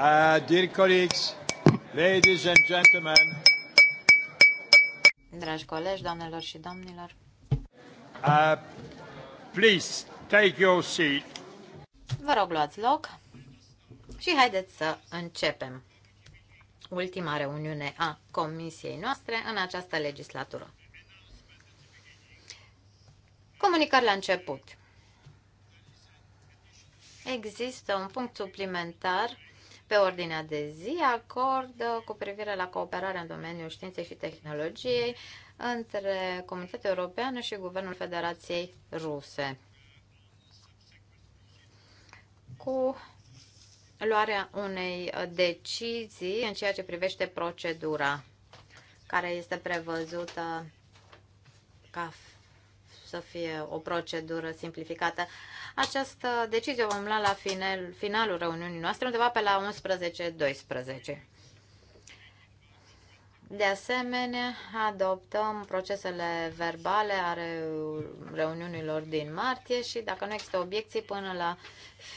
Uh, dear colleagues, ladies and gentlemen. Dragi colegi, doamnelor și domnilor. Uh, please, take your seat. Vă rog, luați loc și haideți să începem ultima reuniune a comisiei noastre în această legislatură. Comunicări la început. Există un punct suplimentar pe ordinea de zi acord uh, cu privire la cooperarea în domeniul științei și tehnologiei între Comunitatea Europeană și Guvernul Federației Ruse. Cu luarea unei uh, decizii în ceea ce privește procedura care este prevăzută ca să fie o procedură simplificată. Această decizie o vom lua la final, finalul reuniunii noastre, undeva pe la 11-12. De asemenea, adoptăm procesele verbale ale reuniunilor din martie și dacă nu există obiecții până la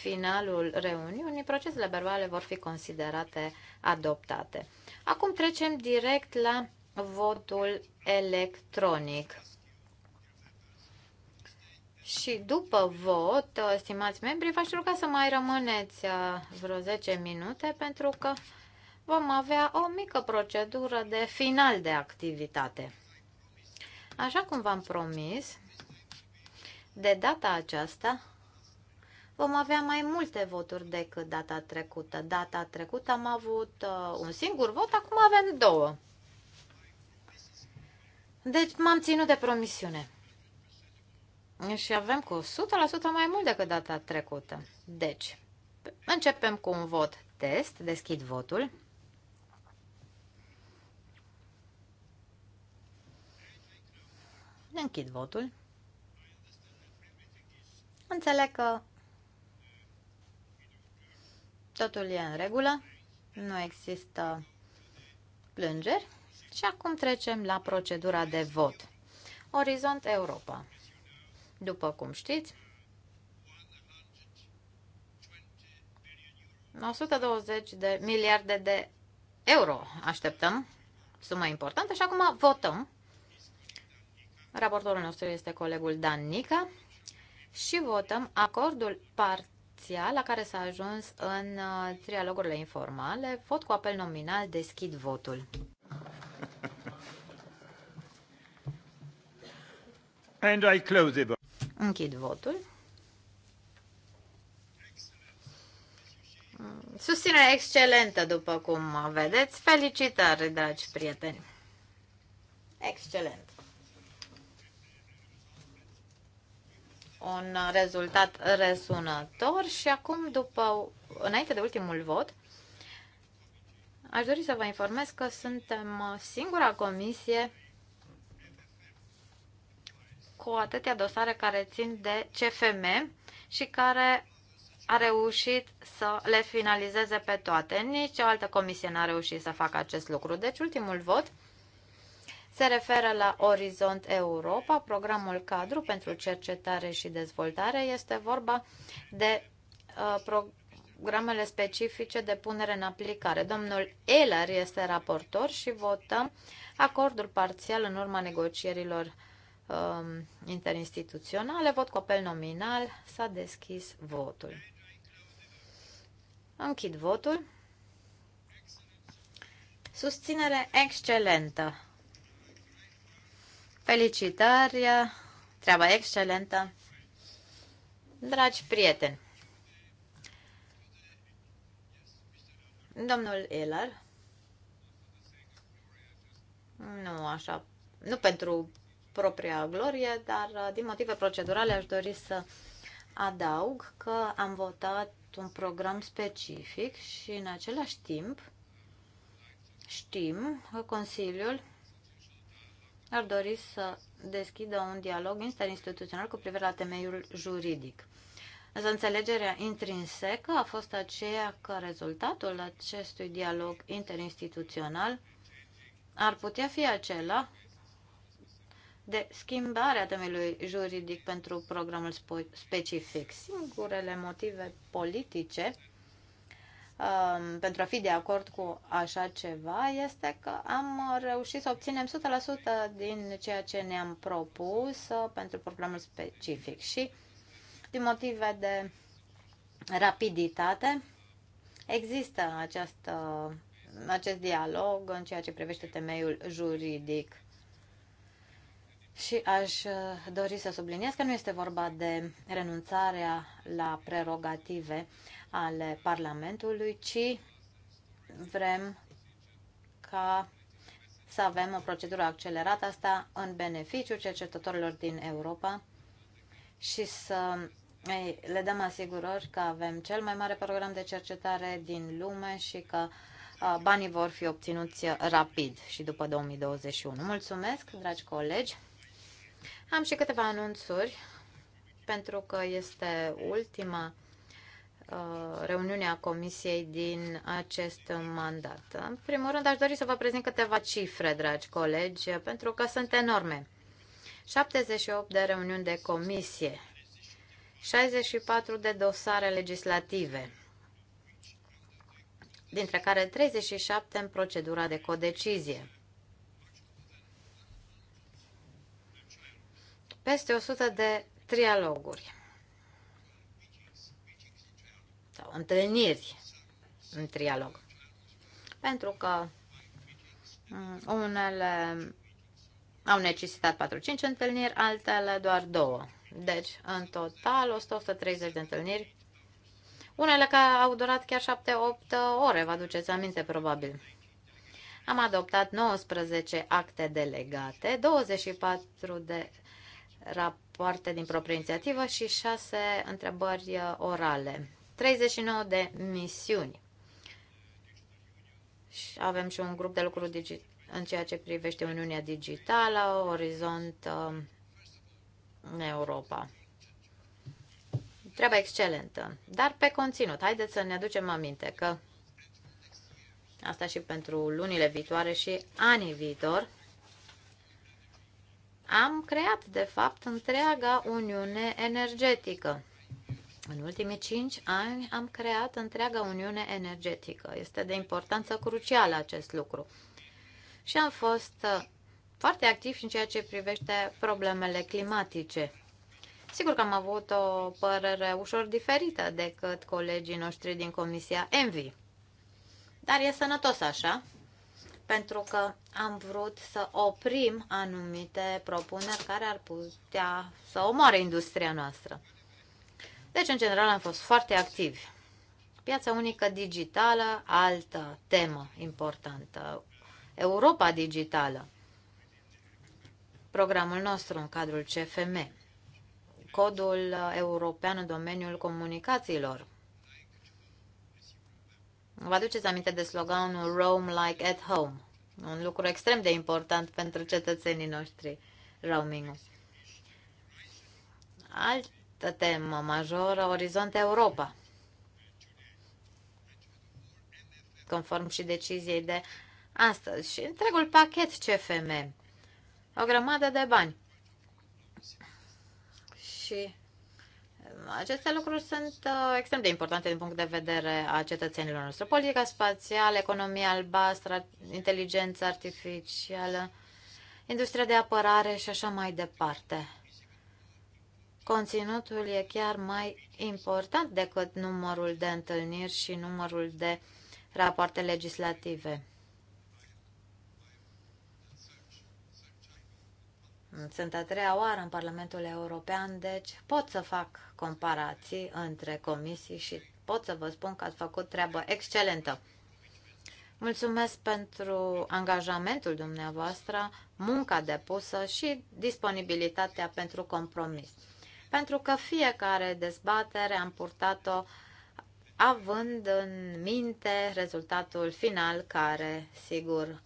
finalul reuniunii, procesele verbale vor fi considerate adoptate. Acum trecem direct la votul electronic. Și după vot, uh, stimați membri, v-aș ruga să mai rămâneți uh, vreo 10 minute pentru că vom avea o mică procedură de final de activitate. Așa cum v-am promis, de data aceasta vom avea mai multe voturi decât data trecută. Data trecută am avut uh, un singur vot, acum avem două. Deci m-am ținut de promisiune și avem cu 100% mai mult decât data trecută. Deci, începem cu un vot test. Deschid votul. Închid votul. Înțeleg că totul e în regulă, nu există plângeri și acum trecem la procedura de vot. Orizont Europa după cum știți, 120 de miliarde de euro așteptăm, sumă importantă, și acum votăm. Raportorul nostru este colegul Dan Nica și votăm acordul parțial la care s-a ajuns în uh, trialogurile informale. Vot cu apel nominal, deschid votul. And I close it. Închid votul. Susținere excelentă, după cum vedeți. Felicitări, dragi prieteni! Excelent! Un rezultat resunător și acum, după, înainte de ultimul vot, aș dori să vă informez că suntem singura comisie cu atâtea dosare care țin de CFM și care a reușit să le finalizeze pe toate. Nici o altă comisie n-a reușit să facă acest lucru. Deci ultimul vot se referă la Orizont Europa, programul cadru pentru cercetare și dezvoltare. Este vorba de uh, programele specifice de punere în aplicare. Domnul Eller este raportor și votăm acordul parțial în urma negocierilor Um, interinstituționale. Vot cu apel nominal. S-a deschis votul. Închid votul. Susținere excelentă. Felicitări, treaba excelentă. Dragi prieteni, domnul Elar, nu așa, nu pentru propria glorie, dar uh, din motive procedurale aș dori să adaug că am votat un program specific și în același timp știm că Consiliul ar dori să deschidă un dialog interinstituțional cu privire la temeiul juridic. Însă înțelegerea intrinsecă a fost aceea că rezultatul acestui dialog interinstituțional ar putea fi acela de schimbarea temelui juridic pentru programul specific. Singurele motive politice um, pentru a fi de acord cu așa ceva este că am reușit să obținem 100% din ceea ce ne-am propus uh, pentru programul specific și din motive de rapiditate există această, acest dialog în ceea ce privește temeiul juridic și aș uh, dori să subliniez că nu este vorba de renunțarea la prerogative ale Parlamentului, ci vrem ca să avem o procedură accelerată, asta în beneficiul cercetătorilor din Europa și să le dăm asigurări că avem cel mai mare program de cercetare din lume și că uh, banii vor fi obținuți rapid și după 2021. Mulțumesc, dragi colegi! Am și câteva anunțuri, pentru că este ultima uh, reuniunea comisiei din acest mandat. În primul rând, aș dori să vă prezint câteva cifre, dragi colegi, pentru că sunt enorme. 78 de reuniuni de comisie, 64 de dosare legislative, dintre care 37 în procedura de codecizie. peste 100 de trialoguri sau întâlniri în trialog. Pentru că mm, unele au necesitat 4-5 întâlniri, altele doar 2, Deci, în total, 130 de întâlniri, unele care au durat chiar 7-8 ore, vă aduceți aminte probabil. Am adoptat 19 acte delegate, 24 de rapoarte din proprie inițiativă și 6 întrebări uh, orale. 39 de misiuni. Și avem și un grup de lucru digital în ceea ce privește Uniunea Digitală, Orizont în uh, Europa. Treaba excelentă. Dar pe conținut, haideți să ne aducem aminte că asta și pentru lunile viitoare și anii viitor, am creat, de fapt, întreaga Uniune Energetică. În ultimii cinci ani am creat întreaga Uniune Energetică. Este de importanță crucială acest lucru. Și am fost uh, foarte activ în ceea ce privește problemele climatice. Sigur că am avut o părere ușor diferită decât colegii noștri din Comisia Envi. Dar e sănătos așa, pentru că am vrut să oprim anumite propuneri care ar putea să omoare industria noastră. Deci, în general, am fost foarte activi. Piața unică digitală, altă temă importantă. Europa digitală, programul nostru în cadrul CFM, codul european în domeniul comunicațiilor, Vă aduceți aminte de sloganul Roam like at home, un lucru extrem de important pentru cetățenii noștri, roaming Altă temă majoră, Orizont Europa. Conform și deciziei de astăzi și întregul pachet CFM. O grămadă de bani. Și aceste lucruri sunt uh, extrem de importante din punct de vedere a cetățenilor noștri. Politica spațială, economia albastră, inteligența artificială, industria de apărare și așa mai departe. Conținutul e chiar mai important decât numărul de întâlniri și numărul de rapoarte legislative. Sunt a treia oară în Parlamentul European, deci pot să fac comparații între comisii și pot să vă spun că ați făcut treabă excelentă. Mulțumesc pentru angajamentul dumneavoastră, munca depusă și disponibilitatea pentru compromis. Pentru că fiecare dezbatere am purtat-o având în minte rezultatul final care, sigur,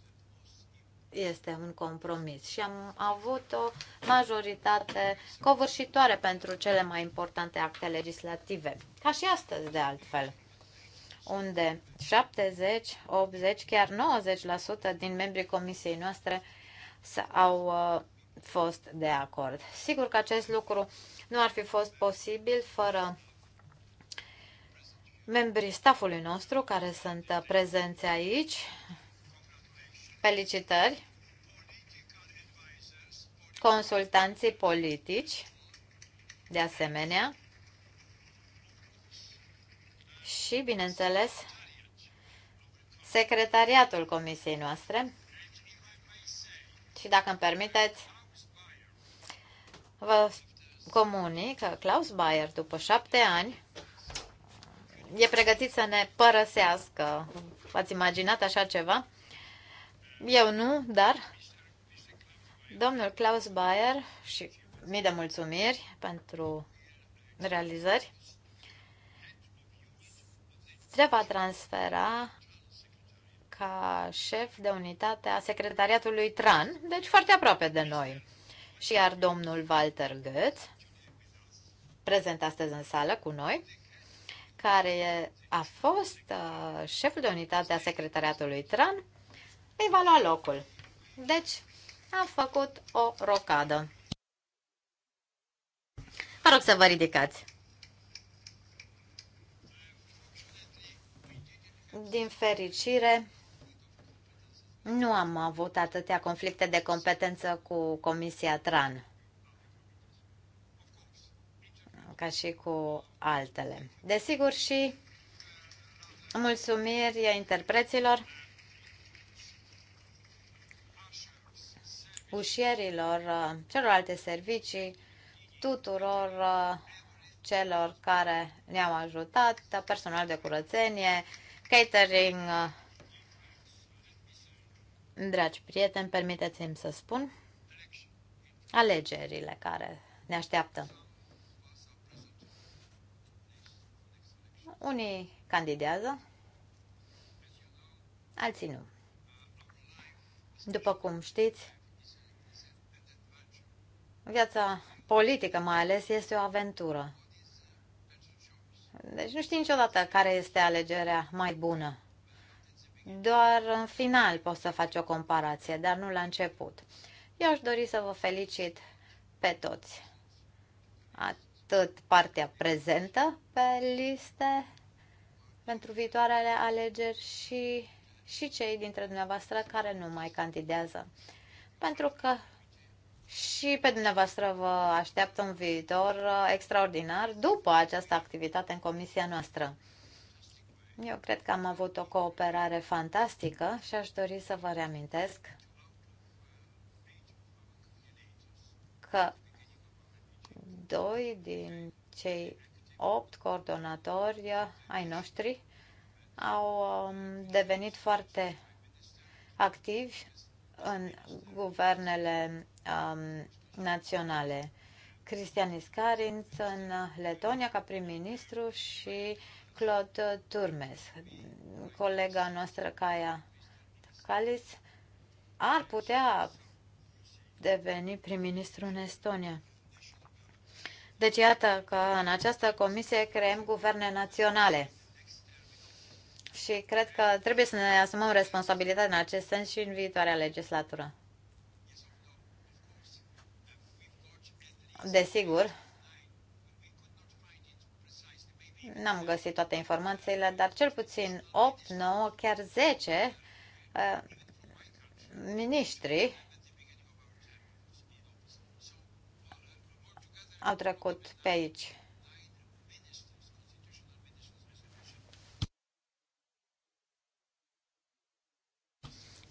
este un compromis și am avut o majoritate covârșitoare pentru cele mai importante acte legislative, ca și astăzi de altfel, unde 70, 80, chiar 90% din membrii comisiei noastre au uh, fost de acord. Sigur că acest lucru nu ar fi fost posibil fără membrii stafului nostru care sunt uh, prezenți aici, Felicitări consultanții politici, de asemenea, și, bineînțeles, secretariatul comisiei noastre. Și dacă îmi permiteți, vă comunic că Klaus Bayer, după șapte ani, e pregătit să ne părăsească. V-ați imaginat așa ceva? Eu nu, dar domnul Klaus Bayer și mii de mulțumiri pentru realizări se va transfera ca șef de unitate a secretariatului TRAN, deci foarte aproape de noi. Și iar domnul Walter Goetz, prezent astăzi în sală cu noi, care a fost uh, șeful de unitate a secretariatului TRAN, îi va lua locul. Deci, am făcut o rocadă. Vă rog să vă ridicați. Din fericire, nu am avut atâtea conflicte de competență cu Comisia TRAN ca și cu altele. Desigur și mulțumiri interpreților. bușierilor, uh, celorlalte servicii, tuturor uh, celor care ne-au ajutat, personal de curățenie, catering, uh. dragi prieteni, permiteți-mi să spun, alegerile care ne așteaptă. Unii candidează, alții nu. După cum știți, Viața politică, mai ales, este o aventură. Deci nu știi niciodată care este alegerea mai bună. Doar în final poți să faci o comparație, dar nu la început. Eu aș dori să vă felicit pe toți. Atât partea prezentă pe liste pentru viitoarele alegeri și, și cei dintre dumneavoastră care nu mai candidează. Pentru că și pe dumneavoastră vă așteaptă un viitor uh, extraordinar după această activitate în comisia noastră. Eu cred că am avut o cooperare fantastică și aș dori să vă reamintesc că doi din cei opt coordonatori uh, ai noștri au um, devenit foarte activi în guvernele um, naționale. Cristian Iscarinț în Letonia ca prim-ministru și Claude Turmes, colega noastră Caia Calis, ar putea deveni prim-ministru în Estonia. Deci iată că în această comisie creăm guverne naționale. Și cred că trebuie să ne asumăm responsabilitatea în acest sens și în viitoarea legislatură. Desigur, n-am găsit toate informațiile, dar cel puțin 8, 9, chiar 10 uh, miniștri au trecut pe aici.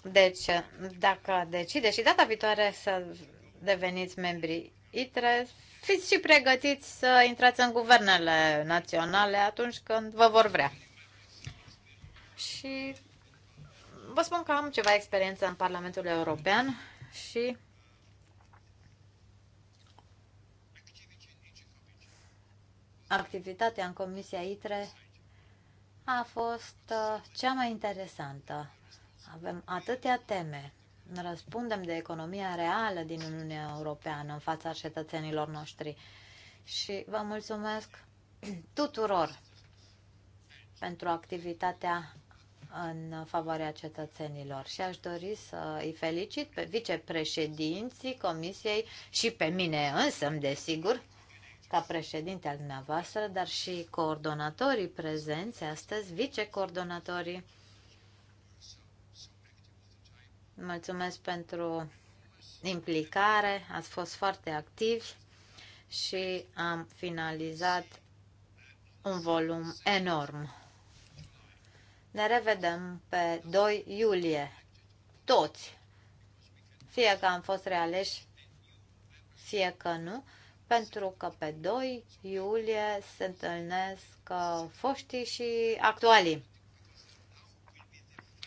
Deci, dacă decide și data viitoare să deveniți membri ITRE, fiți și pregătiți să intrați în guvernele naționale atunci când vă vor vrea. Și vă spun că am ceva experiență în Parlamentul European și activitatea în Comisia ITRE a fost uh, cea mai interesantă. Avem atâtea teme răspundem de economia reală din Uniunea Europeană în fața cetățenilor noștri. Și vă mulțumesc tuturor pentru activitatea în favoarea cetățenilor și aș dori să îi felicit pe vicepreședinții Comisiei și pe mine însă, desigur, ca președinte al dumneavoastră, dar și coordonatorii prezenți astăzi, vicecoordonatorii Mulțumesc pentru implicare, ați fost foarte activi și am finalizat un volum enorm. Ne revedem pe 2 iulie. Toți. Fie că am fost realeși, fie că nu, pentru că pe 2 iulie se întâlnesc uh, foștii și actualii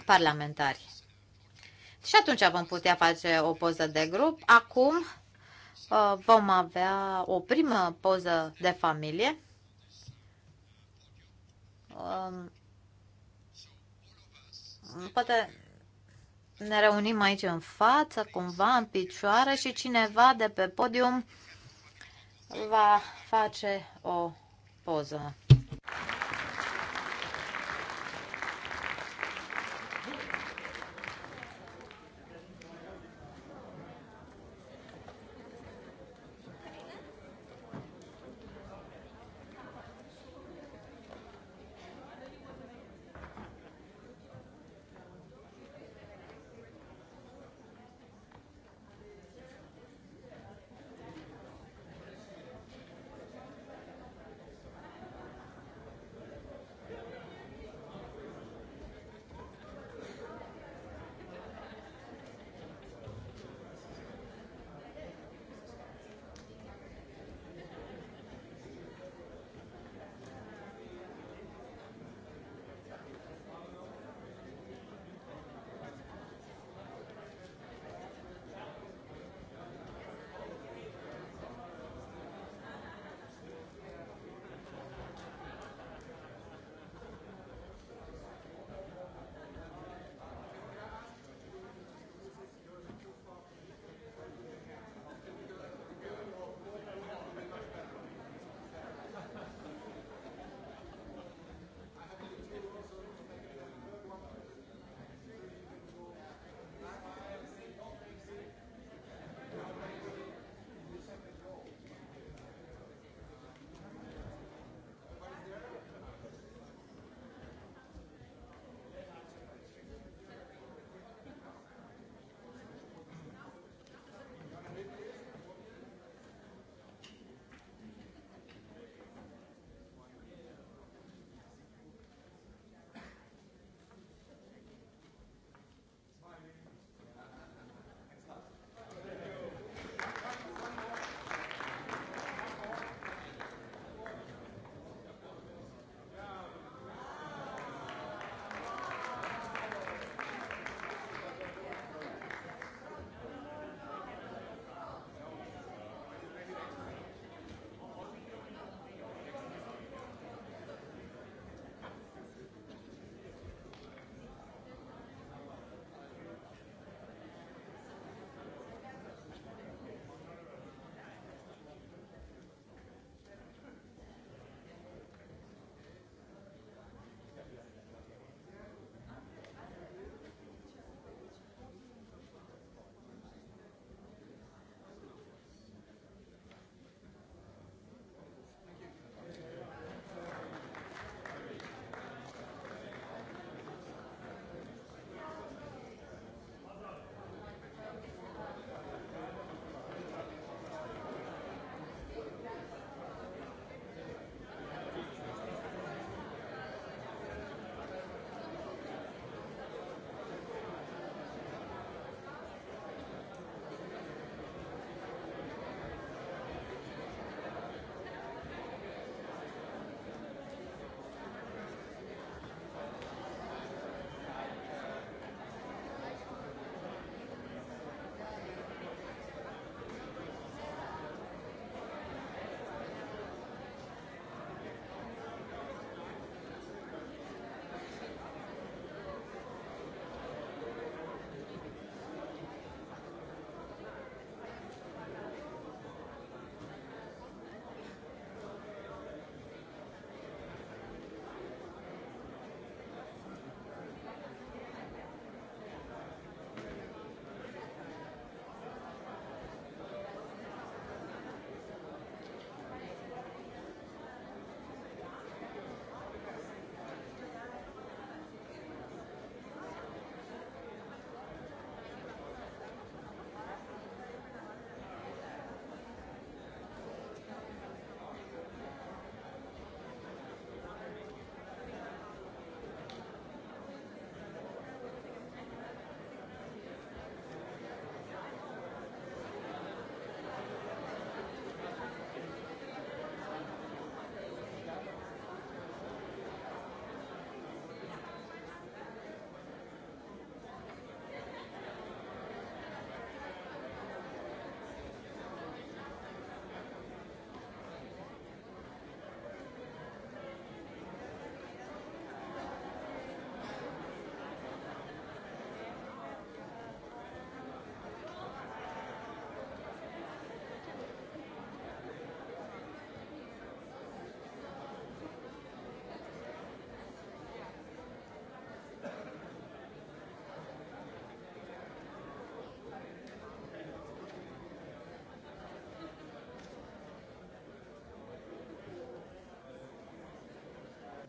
parlamentari și atunci vom putea face o poză de grup. Acum uh, vom avea o primă poză de familie. Um, poate ne reunim aici în față, cumva în picioare și cineva de pe podium va face o poză.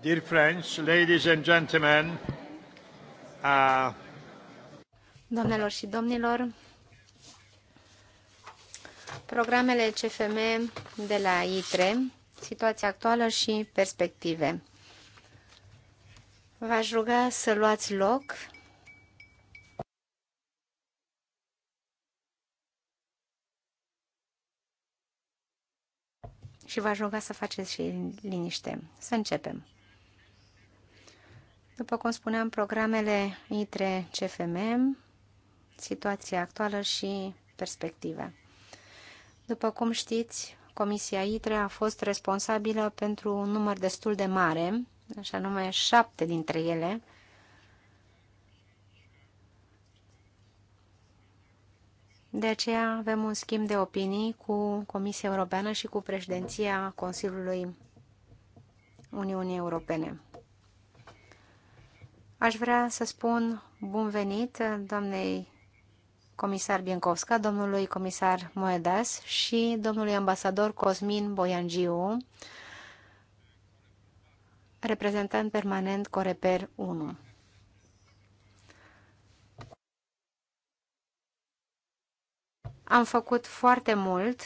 Dear friends, ladies and gentlemen, uh... Doamnelor și domnilor, programele CFM de la ITRE, situația actuală și perspective. V-aș ruga să luați loc și v-aș ruga să faceți și liniște. Să începem. După cum spuneam, programele ITRE CFM, situația actuală și perspectiva. După cum știți, Comisia ITRE a fost responsabilă pentru un număr destul de mare, așa nume șapte dintre ele, De aceea avem un schimb de opinii cu Comisia Europeană și cu președinția Consiliului Uniunii Europene. Aș vrea să spun bun venit doamnei comisar Biencovska, domnului comisar Moedas și domnului ambasador Cosmin Boiangiu, reprezentant permanent Coreper 1. Am făcut foarte mult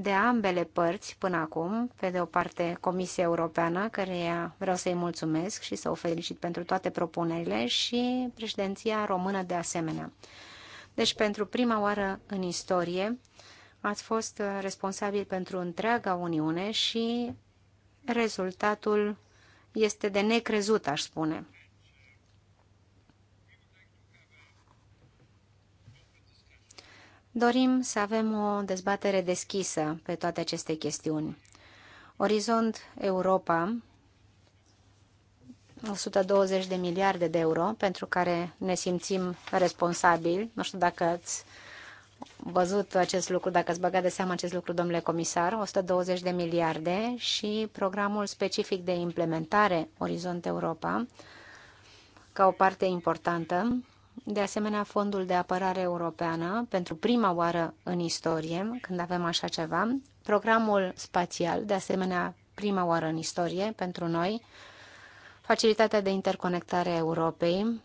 de ambele părți până acum, pe de o parte Comisia Europeană, care vreau să-i mulțumesc și să o felicit pentru toate propunerile, și președinția română de asemenea. Deci, pentru prima oară în istorie, ați fost responsabil pentru întreaga Uniune și rezultatul este de necrezut, aș spune. Dorim să avem o dezbatere deschisă pe toate aceste chestiuni. Orizont Europa, 120 de miliarde de euro, pentru care ne simțim responsabili. Nu știu dacă ați văzut acest lucru, dacă ați băgat de seamă acest lucru, domnule comisar, 120 de miliarde și programul specific de implementare Orizont Europa, ca o parte importantă, de asemenea Fondul de Apărare Europeană, pentru prima oară în istorie, când avem așa ceva, programul spațial, de asemenea prima oară în istorie pentru noi, Facilitatea de interconectare a Europei,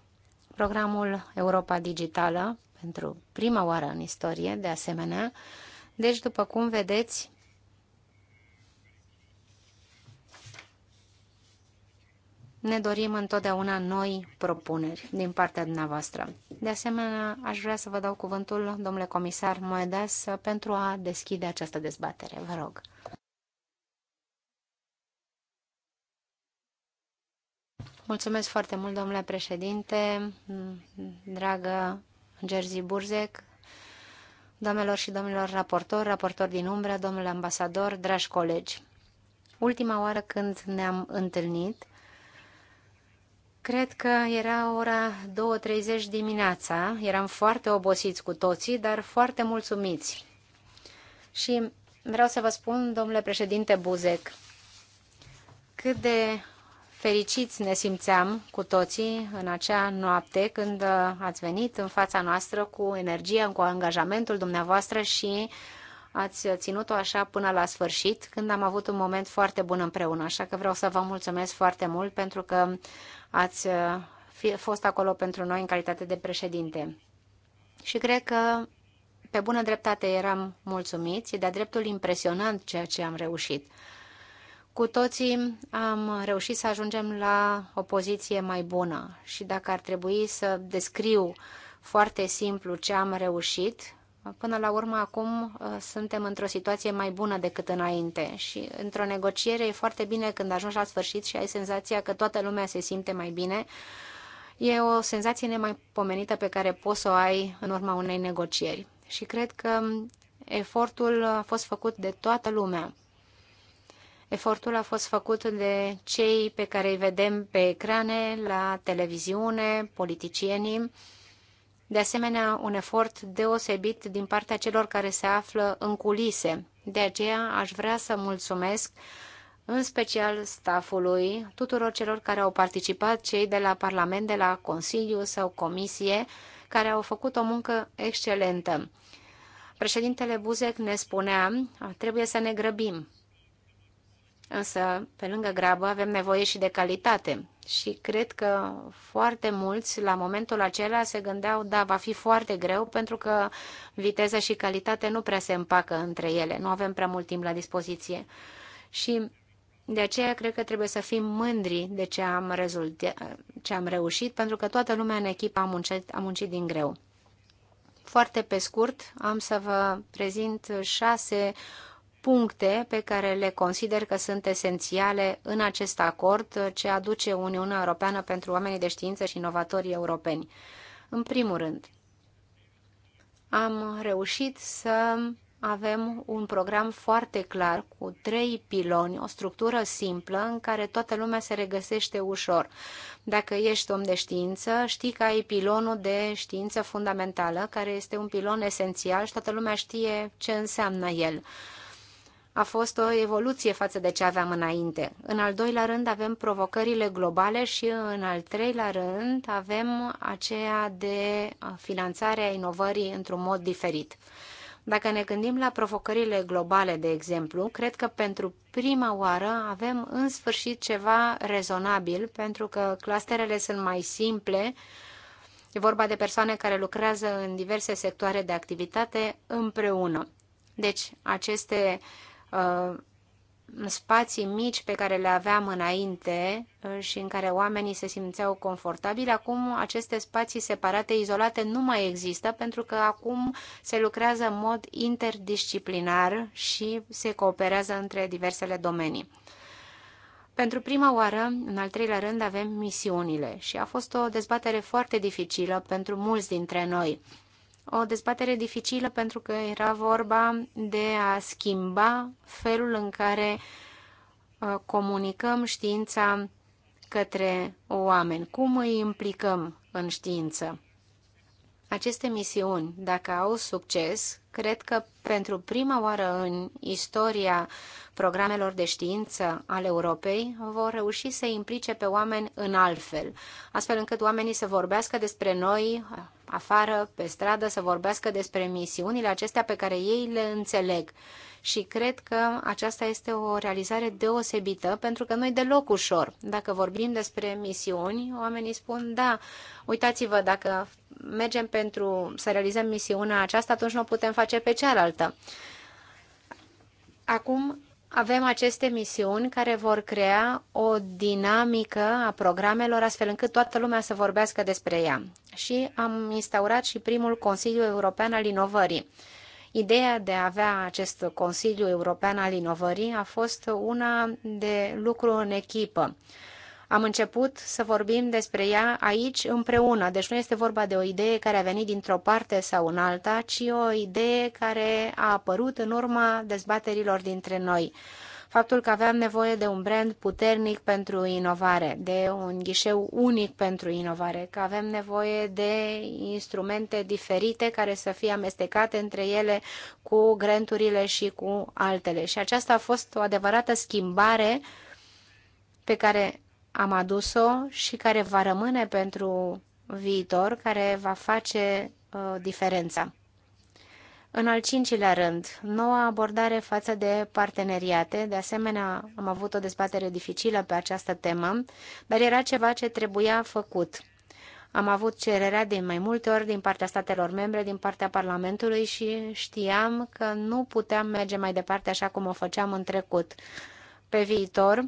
programul Europa Digitală, pentru prima oară în istorie, de asemenea. Deci, după cum vedeți, ne dorim întotdeauna noi propuneri din partea dumneavoastră. De asemenea, aș vrea să vă dau cuvântul, domnule comisar Moedas, pentru a deschide această dezbatere. Vă rog. Mulțumesc foarte mult, domnule președinte, dragă Gerzi Burzec, doamnelor și domnilor raportori, raportori din umbră, domnule ambasador, dragi colegi. Ultima oară când ne-am întâlnit, Cred că era ora 2.30 dimineața, eram foarte obosiți cu toții, dar foarte mulțumiți. Și vreau să vă spun, domnule președinte Buzec, cât de fericiți ne simțeam cu toții în acea noapte când ați venit în fața noastră cu energia, cu angajamentul dumneavoastră și uh, Ați ținut-o așa până la sfârșit, când am avut un moment foarte bun împreună. Așa că vreau să vă mulțumesc foarte mult pentru că ați uh, fi, fost acolo pentru noi în calitate de președinte. Și cred că pe bună dreptate eram mulțumiți, de-a dreptul impresionant ceea ce am reușit. Cu toții am reușit să ajungem la o poziție mai bună și dacă ar trebui să descriu foarte simplu ce am reușit, Până la urmă, acum uh, suntem într-o situație mai bună decât înainte și într-o negociere e foarte bine când ajungi la sfârșit și ai senzația că toată lumea se simte mai bine. E o senzație nemaipomenită pe care poți să o ai în urma unei negocieri. Și cred că efortul a fost făcut de toată lumea. Efortul a fost făcut de cei pe care îi vedem pe ecrane, la televiziune, politicienii, de asemenea, un efort deosebit din partea celor care se află în culise. De aceea aș vrea să mulțumesc în special stafului, tuturor celor care au participat, cei de la Parlament, de la Consiliu sau Comisie, care au făcut o muncă excelentă. Președintele Buzek ne spunea, trebuie să ne grăbim. Însă, pe lângă grabă, avem nevoie și de calitate. Și cred că foarte mulți, la momentul acela, se gândeau, da, va fi foarte greu, pentru că viteza și calitate nu prea se împacă între ele. Nu avem prea mult timp la dispoziție. Și de aceea cred că trebuie să fim mândri de ce am, rezulte, ce am reușit, pentru că toată lumea în echipă a muncit, a muncit din greu. Foarte pe scurt, am să vă prezint șase puncte pe care le consider că sunt esențiale în acest acord ce aduce Uniunea Europeană pentru oamenii de știință și inovatorii europeni. În primul rând, am reușit să avem un program foarte clar cu trei piloni, o structură simplă în care toată lumea se regăsește ușor. Dacă ești om de știință, știi că ai pilonul de știință fundamentală, care este un pilon esențial și toată lumea știe ce înseamnă el a fost o evoluție față de ce aveam înainte. În al doilea rând avem provocările globale și în al treilea rând avem aceea de finanțare a inovării într-un mod diferit. Dacă ne gândim la provocările globale, de exemplu, cred că pentru prima oară avem în sfârșit ceva rezonabil, pentru că clusterele sunt mai simple, e vorba de persoane care lucrează în diverse sectoare de activitate împreună. Deci, aceste uh, Uh, spații mici pe care le aveam înainte uh, și în care oamenii se simțeau confortabili, acum aceste spații separate, izolate, nu mai există pentru că acum se lucrează în mod interdisciplinar și se cooperează între diversele domenii. Pentru prima oară, în al treilea rând, avem misiunile și a fost o dezbatere foarte dificilă pentru mulți dintre noi o dezbatere dificilă pentru că era vorba de a schimba felul în care uh, comunicăm știința către oameni, cum îi implicăm în știință. Aceste misiuni, dacă au succes, cred că pentru prima oară în istoria programelor de știință al Europei vor reuși să implice pe oameni în altfel, astfel încât oamenii să vorbească despre noi, afară, pe stradă, să vorbească despre misiunile acestea pe care ei le înțeleg. Și cred că aceasta este o realizare deosebită, pentru că noi deloc ușor. Dacă vorbim despre misiuni, oamenii spun, da, uitați-vă, dacă mergem pentru să realizăm misiunea aceasta, atunci nu o putem face pe cealaltă. Acum avem aceste misiuni care vor crea o dinamică a programelor astfel încât toată lumea să vorbească despre ea. Și am instaurat și primul Consiliu European al Inovării. Ideea de a avea acest Consiliu European al Inovării a fost una de lucru în echipă. Am început să vorbim despre ea aici împreună, deci nu este vorba de o idee care a venit dintr-o parte sau în alta, ci o idee care a apărut în urma dezbaterilor dintre noi. Faptul că aveam nevoie de un brand puternic pentru inovare, de un ghișeu unic pentru inovare, că avem nevoie de instrumente diferite care să fie amestecate între ele cu granturile și cu altele. Și aceasta a fost o adevărată schimbare pe care am adus-o și care va rămâne pentru viitor, care va face uh, diferența. În al cincilea rând, noua abordare față de parteneriate. De asemenea, am avut o dezbatere dificilă pe această temă, dar era ceva ce trebuia făcut. Am avut cererea de mai multe ori din partea statelor membre, din partea Parlamentului și știam că nu puteam merge mai departe așa cum o făceam în trecut. Pe viitor,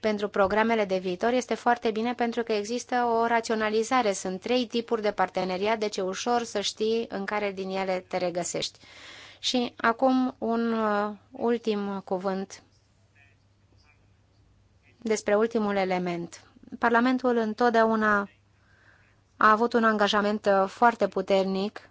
pentru programele de viitor este foarte bine pentru că există o raționalizare. Sunt trei tipuri de parteneriat, deci e ușor să știi în care din ele te regăsești. Și acum un uh, ultim cuvânt despre ultimul element. Parlamentul întotdeauna a avut un angajament uh, foarte puternic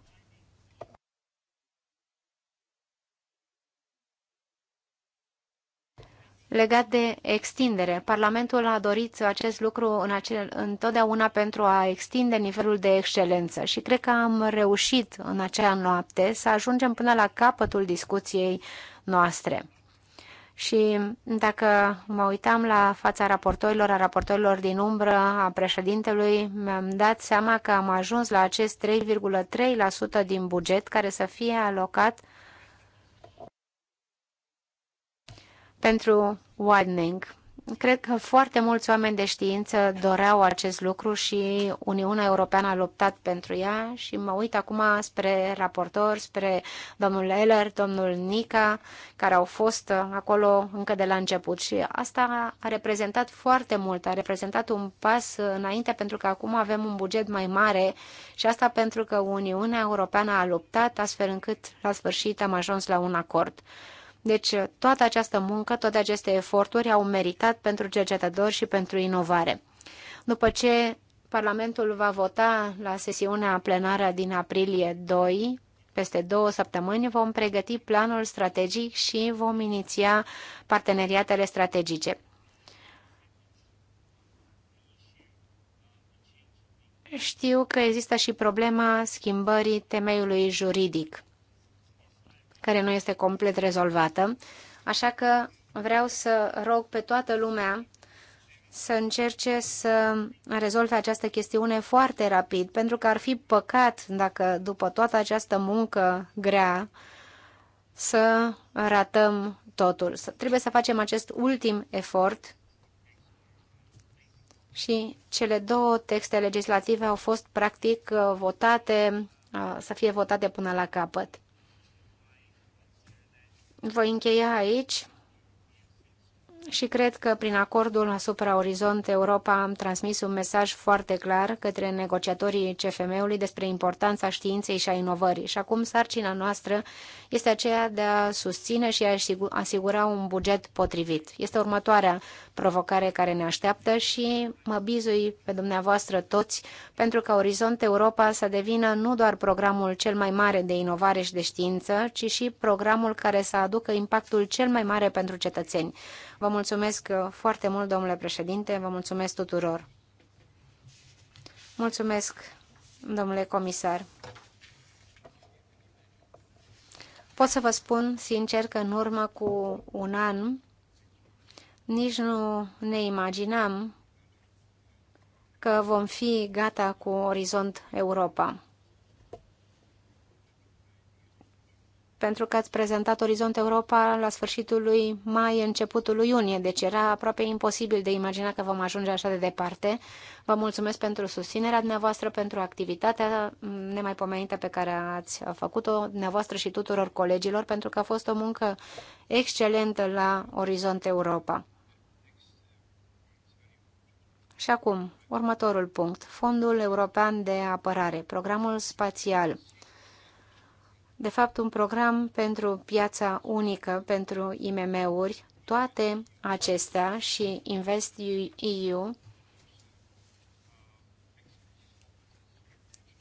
legat de extindere. Parlamentul a dorit acest lucru în acel, întotdeauna pentru a extinde nivelul de excelență și cred că am reușit în acea noapte să ajungem până la capătul discuției noastre. Și dacă mă uitam la fața raportorilor, a raportorilor din umbră, a președintelui, mi-am dat seama că am ajuns la acest 3,3% din buget care să fie alocat uh, pentru widening. Cred că foarte mulți oameni de știință doreau acest lucru și Uniunea Europeană a luptat pentru ea și mă uit acum spre raportor, spre domnul Eller, domnul Nica, care au fost acolo încă de la început și asta a reprezentat foarte mult, a reprezentat un pas înainte pentru că acum avem un buget mai mare și asta pentru că Uniunea Europeană a luptat astfel încât la sfârșit am ajuns la un acord. Deci uh, toată această muncă, toate aceste eforturi au meritat pentru cercetători și pentru inovare. După ce Parlamentul va vota la sesiunea plenară din aprilie 2, peste două săptămâni vom pregăti planul strategic și vom iniția parteneriatele strategice. Știu că există și problema schimbării temeiului juridic care nu este complet rezolvată, așa că vreau să rog pe toată lumea să încerce să rezolve această chestiune foarte rapid, pentru că ar fi păcat dacă după toată această muncă grea să ratăm totul. Trebuie să facem acest ultim efort și cele două texte legislative au fost practic votate, uh, să fie votate până la capăt. Voi încheia aici și cred că prin acordul asupra Orizont Europa am transmis un mesaj foarte clar către negociatorii CFM-ului despre importanța științei și a inovării. Și acum sarcina noastră este aceea de a susține și a asigura un buget potrivit. Este următoarea provocare care ne așteaptă și mă bizui pe dumneavoastră toți pentru ca Orizont Europa să devină nu doar programul cel mai mare de inovare și de știință, ci și programul care să aducă impactul cel mai mare pentru cetățeni. Vă mulțumesc uh, foarte mult, domnule președinte, vă mulțumesc tuturor. Mulțumesc, domnule comisar. Pot să vă spun sincer că în urmă cu un an nici nu ne imaginam că vom fi gata cu Orizont Europa. pentru că ați prezentat Orizont Europa la sfârșitul lui mai, începutul lui iunie, deci era aproape imposibil de imagina că vom ajunge așa de departe. Vă mulțumesc pentru susținerea dumneavoastră, pentru activitatea mm, nemaipomenită pe care ați făcut-o dumneavoastră și tuturor colegilor, pentru că a fost o muncă excelentă la Orizont Europa. Și acum, următorul punct, Fondul European de Apărare, Programul Spațial – de fapt, un program pentru piața unică pentru IMM-uri. Toate acestea și Invest EU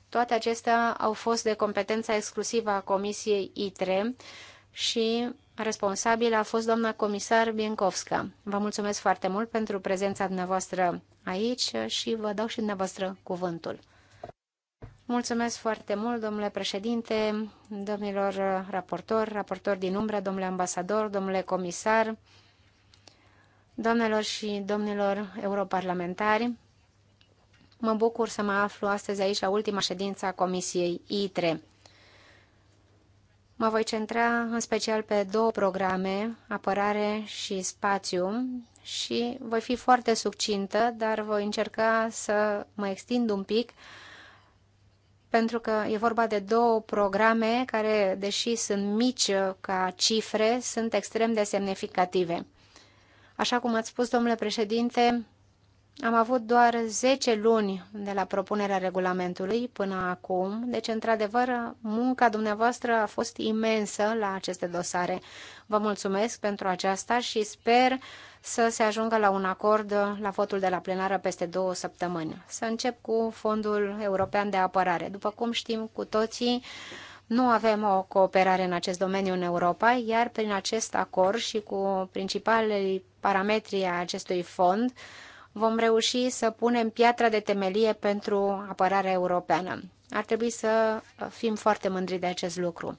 Toate acestea au fost de competența exclusivă a Comisiei ITRE și responsabilă a fost doamna comisar Biencovska. Vă mulțumesc foarte mult pentru prezența dumneavoastră aici și vă dau și dumneavoastră cuvântul. Mulțumesc foarte mult, domnule președinte, domnilor raportori, raportori din umbră, domnule ambasador, domnule comisar, doamnelor și domnilor europarlamentari. Mă bucur să mă aflu astăzi aici la ultima ședință a Comisiei ITRE. Mă voi centra în special pe două programe, apărare și spațiu, și voi fi foarte succintă, dar voi încerca să mă extind un pic pentru că e vorba de două programe care, deși sunt mici uh, ca cifre, sunt extrem de semnificative. Așa cum ați spus, domnule președinte, am avut doar 10 luni de la propunerea regulamentului până acum, deci, într-adevăr, munca dumneavoastră a fost imensă la aceste dosare. Vă mulțumesc pentru aceasta și sper să se ajungă la un acord la votul de la plenară peste două săptămâni. Să încep cu Fondul European de Apărare. După cum știm cu toții, nu avem o cooperare în acest domeniu în Europa, iar prin acest acord și cu principalele parametrii a acestui fond, vom reuși să punem piatra de temelie pentru apărarea europeană. Ar trebui să fim foarte mândri de acest lucru.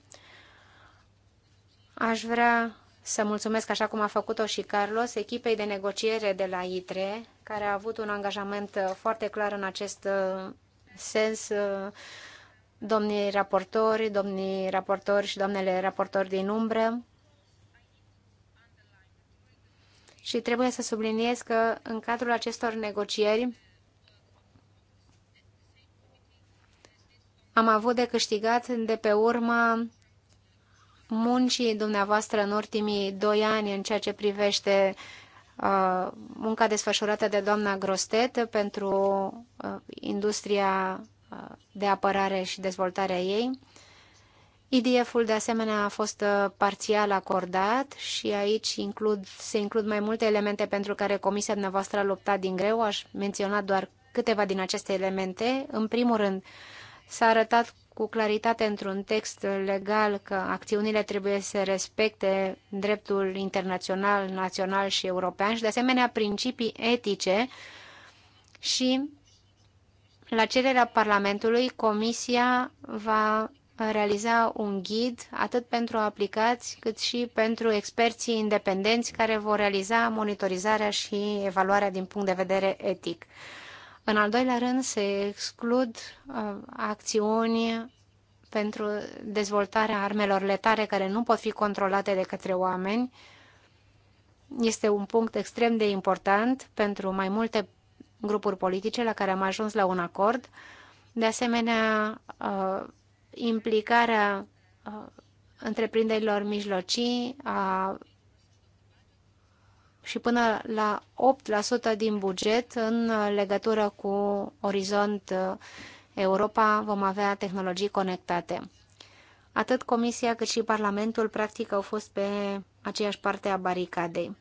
Aș vrea să mulțumesc, așa cum a făcut-o și Carlos, echipei de negociere de la ITRE, care a avut un angajament foarte clar în acest uh, sens, uh, domnii raportori, domnii raportori și doamnele raportori din umbră, Și trebuie să subliniez că în cadrul acestor negocieri am avut de câștigat de pe urma muncii dumneavoastră în ultimii doi ani în ceea ce privește uh, munca desfășurată de doamna Grostet pentru uh, industria uh, de apărare și dezvoltarea ei IDF-ul de asemenea a fost uh, parțial acordat și aici includ, se includ mai multe elemente pentru care comisia dumneavoastră a luptat din greu. Aș menționa doar câteva din aceste elemente. În primul rând, s-a arătat cu claritate într-un text legal că acțiunile trebuie să respecte dreptul internațional, național și european și, de asemenea, principii etice și la cererea Parlamentului, Comisia va realiza un ghid atât pentru aplicați cât și pentru experții independenți care vor realiza monitorizarea și evaluarea din punct de vedere etic. În al doilea rând, se exclud uh, acțiuni pentru dezvoltarea armelor letare care nu pot fi controlate de către oameni. Este un punct extrem de important pentru mai multe grupuri politice la care am ajuns la un acord. De asemenea, uh, implicarea uh, întreprinderilor mijlocii a, și până la 8% din buget în uh, legătură cu Orizont uh, Europa vom avea tehnologii conectate. Atât Comisia cât și Parlamentul practic au fost pe aceeași parte a baricadei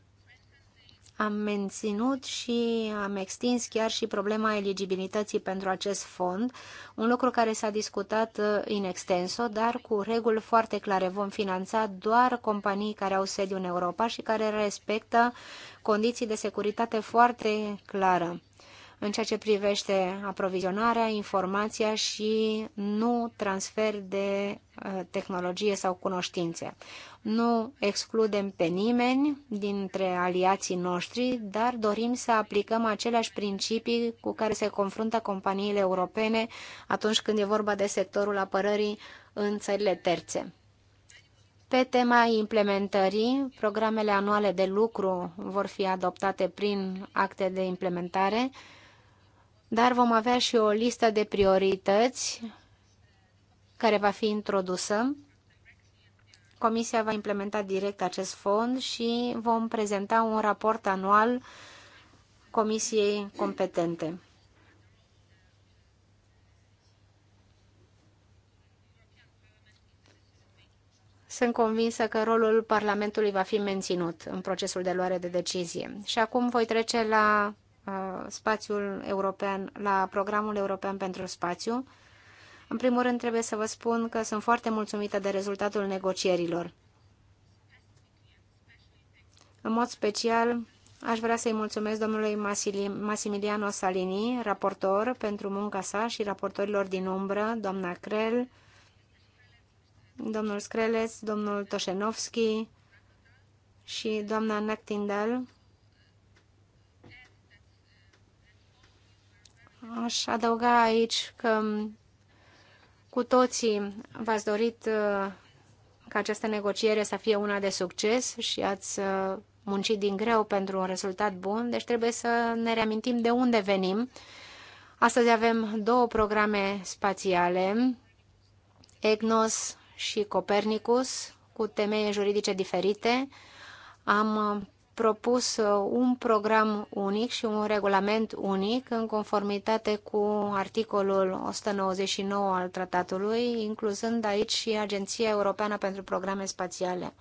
am menținut și am extins chiar și problema eligibilității pentru acest fond, un lucru care s-a discutat uh, in extenso, dar cu reguli foarte clare. Vom finanța doar companii care au sediu în Europa și care respectă condiții de securitate foarte clară în ceea ce privește aprovizionarea, informația și nu transfer de uh, tehnologie sau cunoștințe. Nu excludem pe nimeni dintre aliații noștri, dar dorim să aplicăm aceleași principii cu care se confruntă companiile europene atunci când e vorba de sectorul apărării în țările terțe. Pe tema implementării, programele anuale de lucru vor fi adoptate prin acte de implementare dar vom avea și o listă de priorități care va fi introdusă. Comisia va implementa direct acest fond și vom prezenta un raport anual Comisiei competente. Sunt convinsă că rolul Parlamentului va fi menținut în procesul de luare de decizie. Și acum voi trece la Uh, spațiul european, la programul european pentru spațiu. În primul rând, trebuie să vă spun că sunt foarte mulțumită de rezultatul negocierilor. În mod special, aș vrea să-i mulțumesc domnului Massimiliano Salini, raportor, pentru munca sa și raportorilor din umbră, doamna Crel, domnul Screles, domnul Toșenovski și doamna Nactindal, Aș adăuga aici că cu toții v-ați dorit uh, ca această negociere să fie una de succes și ați uh, muncit din greu pentru un rezultat bun, deci trebuie să ne reamintim de unde venim. Astăzi avem două programe spațiale, EGNOS și Copernicus, cu temeie juridice diferite. Am uh, propus uh, un program unic și un regulament unic în conformitate cu articolul 199 al tratatului, incluzând aici și Agenția Europeană pentru Programe Spațiale.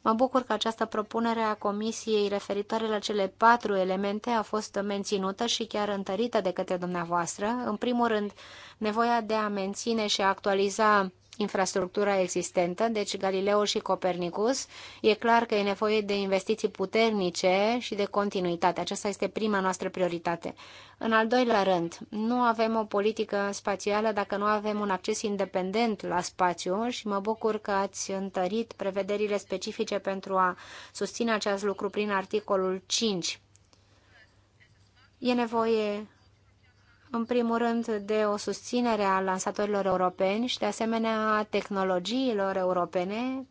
Mă bucur că această propunere a Comisiei referitoare la cele patru elemente a fost menținută și chiar întărită de către dumneavoastră. În primul rând, nevoia de a menține și a actualiza infrastructura existentă, deci Galileo și Copernicus. E clar că e nevoie de investiții puternice și de continuitate. Aceasta este prima noastră prioritate. În al doilea rând, nu avem o politică spațială dacă nu avem un acces independent la spațiu și mă bucur că ați întărit prevederile specifice pentru a susține acest lucru prin articolul 5. E nevoie în primul rând, de o susținere a lansatorilor europeni și, de asemenea, a tehnologiilor europene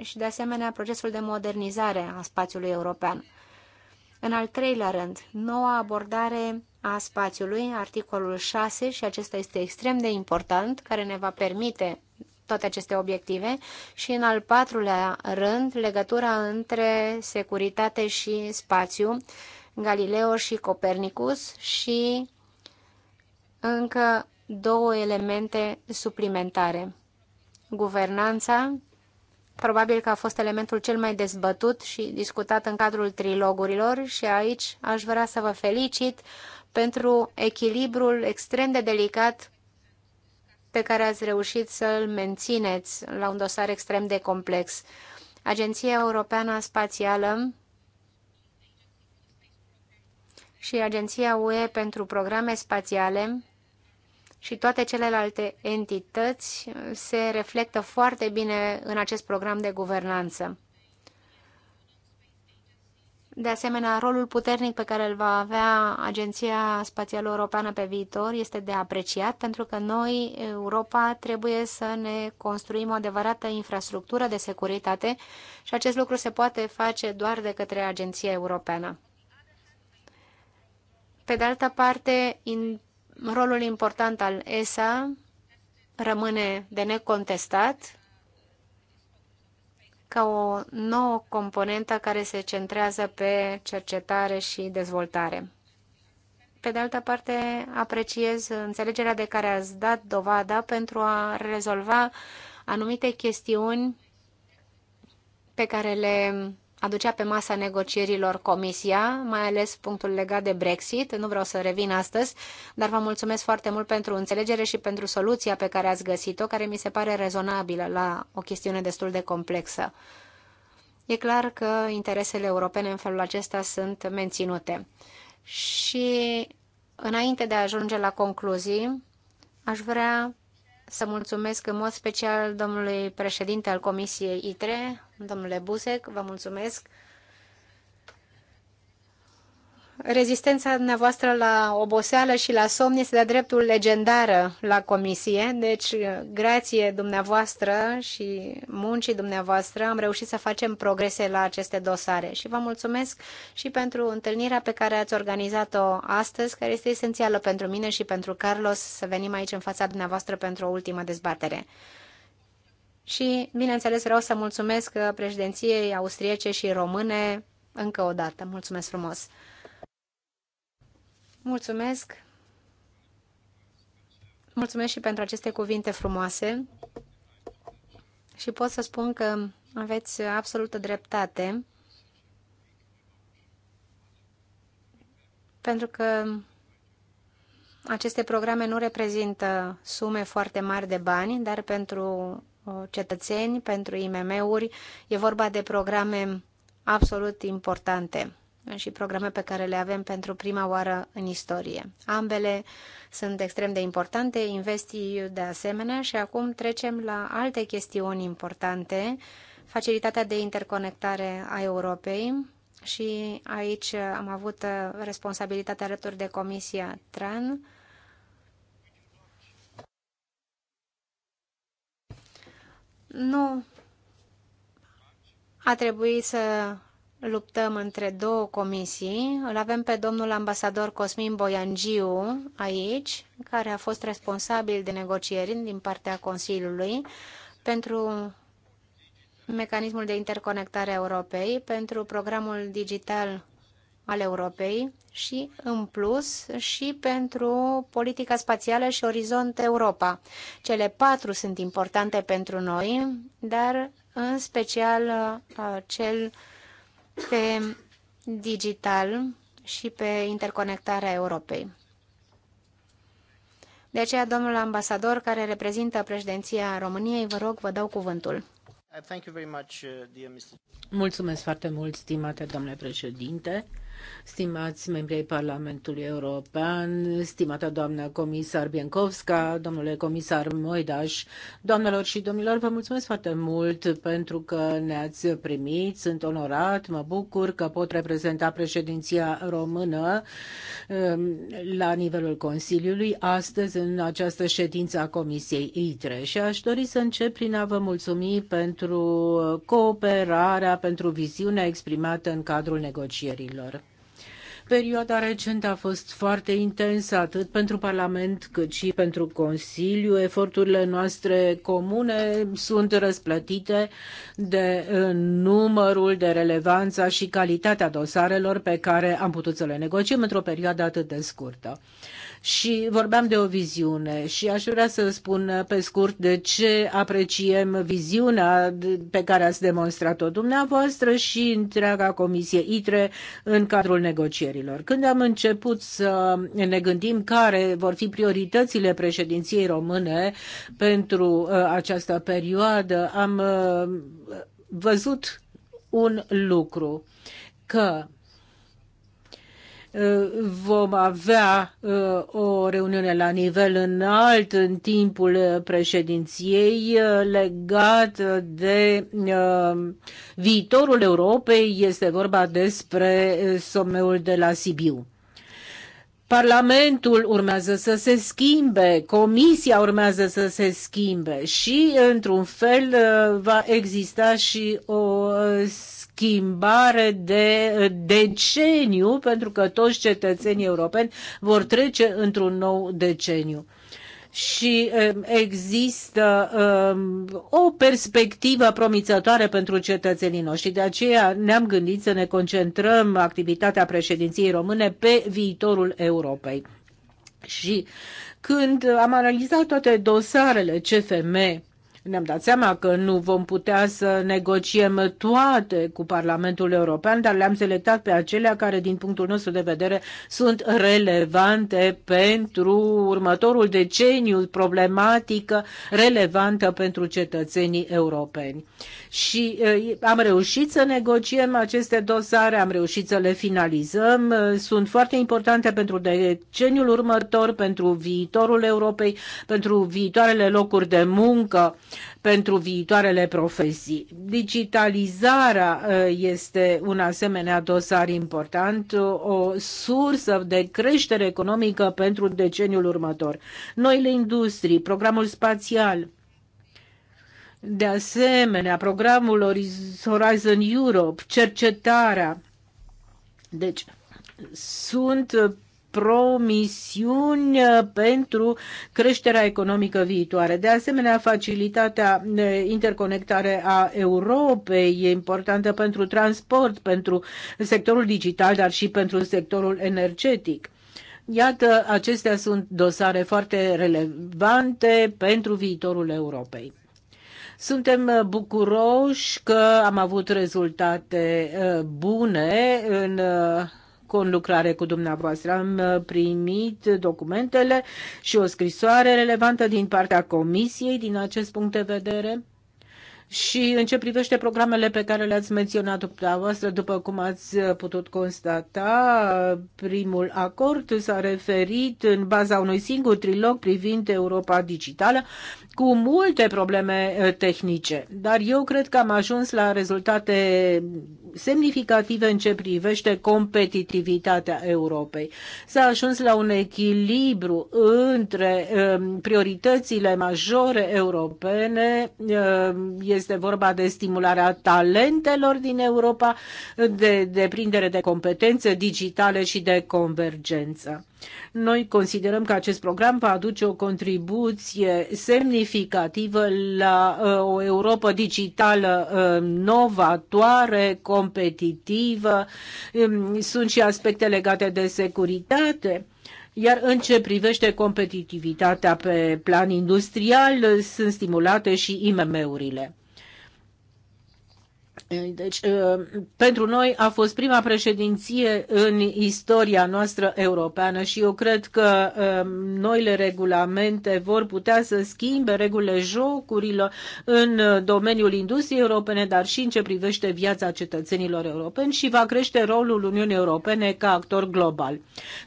și, de asemenea, procesul de modernizare a spațiului european. În al treilea rând, noua abordare a spațiului, articolul 6, și acesta este extrem de important, care ne va permite toate aceste obiective și, în al patrulea rând, legătura între securitate și spațiu, Galileo și Copernicus și încă două elemente suplimentare. Guvernanța, probabil că a fost elementul cel mai dezbătut și discutat în cadrul trilogurilor și aici aș vrea să vă felicit pentru echilibrul extrem de delicat pe care ați reușit să-l mențineți la un dosar extrem de complex. Agenția Europeană Spațială și Agenția UE pentru Programe Spațiale și toate celelalte entități se reflectă foarte bine în acest program de guvernanță. De asemenea, rolul puternic pe care îl va avea Agenția Spațială Europeană pe viitor este de apreciat, pentru că noi, Europa, trebuie să ne construim o adevărată infrastructură de securitate și acest lucru se poate face doar de către Agenția Europeană. Pe de altă parte, Rolul important al ESA rămâne de necontestat ca o nouă componentă care se centrează pe cercetare și dezvoltare. Pe de altă parte, apreciez înțelegerea de care ați dat dovada pentru a rezolva anumite chestiuni pe care le aducea pe masa negocierilor Comisia, mai ales punctul legat de Brexit. Nu vreau să revin astăzi, dar vă mulțumesc foarte mult pentru înțelegere și pentru soluția pe care ați găsit-o, care mi se pare rezonabilă la o chestiune destul de complexă. E clar că interesele europene în felul acesta sunt menținute. Și înainte de a ajunge la concluzii, aș vrea să mulțumesc în mod special domnului președinte al Comisiei ITRE, domnule Buzek, vă mulțumesc rezistența dumneavoastră la oboseală și la somn este de dreptul legendară la comisie, deci grație dumneavoastră și muncii dumneavoastră am reușit să facem progrese la aceste dosare și vă mulțumesc și pentru întâlnirea pe care ați organizat-o astăzi, care este esențială pentru mine și pentru Carlos să venim aici în fața dumneavoastră pentru o ultimă dezbatere. Și, bineînțeles, vreau să mulțumesc președinției austriece și române încă o dată. Mulțumesc frumos! Mulțumesc! Mulțumesc și pentru aceste cuvinte frumoase și pot să spun că aveți absolută dreptate pentru că aceste programe nu reprezintă sume foarte mari de bani, dar pentru uh, cetățeni, pentru IMM-uri, e vorba de programe absolut importante și programe pe care le avem pentru prima oară în istorie. Ambele sunt extrem de importante, investii de asemenea și acum trecem la alte chestiuni importante, facilitatea de interconectare a Europei și aici am avut responsabilitatea alături de Comisia TRAN, nu a trebuit să luptăm între două comisii. Îl avem pe domnul ambasador Cosmin Boiangiu aici, care a fost responsabil de negocieri din partea Consiliului pentru mecanismul de interconectare a Europei, pentru programul digital al Europei și, în plus, și pentru politica spațială și Orizont Europa. Cele patru sunt importante pentru noi, dar în special cel uh, pe digital și pe interconectarea Europei. De aceea, domnul ambasador care reprezintă președinția României, vă rog, vă dau cuvântul. Uh, Mulțumesc foarte mult, stimate domnule președinte stimați membri ai Parlamentului European, stimata doamnă comisar Biencovska, domnule comisar Moidaș, doamnelor și domnilor, vă mulțumesc foarte mult pentru că ne-ați primit, sunt onorat, mă bucur că pot reprezenta președinția română um, la nivelul Consiliului astăzi în această ședință a Comisiei ITRE și aș dori să încep prin a vă mulțumi pentru cooperarea, pentru viziunea exprimată în cadrul negocierilor. Perioada recentă a fost foarte intensă atât pentru Parlament cât și pentru Consiliu. Eforturile noastre comune sunt răsplătite de uh, numărul, de relevanța și calitatea dosarelor pe care am putut să le negociem într-o perioadă atât de scurtă și vorbeam de o viziune și aș vrea să spun uh, pe scurt de ce apreciem viziunea pe care ați demonstrat-o dumneavoastră și întreaga comisie ITRE în cadrul negocierilor. Când am început să ne gândim care vor fi prioritățile președinției române pentru uh, această perioadă, am uh, văzut un lucru că Eh, vom avea eh, o reuniune la nivel înalt în timpul președinției eh, legat de viitorul Europei. Este vorba despre someul de la Sibiu. Parlamentul urmează să se schimbe, Comisia urmează să se schimbe și, într-un fel, va exista și o schimbare de eh, deceniu, pentru că toți cetățenii europeni vor trece într-un nou deceniu și eh, există eh, o perspectivă promițătoare pentru cetățenii noștri. De aceea ne-am gândit să ne concentrăm activitatea președinției române pe viitorul Europei. Și când am analizat toate dosarele CFM ne-am dat seama că nu vom putea să negociem toate cu Parlamentul European, dar le-am selectat pe acelea care, din punctul nostru de vedere, sunt relevante pentru următorul deceniu, problematică relevantă pentru cetățenii europeni. Și eh, am reușit să negociem aceste dosare, am reușit să le finalizăm, eh, sunt foarte importante pentru deceniul următor, pentru viitorul Europei, pentru viitoarele locuri de muncă pentru viitoarele profesii. Digitalizarea uh, este un asemenea dosar important, o sursă de creștere economică pentru deceniul următor. Noile industrii, programul spațial, de asemenea, programul Horizon Europe, cercetarea. Deci, sunt promisiuni uh, pentru creșterea economică viitoare. De asemenea, facilitatea uh, interconectare a Europei e importantă pentru transport, pentru sectorul digital, dar și pentru sectorul energetic. Iată, acestea sunt dosare foarte relevante pentru viitorul Europei. Suntem uh, bucuroși că am avut rezultate bune în conlucrare cu dumneavoastră. Am uh, primit documentele și o scrisoare relevantă din partea Comisiei din acest punct de vedere. Și în ce privește programele pe care le-ați menționat dumneavoastră, după cum ați uh, putut constata, primul acord s-a referit în baza unui singur trilog privind Europa digitală cu multe probleme uh, tehnice. Dar eu cred că am ajuns la rezultate semnificative în ce privește competitivitatea Europei. S-a ajuns la un echilibru între um, prioritățile majore europene, um, este vorba de stimularea talentelor din Europa, de deprindere de competențe digitale și de convergență. Noi considerăm că acest program va aduce o contribuție semnificativă la uh, o Europa digitală uh, novatoare, com- competitivă, um, sunt și aspecte legate de securitate. Iar în ce privește competitivitatea pe plan industrial, sunt stimulate și IMM-urile. Deci, ă, pentru noi a fost prima președinție în istoria noastră europeană și eu cred că ă, noile regulamente vor putea să schimbe regulile jocurilor în domeniul industriei europene, dar și în ce privește viața cetățenilor europeni și va crește rolul Uniunii Europene ca actor global.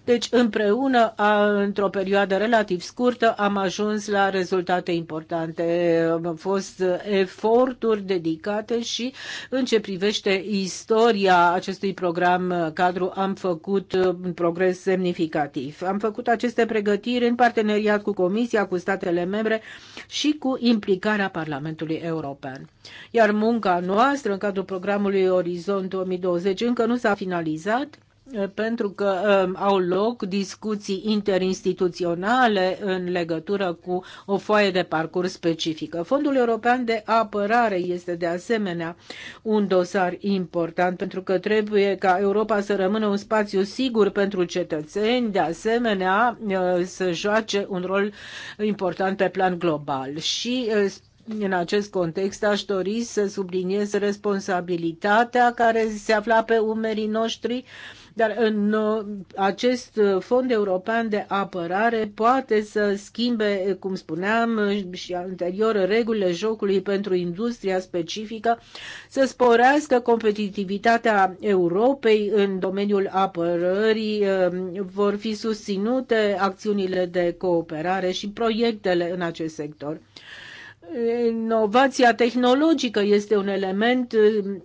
Deci, împreună, într-o perioadă relativ scurtă, am ajuns la rezultate importante. Au fost eforturi dedicate și în ce privește istoria acestui program cadru, am făcut uh, un progres semnificativ. Am făcut aceste pregătiri în parteneriat cu Comisia, cu statele membre și cu implicarea Parlamentului European. Iar munca noastră în cadrul programului Orizont 2020 încă nu s-a finalizat, pentru că au loc discuții interinstituționale în legătură cu o foaie de parcurs specifică. Fondul European de Apărare este de asemenea un dosar important pentru că trebuie ca Europa să rămână un spațiu sigur pentru cetățeni, de asemenea să joace un rol important pe plan global și în acest context aș dori să subliniez responsabilitatea care se afla pe umerii noștri dar în uh, acest uh, fond european de apărare poate să schimbe, uh, cum spuneam și anterior, regulile jocului pentru industria specifică, să sporească competitivitatea Europei în domeniul apărării, vor fi susținute acțiunile de cooperare și proiectele în acest sector. Inovația tehnologică este un element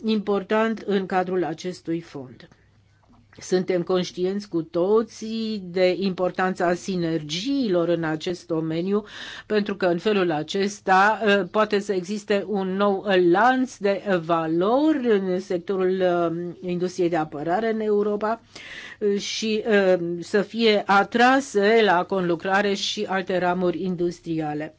important în cadrul acestui fond. Suntem conștienți cu toții de importanța sinergiilor în acest domeniu, pentru că în felul acesta uh, poate să existe un nou lanț de valori în sectorul uh, industriei de apărare în Europa uh, și să fie atrase la conlucrare și alte ramuri industriale.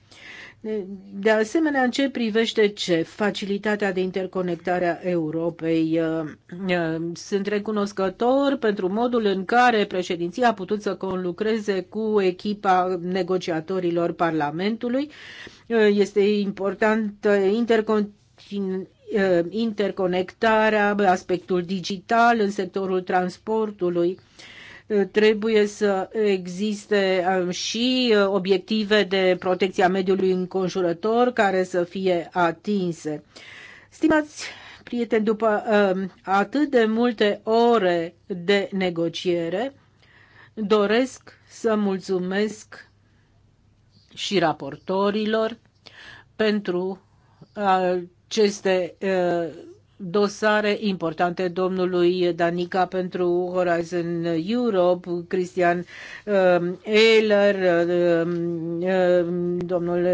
De asemenea, în ce privește ce facilitatea de interconectare a Europei, uh, uh, sunt recunoscător pentru modul în care președinția a putut să conlucreze cu echipa negociatorilor Parlamentului. Uh, este important intercon interconectarea, aspectul digital în sectorul transportului Trebuie să existe um, și uh, obiective de protecție a mediului înconjurător care să fie atinse. Stimați prieteni, după um, atât de multe ore de negociere, doresc să mulțumesc și raportorilor pentru uh, aceste uh, dosare importante domnului Danica pentru Horizon Europe, Cristian um, Ehler, um, um, domnul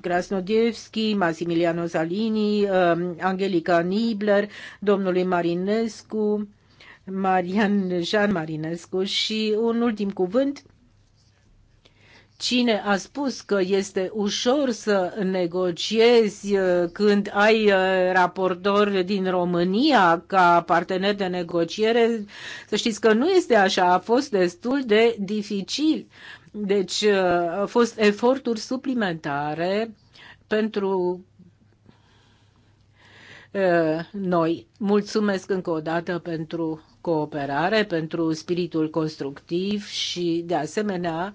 Krasnodievski, Massimiliano Salini, Angelica Nibler, domnului Marinescu, Marian Jean Marinescu și un ultim cuvânt Cine a spus că este ușor să negociezi uh, când ai uh, raportor din România ca partener de negociere? Să știți că nu este așa, a fost destul de dificil. Deci uh, au fost eforturi suplimentare pentru noi. Mulțumesc încă o dată pentru cooperare, pentru spiritul constructiv și, de asemenea,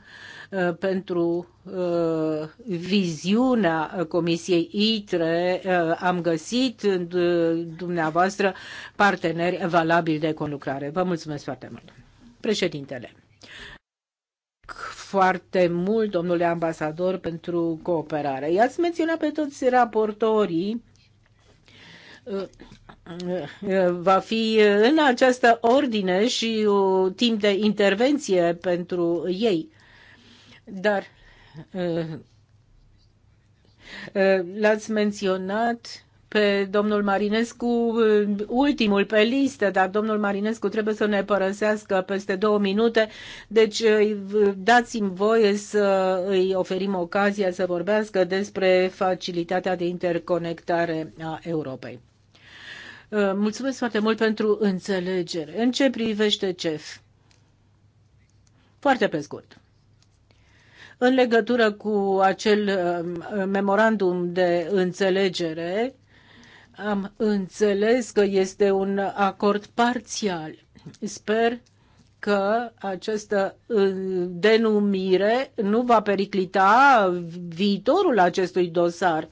Uh, pentru uh, viziunea Comisiei ITRE uh, am găsit în dumneavoastră parteneri valabili de conlucrare. Vă mulțumesc foarte mult. Președintele foarte mult, domnule ambasador, pentru cooperare. I-ați menționat pe toți raportorii. Va fi în această ordine și timp de intervenție pentru ei. Dar uh, uh, l-ați menționat pe domnul Marinescu, uh, ultimul pe listă, dar domnul Marinescu trebuie să ne părăsească peste două minute, deci dați-mi voie să îi oferim ocazia să vorbească despre facilitatea de interconectare a Europei. Mulțumesc foarte mult pentru înțelegere. În ce privește CEF? Foarte pe scurt. În legătură cu acel um, memorandum de înțelegere, am înțeles că este un acord parțial. Sper că această uh, denumire nu va periclita viitorul acestui dosar,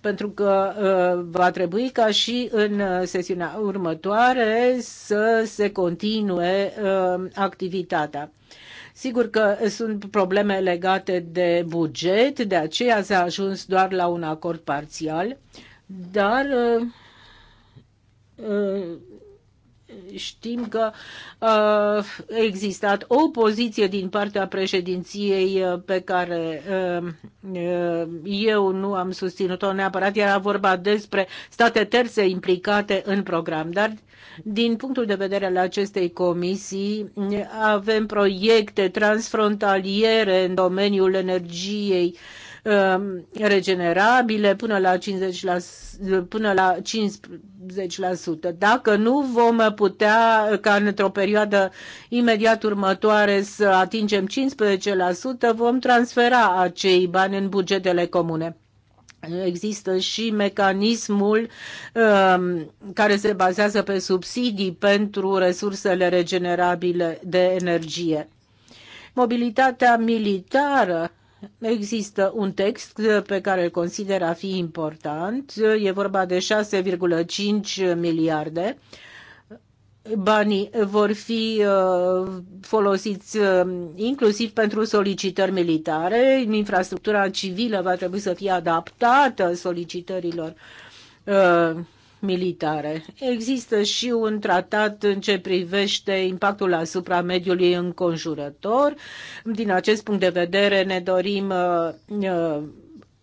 pentru că uh, va trebui ca și în sesiunea următoare să se continue uh, activitatea. Sigur că sunt probleme legate de buget, de aceea s-a ajuns doar la un acord parțial, dar uh, uh, știm că uh, a existat o poziție din partea președinției pe care eu nu am susținut-o neapărat, era vorba despre state terțe implicate în program, dar din punctul de vedere al acestei comisii, avem proiecte transfrontaliere în domeniul energiei um, regenerabile până la 50%. La, până la 50%. Dacă nu vom putea ca într-o perioadă imediat următoare să atingem 15%, vom transfera acei bani în bugetele comune. Există și mecanismul um, care se bazează pe subsidii pentru resursele regenerabile de energie. Mobilitatea militară Există un text pe care îl consider a fi important. E vorba de 6,5 miliarde banii vor fi uh, folosiți uh, inclusiv pentru solicitări militare, infrastructura civilă va trebui să fie adaptată solicitărilor uh, militare. Există și un tratat în ce privește impactul asupra mediului înconjurător. Din acest punct de vedere ne dorim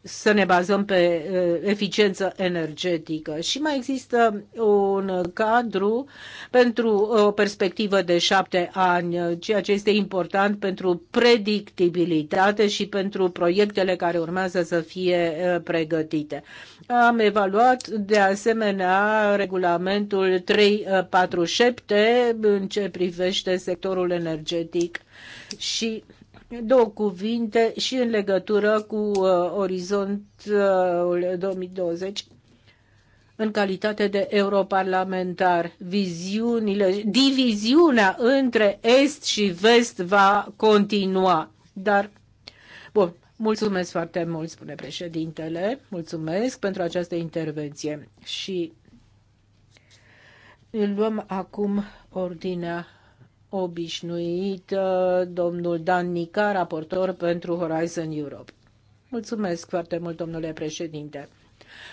să ne bazăm pe eficiență energetică. Și mai există o un cadru pentru o perspectivă de șapte ani, ceea ce este important pentru predictibilitate și pentru proiectele care urmează să fie pregătite. Am evaluat de asemenea regulamentul 347 în ce privește sectorul energetic și două cuvinte și în legătură cu uh, orizontul uh, 2020 în calitate de europarlamentar. Viziunile, diviziunea între Est și Vest va continua. Dar, bun, mulțumesc foarte mult, spune președintele, mulțumesc pentru această intervenție și îl luăm acum ordinea obișnuită, domnul Dan Nica, raportor pentru Horizon Europe. Mulțumesc foarte mult, domnule președinte.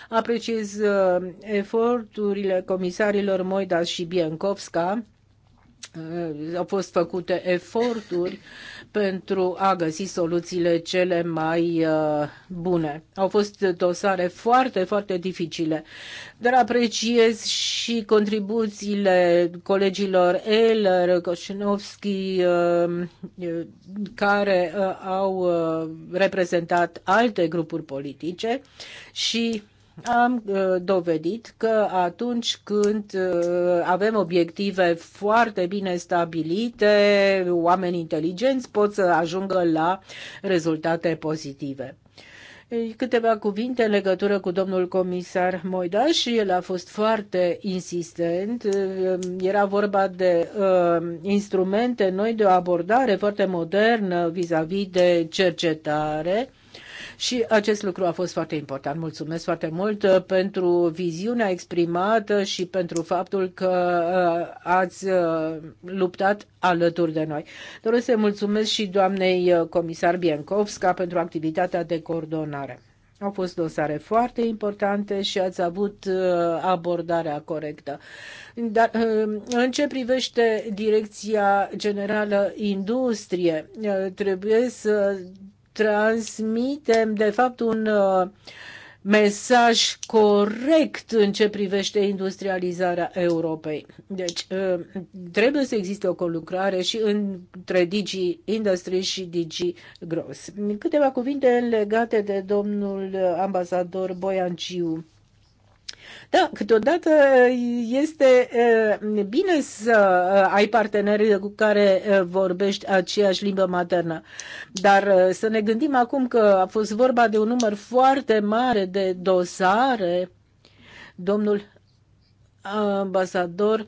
Apreciez uh, eforturile comisarilor Moidas și Biencovska uh, au fost făcute eforturi pentru a găsi soluțiile cele mai uh, bune. Au fost dosare foarte, foarte dificile, dar apreciez și contribuțiile colegilor Eller, Koșinovski, care au reprezentat alte grupuri politice și am uh, dovedit că atunci când uh, avem obiective foarte bine stabilite, oameni inteligenți pot să ajungă la rezultate pozitive. Câteva cuvinte în legătură cu domnul comisar Moidaș. El a fost foarte insistent. Uh, era vorba de uh, instrumente noi, de o abordare foarte modernă vis-a-vis -vis de cercetare. Uh, și acest lucru a fost foarte important. Mulțumesc foarte mult uh, pentru viziunea exprimată și pentru faptul că uh, ați uh, luptat alături de noi. Doresc să mulțumesc și doamnei comisar Biencovska pentru activitatea de coordonare. Au fost dosare foarte importante și ați avut abordarea corectă. Dar în ce privește direcția generală industrie, trebuie să transmitem, de fapt, un uh, mesaj corect în ce privește industrializarea Europei. Deci uh, trebuie să existe o conlucrare și între Digi Industry și Digi Gross. Câteva cuvinte legate de domnul uh, ambasador Giu? Da, câteodată este eh, bine să eh, ai parteneri cu care eh, vorbești aceeași limbă maternă. Dar să ne gândim acum că a fost vorba de un număr foarte mare de dosare. Domnul ambasador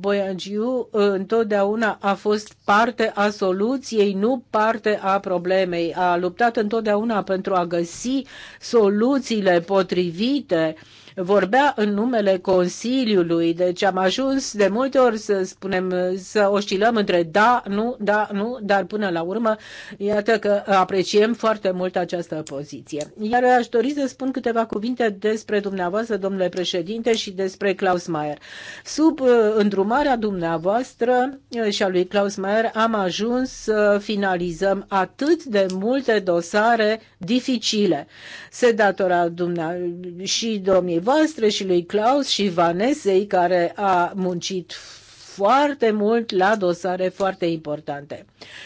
Boiangiu întotdeauna a fost parte a soluției, nu parte a problemei. A luptat întotdeauna pentru a găsi soluțiile potrivite uh, vorbea în numele Consiliului, deci am ajuns de multe ori să spunem, să oscilăm între da, nu, da, nu, dar până la urmă, iată că apreciem foarte mult această poziție. Iar aș dori să spun câteva cuvinte despre dumneavoastră, domnule președinte, și despre Klaus Mayer. Sub uh, îndrumarea dumneavoastră uh, și a lui Klaus Mayer am ajuns să finalizăm atât de multe dosare dificile. Se datora dumneavoastră și domnii dumneavoastră și lui Claus și Vanesei, care a muncit foarte mult la dosare foarte importante.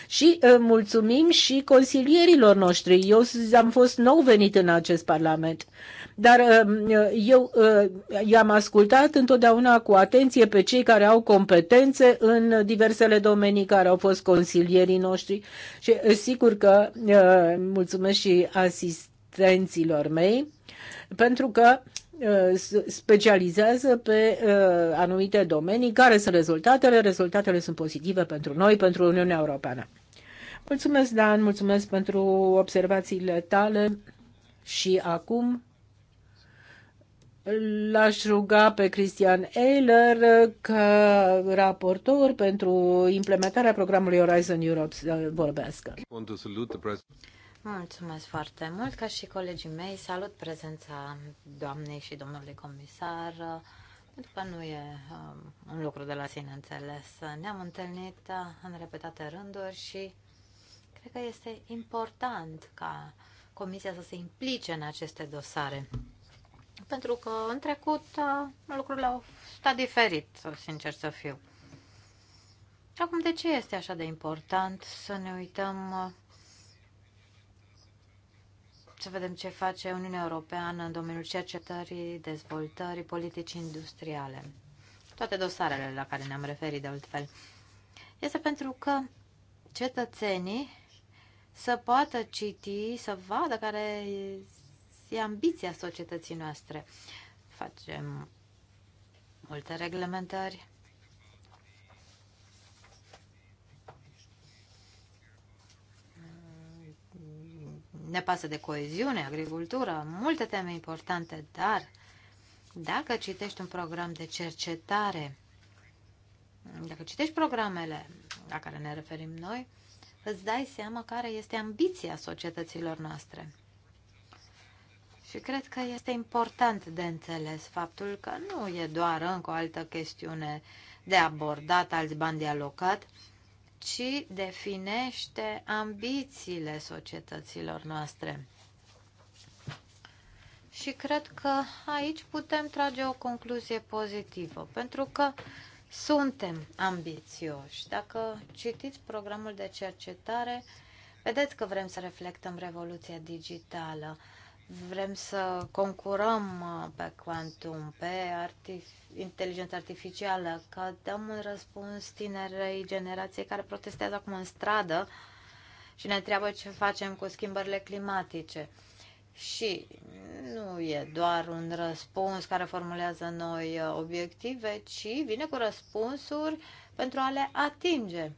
Și uh, mulțumim și consilierilor noștri. Eu am fost nou venit în acest Parlament, dar uh, eu uh, i-am ascultat întotdeauna cu atenție pe cei care au competențe în diversele domenii care au fost consilierii noștri și uh, sigur că uh, mulțumesc și asistenților mei pentru că Uh, specializează pe uh, anumite domenii. Care sunt rezultatele? Rezultatele sunt pozitive pentru noi, pentru Uniunea Europeană. Mulțumesc, Dan, mulțumesc pentru observațiile tale și acum l-aș ruga pe Cristian Eiler uh, ca raportor pentru implementarea programului Horizon Europe să vorbească. Mulțumesc foarte mult. Ca și colegii mei, salut prezența doamnei și domnului comisar, pentru că nu e um, un lucru de la sine înțeles. Ne-am întâlnit uh, în repetate rânduri și cred că este important ca Comisia să se implice în aceste dosare. Pentru că în trecut uh, lucrurile au stat diferit, sincer să fiu. Acum, de ce este așa de important să ne uităm uh, să vedem ce face Uniunea Europeană în domeniul cercetării, dezvoltării, politicii industriale. Toate dosarele la care ne-am referit de altfel. Este pentru că cetățenii să poată citi, să vadă care e ambiția societății noastre. Facem multe reglementări, ne pasă de coeziune, agricultură, multe teme importante, dar dacă citești un program de cercetare, dacă citești programele la care ne referim noi, îți dai seama care este ambiția societăților noastre. Și cred că este important de înțeles faptul că nu e doar încă o altă chestiune de abordat, alți bani de alocat, ci definește ambițiile societăților noastre. Și cred că aici putem trage o concluzie pozitivă, pentru că suntem ambițioși. Dacă citiți programul de cercetare, vedeți că vrem să reflectăm revoluția digitală vrem să concurăm uh, pe quantum, pe artif- inteligența artificială, că dăm un răspuns tinerei generații care protestează acum în stradă și ne întreabă ce facem cu schimbările climatice. Și nu e doar un răspuns care formulează noi uh, obiective, ci vine cu răspunsuri pentru a le atinge.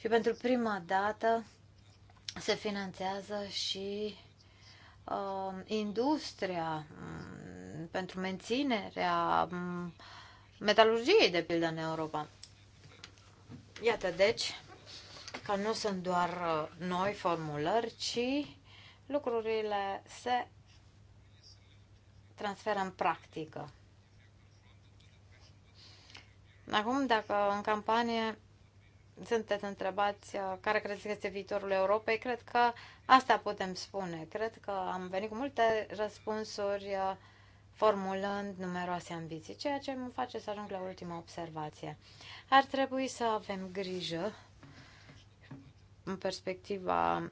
Și pentru prima dată se finanțează și uh, industria mm, pentru menținerea mm, metalurgiei, de pildă, în Europa. Iată, deci, că nu sunt doar uh, noi formulări, ci lucrurile se transferă în practică. Acum, dacă în campanie sunteți întrebați uh, care credeți că este viitorul Europei, cred că asta putem spune. Cred că am venit cu multe răspunsuri uh, formulând numeroase ambiții, ceea ce mă face să ajung la ultima observație. Ar trebui să avem grijă în perspectiva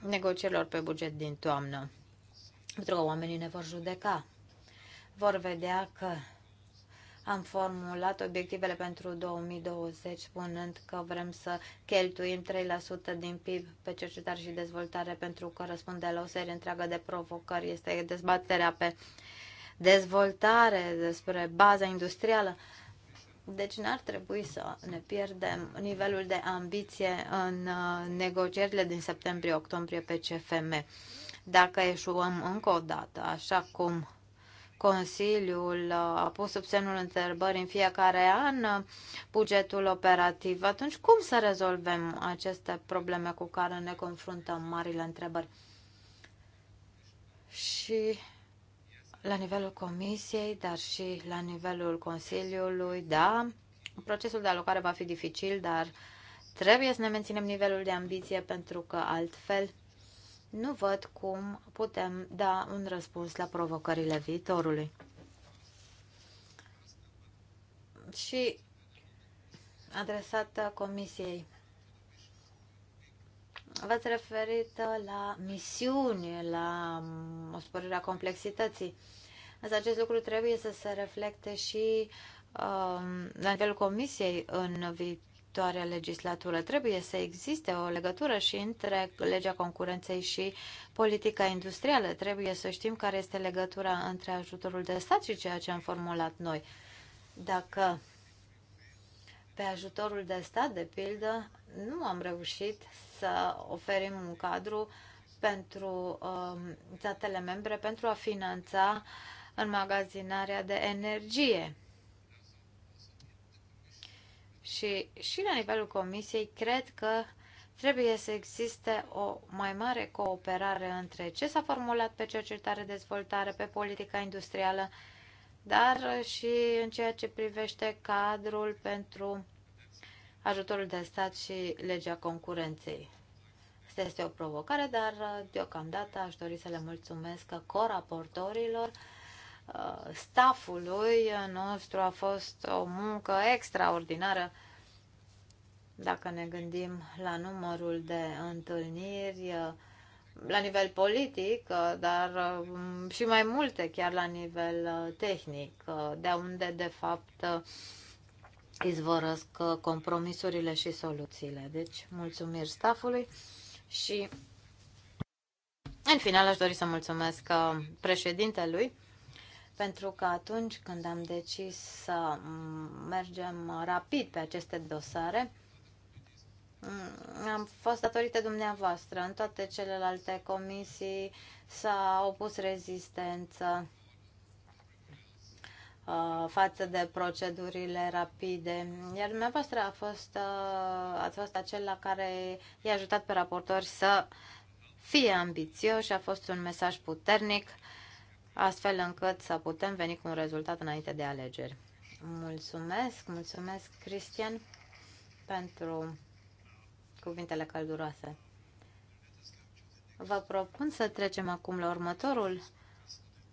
negocierilor pe buget din toamnă, pentru că oamenii ne vor judeca. Vor vedea că am formulat obiectivele pentru 2020 spunând că vrem să cheltuim 3% din PIB pe cercetare și dezvoltare pentru că răspunde la o serie întreagă de provocări. Este dezbaterea pe dezvoltare, despre baza industrială. Deci n-ar trebui să ne pierdem nivelul de ambiție în uh, negocierile din septembrie-octombrie pe CFM. Dacă eșuăm încă o dată, așa cum Consiliul uh, a pus sub semnul întrebării în fiecare an uh, bugetul operativ, atunci cum să rezolvăm aceste probleme cu care ne confruntăm, marile întrebări? Și la nivelul Comisiei, dar și la nivelul Consiliului, da, procesul de alocare va fi dificil, dar trebuie să ne menținem nivelul de ambiție pentru că altfel nu văd cum putem da un răspuns la provocările viitorului. Și adresată Comisiei. V-ați referit la misiuni, la o a complexității. Însă acest lucru trebuie să se reflecte și uh, la nivelul Comisiei în viitor viitoarea legislatură. Trebuie să existe o legătură și între legea concurenței și politica industrială. Trebuie să știm care este legătura între ajutorul de stat și ceea ce am formulat noi. Dacă pe ajutorul de stat, de pildă, nu am reușit să oferim un cadru pentru statele um, statele membre pentru a finanța înmagazinarea de energie. Și, și la nivelul comisiei, cred că trebuie să existe o mai mare cooperare între ce s-a formulat pe cercetare, dezvoltare, pe politica industrială, dar și în ceea ce privește cadrul pentru ajutorul de stat și legea concurenței. Asta este o provocare, dar deocamdată aș dori să le mulțumesc coraportorilor Uh, staffului nostru a fost o muncă extraordinară dacă ne gândim la numărul de întâlniri uh, la nivel politic, uh, dar și mai multe chiar la nivel tehnic, de unde de fapt izvorăsc compromisurile și soluțiile. Deci, mulțumiri stafului și în final aș dori să mulțumesc președintelui pentru că atunci când am decis să mergem rapid pe aceste dosare, mm, am fost datorită dumneavoastră. În toate celelalte comisii s-a opus rezistență uh, față de procedurile rapide. Iar dumneavoastră a fost, uh, ați fost acela care i-a ajutat pe raportori să fie ambițioși, a fost un mesaj puternic astfel încât să putem veni cu un rezultat înainte de alegeri. Mulțumesc, mulțumesc, Cristian, pentru cuvintele călduroase. Vă propun să trecem acum la următorul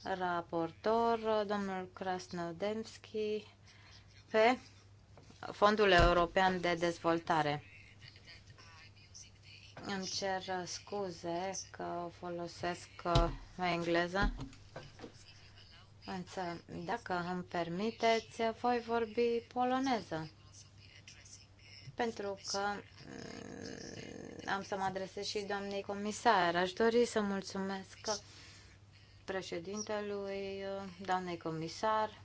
raportor, domnul Krasnodemski, pe Fondul European de Dezvoltare. Îmi cer scuze că folosesc uh, engleză. Însă, dacă îmi permiteți, voi vorbi poloneză. Pentru că mm, am să mă adresez și doamnei comisar. Aș dori să mulțumesc președintelui, doamnei comisar,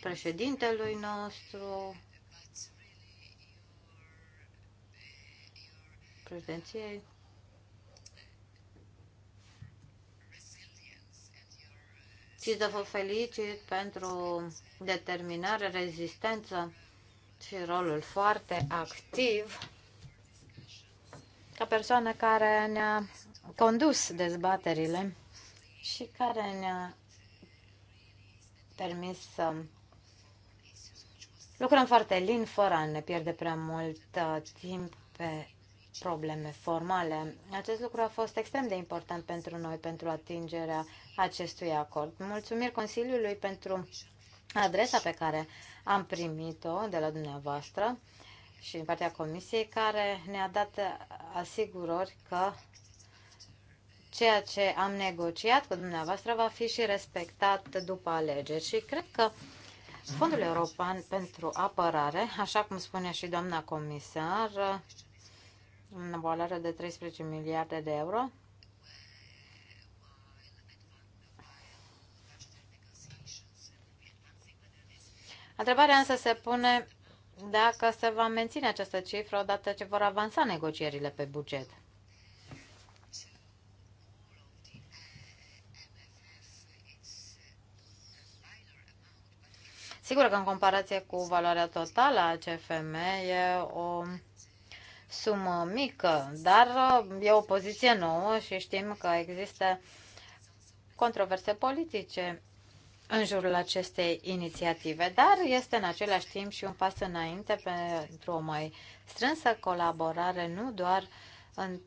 președintelui nostru, președinției. și să vă felicit pentru determinare, rezistență și rolul foarte activ ca persoană care ne-a condus dezbaterile și care ne-a permis să lucrăm foarte lin, fără a ne pierde prea mult uh, timp pe probleme formale. Acest lucru a fost extrem de important pentru noi, pentru atingerea acestui acord. Mulțumiri Consiliului pentru adresa pe care am primit-o de la dumneavoastră și din partea Comisiei, care ne-a dat asigurări că ceea ce am negociat cu dumneavoastră va fi și respectat după alegeri. Și cred că Fondul European pentru Apărare, așa cum spune și doamna comisar, în valoare de 13 miliarde de euro, Întrebarea însă se pune dacă se va menține această cifră odată ce vor avansa negocierile pe buget. Sigur că în comparație cu valoarea totală a CFM e o sumă mică, dar e o poziție nouă și știm că există controverse politice în jurul acestei inițiative, dar este în același timp și un pas înainte pentru o mai strânsă colaborare, nu doar în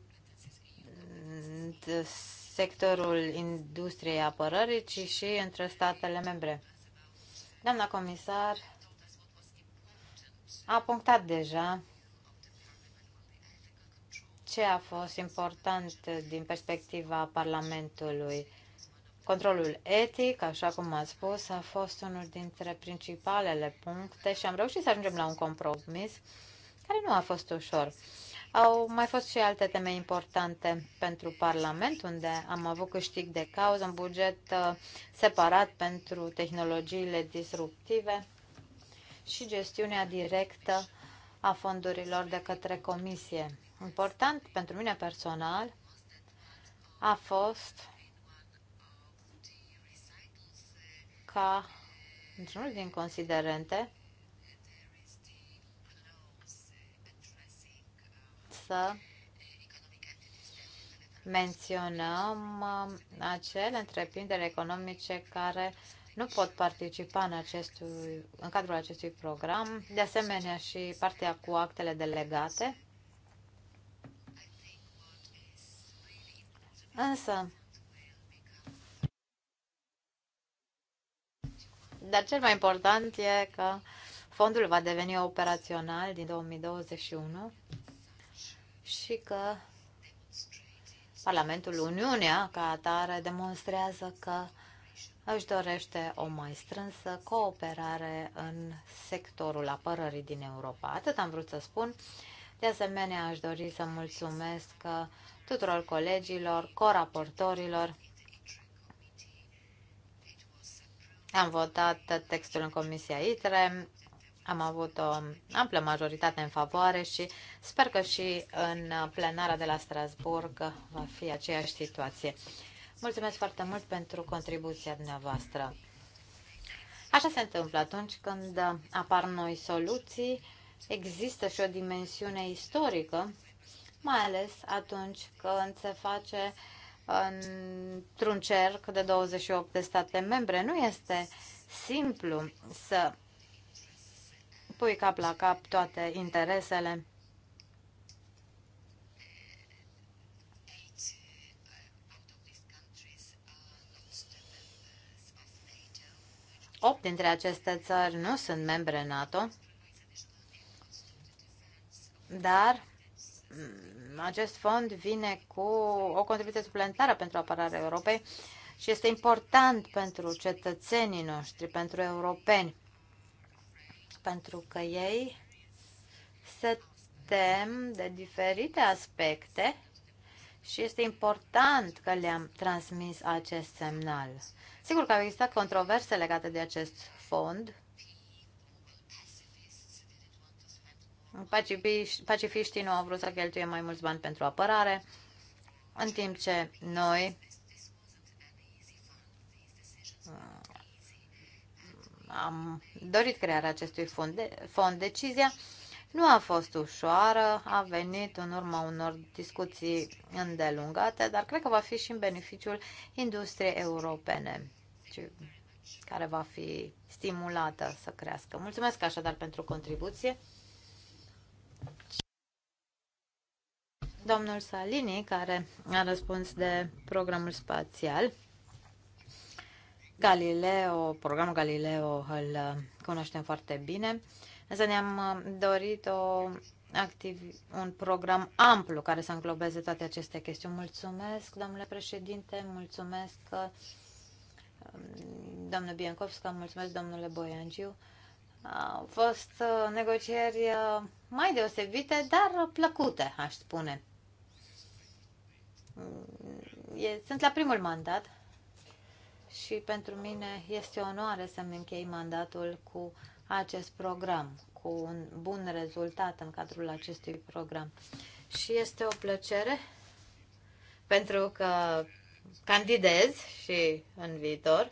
sectorul industriei apărării, ci și între statele membre. Doamna comisar a punctat deja ce a fost important din perspectiva Parlamentului Controlul etic, așa cum ați spus, a fost unul dintre principalele puncte și am reușit să ajungem la un compromis care nu a fost ușor. Au mai fost și alte teme importante pentru Parlament, unde am avut câștig de cauză, un buget uh, separat pentru tehnologiile disruptive și gestiunea directă a fondurilor de către Comisie. Important pentru mine personal a fost ca într-unul din considerente să menționăm uh, acele întreprinderi economice care nu pot participa în, acestui, în cadrul acestui program, de asemenea și partea cu actele delegate. Însă, Dar cel mai important e că fondul va deveni operațional din 2021 și că Parlamentul Uniunea, ca atare, demonstrează că își dorește o mai strânsă cooperare în sectorul apărării din Europa. Atât am vrut să spun. De asemenea, aș dori să mulțumesc tuturor colegilor, coraportorilor Am votat textul în Comisia ITRE, am avut o amplă majoritate în favoare și sper că și în plenara de la Strasburg va fi aceeași situație. Mulțumesc foarte mult pentru contribuția dumneavoastră. Așa se întâmplă atunci când apar noi soluții, există și o dimensiune istorică, mai ales atunci când se face uh, într-un cerc de 28 de state membre. Nu este simplu să pui cap la cap toate interesele. Opt dintre aceste țări nu sunt membre NATO, dar acest fond vine cu o contribuție suplimentară pentru apărarea Europei și este important pentru cetățenii noștri, pentru europeni, pentru că ei se tem de diferite aspecte și este important că le-am transmis acest semnal. Sigur că au existat controverse legate de acest fond, Pacifiștii nu au vrut să cheltuie mai mulți bani pentru apărare, în timp ce noi uh, am dorit crearea acestui fond. De, fond. Decizia nu a fost ușoară, a venit în urma unor discuții îndelungate, dar cred că va fi și în beneficiul industriei europene, care va fi stimulată să crească. Mulțumesc așadar pentru contribuție. Domnul Salini, care a răspuns de programul spațial, Galileo, programul Galileo îl uh, cunoaștem foarte bine, însă ne-am uh, dorit o activ, un program amplu care să înglobeze toate aceste chestiuni. Mulțumesc, domnule președinte, mulțumesc, uh, um, domnule Biancovscă, mulțumesc, domnule Boiangiu. Au fost uh, negocieri uh, mai deosebite, dar plăcute, aș spune. Mm, sunt la primul mandat și pentru mine este o onoare să-mi închei mandatul cu acest program, cu un bun rezultat în cadrul acestui program. Și este o plăcere pentru că candidez și în viitor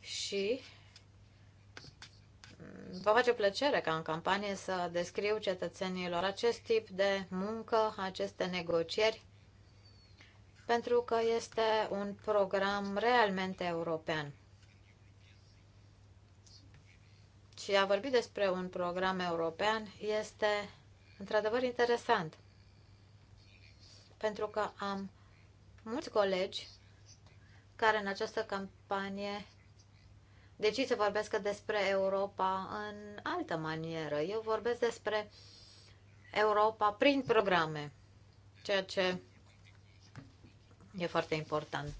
și va face plăcere ca în campanie să descriu cetățenilor acest tip de muncă, aceste negocieri, pentru că este un program realmente european. Și a vorbi despre un program european este într-adevăr interesant, pentru că am mulți colegi care în această campanie deci să vorbesc despre Europa în altă manieră. Eu vorbesc despre Europa prin programe, ceea ce e foarte important.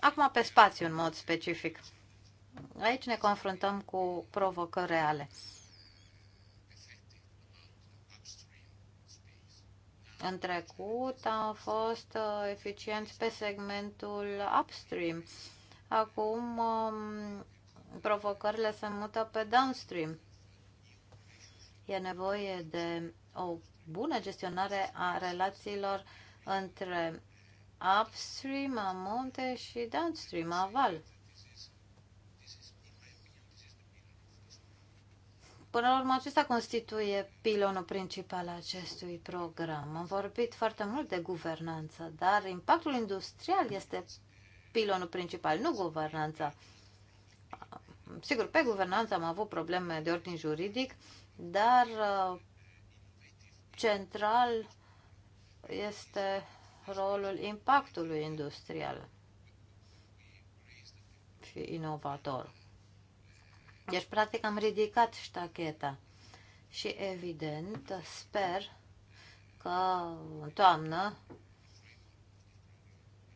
Acum pe spațiu, în mod specific. Aici ne confruntăm cu provocări reale. În trecut am fost uh, eficienți pe segmentul upstream, Acum um, provocările se mută pe downstream. E nevoie de o bună gestionare a relațiilor între upstream, a munte și downstream, a val. Până la urmă, acesta constituie pilonul principal al acestui program. Am vorbit foarte mult de guvernanță, dar impactul industrial este pilonul principal, nu guvernanța. Sigur, pe guvernanță am avut probleme de ordin juridic, dar uh, central este rolul impactului industrial și inovator. Deci, practic, am ridicat ștacheta și, evident, sper că în toamnă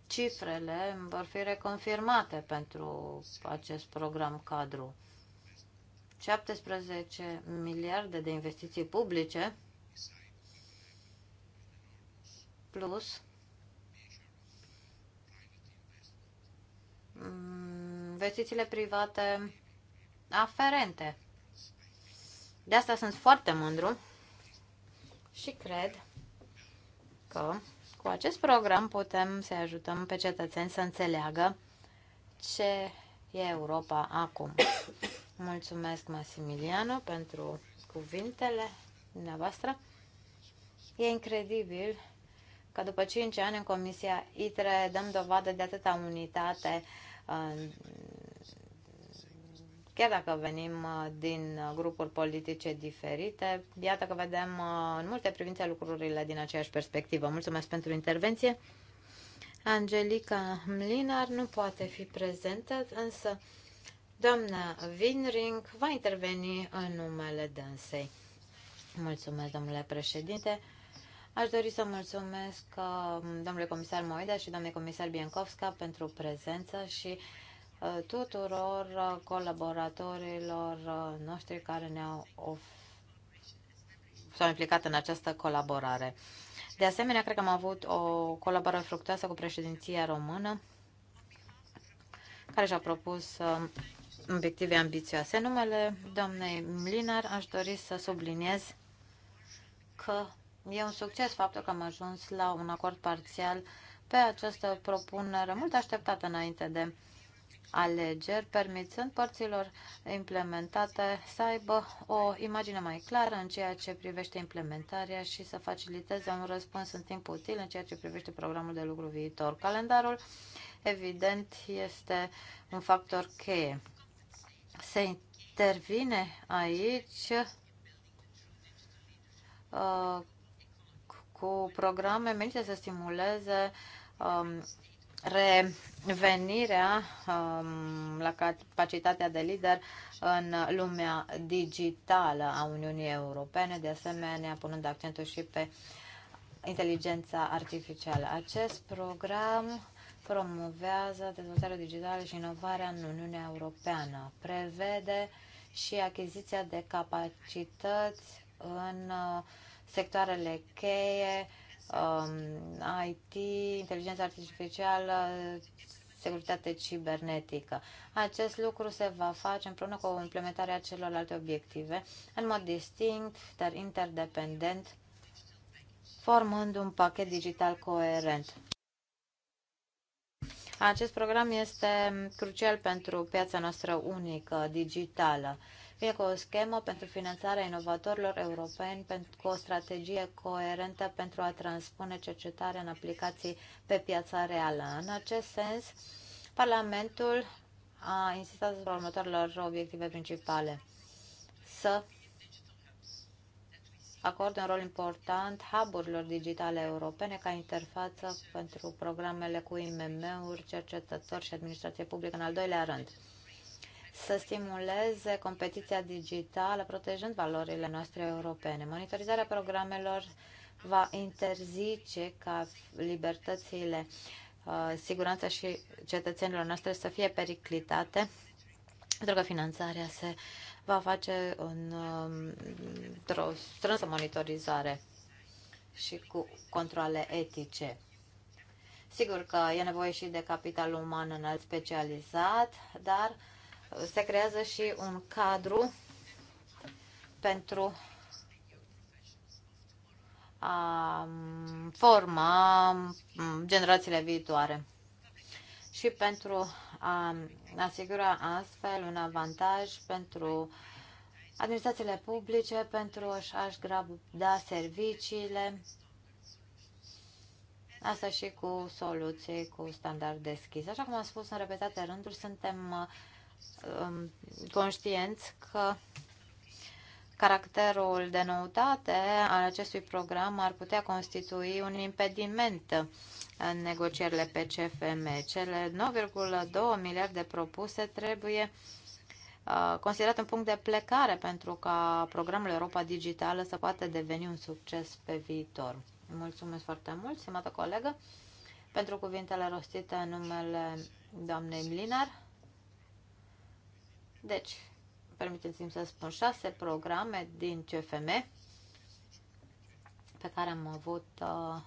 cifrele vor fi reconfirmate pentru acest program cadru. 17 miliarde de investiții publice plus investițiile private aferente. De asta sunt foarte mândru și cred că cu acest program putem să ajutăm pe cetățeni să înțeleagă ce e Europa acum. Mulțumesc, Massimiliano, pentru cuvintele dumneavoastră. E incredibil că după 5 ani în Comisia ITRE dăm dovadă de atâta unitate Chiar dacă venim uh, din uh, grupuri politice diferite, iată că vedem uh, în multe privințe lucrurile din aceeași perspectivă. Mulțumesc pentru intervenție. Angelica Mlinar nu poate fi prezentă, însă doamna Winring va interveni în numele dânsei. Mulțumesc, domnule președinte. Aș dori să mulțumesc domnule comisar Moida și domnule comisar Biencovska pentru prezență și Uh, tuturor uh, colaboratorilor uh, noștri care ne-au s-au implicat în această colaborare. De asemenea, cred că am avut o colaborare fructuoasă cu președinția română, care și-a propus um, obiective ambițioase. numele doamnei Mlinar aș dori să subliniez că e un succes faptul că am ajuns la un acord parțial pe această propunere mult așteptată înainte de alegeri, permițând părților implementate să aibă o imagine mai clară în ceea ce privește implementarea și să faciliteze un răspuns în timp util în ceea ce privește programul de lucru viitor. Calendarul, evident, este un factor cheie. Se intervine aici uh, cu programe menite să stimuleze um, revenirea um, la capacitatea de lider în lumea digitală a Uniunii Europene, de asemenea punând accentul și pe inteligența artificială. Acest program promovează dezvoltarea digitală și inovarea în Uniunea Europeană. Prevede și achiziția de capacități în uh, sectoarele cheie, Um, IT, inteligența artificială, securitate cibernetică. Acest lucru se va face împreună cu implementarea celorlalte obiective, în mod distinct, dar interdependent, formând un pachet digital coerent. Acest program este crucial pentru piața noastră unică digitală fie cu o schemă pentru finanțarea inovatorilor europeni, cu o strategie coerentă pentru a transpune cercetarea în aplicații pe piața reală. În acest sens, Parlamentul a insistat asupra următoarelor obiective principale. Să acordă un rol important hub-urilor digitale europene ca interfață pentru programele cu IMM-uri, cercetători și administrație publică în al doilea rând să stimuleze competiția digitală, protejând valorile noastre europene. Monitorizarea programelor va interzice ca libertățile, uh, siguranța și cetățenilor noastre să fie periclitate, pentru că finanțarea se va face în, um, într-o strânsă monitorizare și cu controle etice. Sigur că e nevoie și de capital uman înalt specializat, dar uh, se creează și un cadru pentru a forma generațiile viitoare și pentru a asigura astfel un avantaj pentru administrațiile publice, pentru a-și da serviciile, asta și cu soluții, cu standarde deschise. Așa cum am spus în repetate rânduri, suntem Um, conștienți că caracterul de noutate al acestui program ar putea constitui un impediment în negocierile pe CFM. Cele 9,2 miliarde propuse trebuie uh, considerat un punct de plecare pentru ca programul Europa Digitală să poată deveni un succes pe viitor. Mulțumesc foarte mult, stimată colegă, pentru cuvintele rostite în numele doamnei Mlinar. Deci, permiteți-mi să spun, șase programe din CFM pe care am avut uh,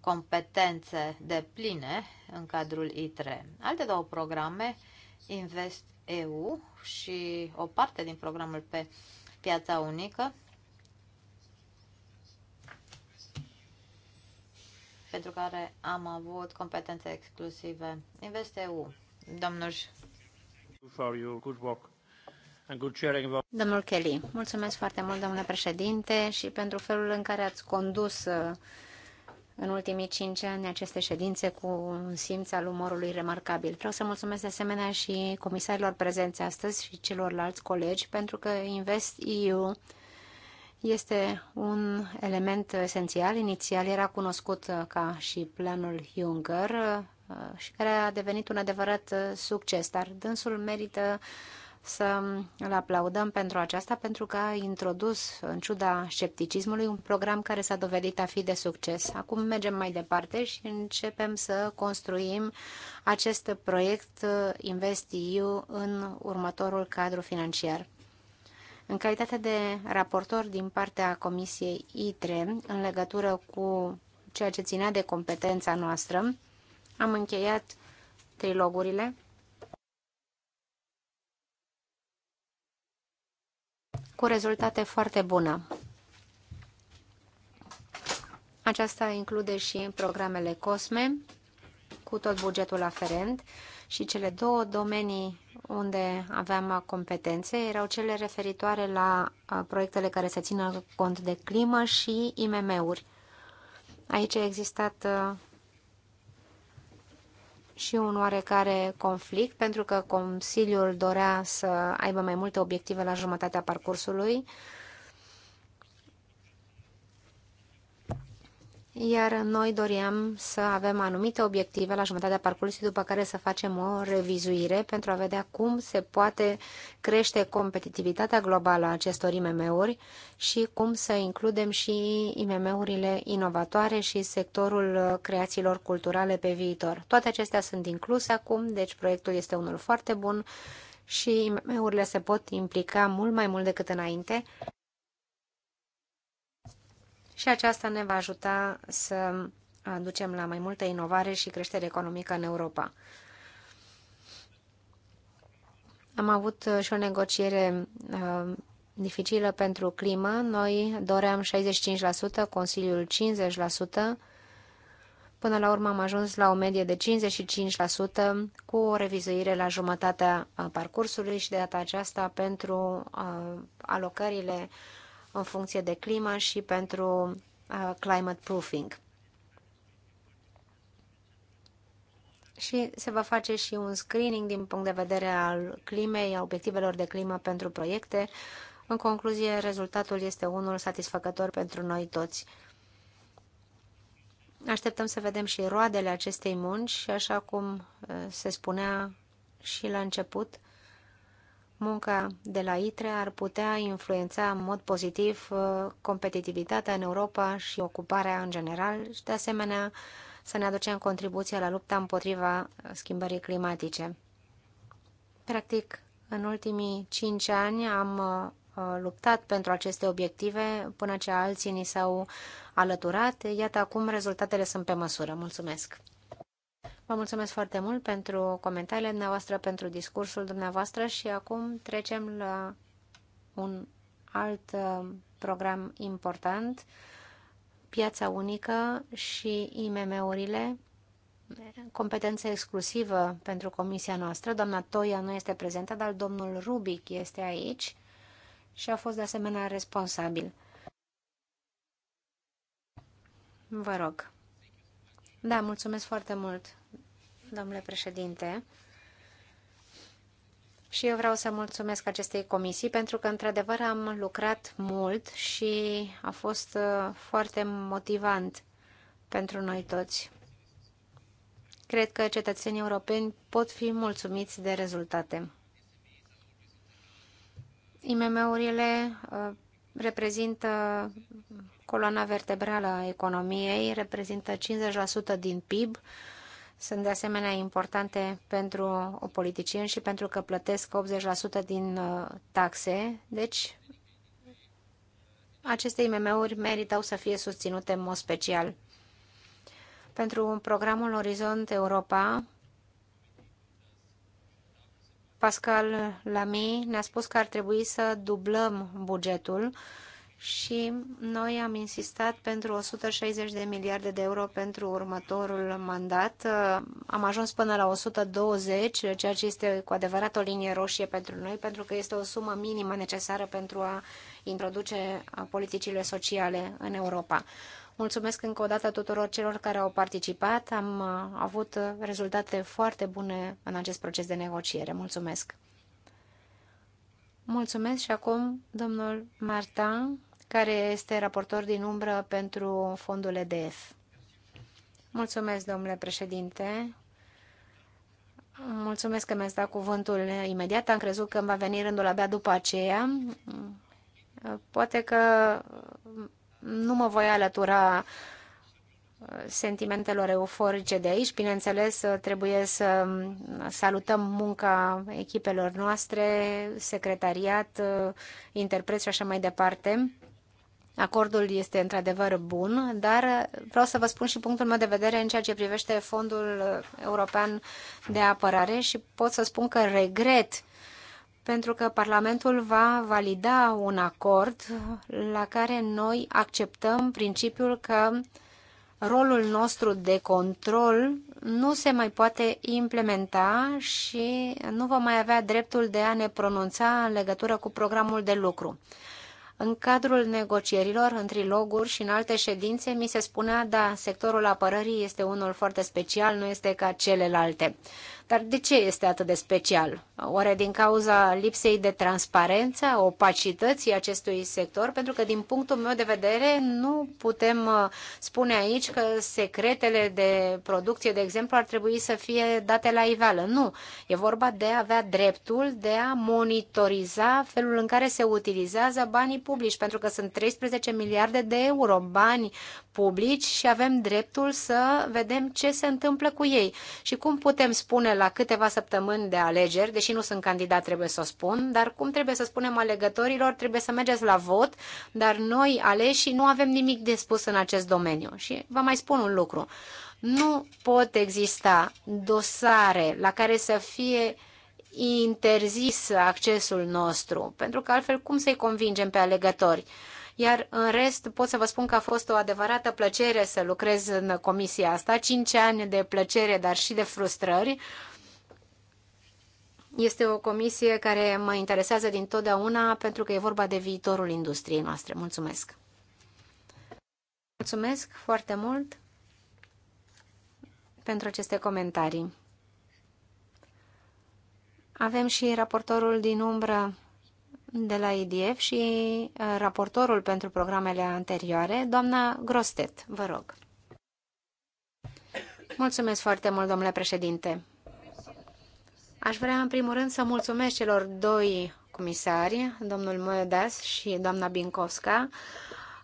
competențe de pline în cadrul ITRE. Alte două programe, Invest EU și o parte din programul pe piața unică, pentru care am avut competențe exclusive. Invest EU. Domnul Domnul Kelly, mulțumesc foarte mult, domnule președinte, și pentru felul în care ați condus uh, în ultimii cinci ani aceste ședințe cu un simț al umorului remarcabil. Vreau să mulțumesc de asemenea și comisarilor prezenți astăzi și celorlalți colegi, pentru că Invest EU este un element esențial. Inițial era cunoscut uh, ca și planul Juncker, și care a devenit un adevărat uh, succes, dar dânsul merită să îl aplaudăm pentru aceasta, pentru că a introdus, în ciuda scepticismului, un program care s-a dovedit a fi de succes. Acum mergem mai departe și începem să construim acest proiect uh, InvestEU în următorul cadru financiar. În calitate de raportor din partea Comisiei ITRE, în legătură cu ceea ce ținea de competența noastră, am încheiat trilogurile. cu rezultate foarte bune. Aceasta include și programele COSME, cu tot bugetul aferent și cele două domenii unde aveam competențe erau cele referitoare la proiectele care se țină cont de climă și IMM-uri. Aici a existat și un oarecare conflict, pentru că Consiliul dorea să aibă mai multe obiective la jumătatea parcursului, iar noi doream să avem anumite obiective la jumătatea parcursului, după care să facem o revizuire pentru a vedea cum se poate crește competitivitatea globală a acestor IMM-uri și cum să includem și IMM-urile inovatoare și sectorul creațiilor culturale pe viitor. Toate acestea sunt incluse acum, deci proiectul este unul foarte bun și IMM-urile se pot implica mult mai mult decât înainte și aceasta ne va ajuta să ducem la mai multă inovare și creștere economică în Europa. Am avut uh, și o negociere uh, dificilă pentru climă. Noi doream 65%, Consiliul 50%. Până la urmă am ajuns la o medie de 55% cu o revizuire la jumătatea uh, parcursului și de data aceasta pentru alocările în funcție de climă și pentru uh, climate proofing. și se va face și un screening din punct de vedere al climei, a obiectivelor de climă pentru proiecte. În concluzie, rezultatul este unul satisfăcător pentru noi toți. Așteptăm să vedem și roadele acestei munci și așa cum uh, se spunea și la început, munca de la ITRE ar putea influența în mod pozitiv uh, competitivitatea în Europa și ocuparea în general și, de asemenea, să ne aducem contribuția la lupta împotriva schimbării climatice. Practic, în ultimii cinci ani am uh, luptat pentru aceste obiective până ce alții ni s-au alăturat. Iată acum rezultatele sunt pe măsură. Mulțumesc! Vă mulțumesc foarte mult pentru comentariile dumneavoastră, pentru discursul dumneavoastră și acum trecem la un alt uh, program important, piața unică și IMM-urile, competență exclusivă pentru comisia noastră. Doamna Toia nu este prezentă, dar domnul Rubic este aici și a fost de asemenea responsabil. Vă rog. Da, mulțumesc foarte mult, domnule președinte. Și eu vreau să mulțumesc acestei comisii pentru că, într-adevăr, am lucrat mult și a fost uh, foarte motivant pentru noi toți. Cred că cetățenii europeni pot fi mulțumiți de rezultate. IMM-urile uh, reprezintă Coloana vertebrală a economiei reprezintă 50% din PIB, sunt de asemenea importante pentru o politicieni și pentru că plătesc 80% din uh, taxe, deci aceste IMM-uri meritau să fie susținute în mod special. Pentru programul Orizont Europa, Pascal Lamy ne-a spus că ar trebui să dublăm bugetul și noi am insistat pentru 160 de miliarde de euro pentru următorul mandat. Uh, am ajuns până la 120, ceea ce este cu adevărat o linie roșie pentru noi, pentru că este o sumă minimă necesară pentru a introduce uh, politicile sociale în Europa. Mulțumesc încă o dată tuturor celor care au participat. Am uh, avut rezultate foarte bune în acest proces de negociere. Mulțumesc! Mulțumesc și acum domnul Martin care este raportor din umbră pentru fondul EDF. Mulțumesc, domnule președinte. Mulțumesc că mi-ați dat cuvântul imediat. Am crezut că îmi va veni rândul abia după aceea. Poate că nu mă voi alătura sentimentelor euforice de aici. Bineînțeles, trebuie să salutăm munca echipelor noastre, secretariat, interpreți și așa mai departe. Acordul este într-adevăr bun, dar vreau să vă spun și punctul meu de vedere în ceea ce privește Fondul European de Apărare și pot să spun că regret pentru că Parlamentul va valida un acord la care noi acceptăm principiul că rolul nostru de control nu se mai poate implementa și nu vom mai avea dreptul de a ne pronunța în legătură cu programul de lucru. În cadrul negocierilor, în triloguri și în alte ședințe, mi se spunea, da, sectorul apărării este unul foarte special, nu este ca celelalte. Dar de ce este atât de special? Oare din cauza lipsei de transparență, opacității acestui sector? Pentru că, din punctul meu de vedere, nu putem uh, spune aici că secretele de producție, de exemplu, ar trebui să fie date la iveală. Nu. E vorba de a avea dreptul de a monitoriza felul în care se utilizează banii publici, pentru că sunt 13 miliarde de euro bani publici și avem dreptul să vedem ce se întâmplă cu ei și cum putem spune la câteva săptămâni de alegeri, deși nu sunt candidat, trebuie să o spun, dar cum trebuie să spunem alegătorilor, trebuie să mergeți la vot, dar noi aleși nu avem nimic de spus în acest domeniu. Și vă mai spun un lucru. Nu pot exista dosare la care să fie interzis accesul nostru, pentru că altfel cum să-i convingem pe alegători? Iar în rest pot să vă spun că a fost o adevărată plăcere să lucrez în comisia asta, cinci ani de plăcere, dar și de frustrări este o comisie care mă interesează din totdeauna pentru că e vorba de viitorul industriei noastre. Mulțumesc! Mulțumesc foarte mult pentru aceste comentarii. Avem și raportorul din umbră de la IDF și uh, raportorul pentru programele anterioare, doamna Grostet, vă rog. Mulțumesc foarte mult, domnule președinte. Aș vrea, în primul rând, să mulțumesc celor doi comisari, domnul Moedas și doamna Binkowska,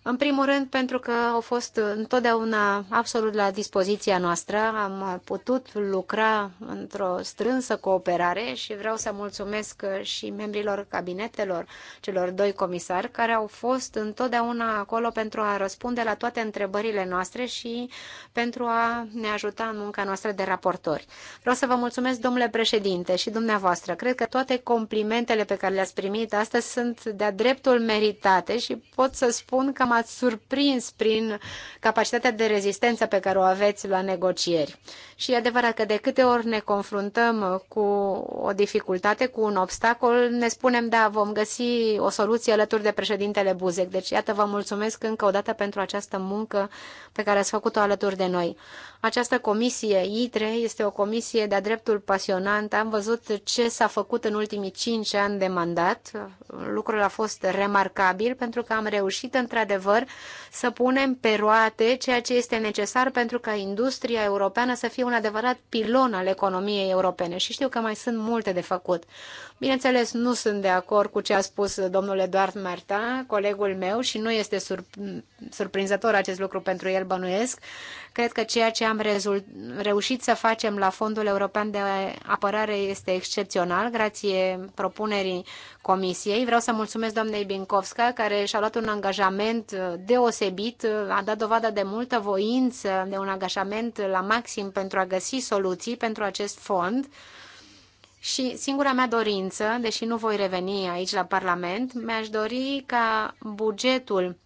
în primul rând, pentru că au fost întotdeauna absolut la dispoziția noastră, am putut lucra într-o strânsă cooperare și vreau să mulțumesc și membrilor cabinetelor celor doi comisari care au fost întotdeauna acolo pentru a răspunde la toate întrebările noastre și pentru a ne ajuta în munca noastră de raportori. Vreau să vă mulțumesc, domnule președinte și dumneavoastră. Cred că toate complimentele pe care le-ați primit astăzi sunt de-a dreptul meritate și pot să spun că am m-ați surprins prin capacitatea de rezistență pe care o aveți la negocieri. Și e adevărat că de câte ori ne confruntăm cu o dificultate, cu un obstacol, ne spunem, da, vom găsi o soluție alături de președintele Buzek. Deci, iată, vă mulțumesc încă o dată pentru această muncă pe care ați făcut-o alături de noi. Această comisie ITRE este o comisie de-a dreptul pasionant. Am văzut ce s-a făcut în ultimii cinci ani de mandat. Lucrul a fost remarcabil pentru că am reușit într-adevăr într-adevăr, să punem pe roate ceea ce este necesar pentru ca industria europeană să fie un adevărat pilon al economiei europene. Și știu că mai sunt multe de făcut. Bineînțeles, nu sunt de acord cu ce a spus domnul Eduard Marta, colegul meu, și nu este surprinzător acest lucru pentru el, bănuiesc. Cred că ceea ce am reușit să facem la Fondul European de Apărare este excepțional, grație propunerii Comisiei. Vreau să mulțumesc doamnei Binkovska, care și-a luat un angajament deosebit, a dat dovadă de multă voință, de un angajament la maxim pentru a găsi soluții pentru acest fond. Și singura mea dorință, deși nu voi reveni aici la Parlament, mi-aș dori ca bugetul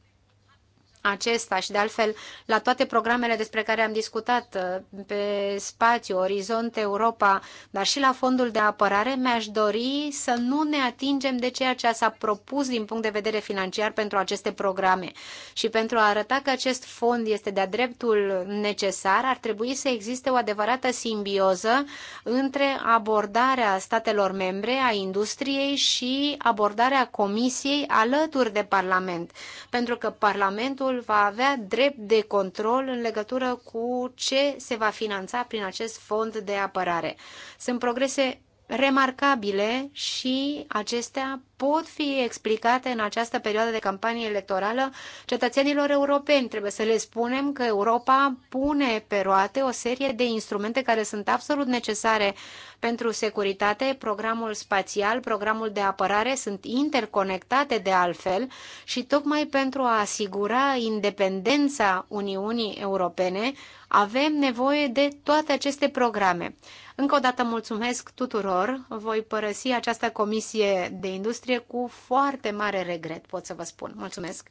acesta și de altfel la toate programele despre care am discutat uh, pe spațiu, Orizont Europa, dar și la fondul de apărare, mi-aș dori să nu ne atingem de ceea ce s-a propus din punct de vedere financiar pentru aceste programe. Și pentru a arăta că acest fond este de-a dreptul necesar, ar trebui să existe o adevărată simbioză între abordarea statelor membre, a industriei și abordarea Comisiei alături de Parlament. Pentru că Parlamentul Parlamentul va avea drept de control în legătură cu ce se va finanța prin acest fond de apărare. Sunt progrese remarcabile și acestea pot fi explicate în această perioadă de campanie electorală cetățenilor europeni. Trebuie să le spunem că Europa pune pe roate o serie de instrumente care sunt absolut necesare pentru securitate, programul spațial, programul de apărare sunt interconectate de altfel și tocmai pentru a asigura independența Uniunii Europene avem nevoie de toate aceste programe. Încă o dată mulțumesc tuturor. Voi părăsi această comisie de industrie cu foarte mare regret, pot să vă spun. Mulțumesc!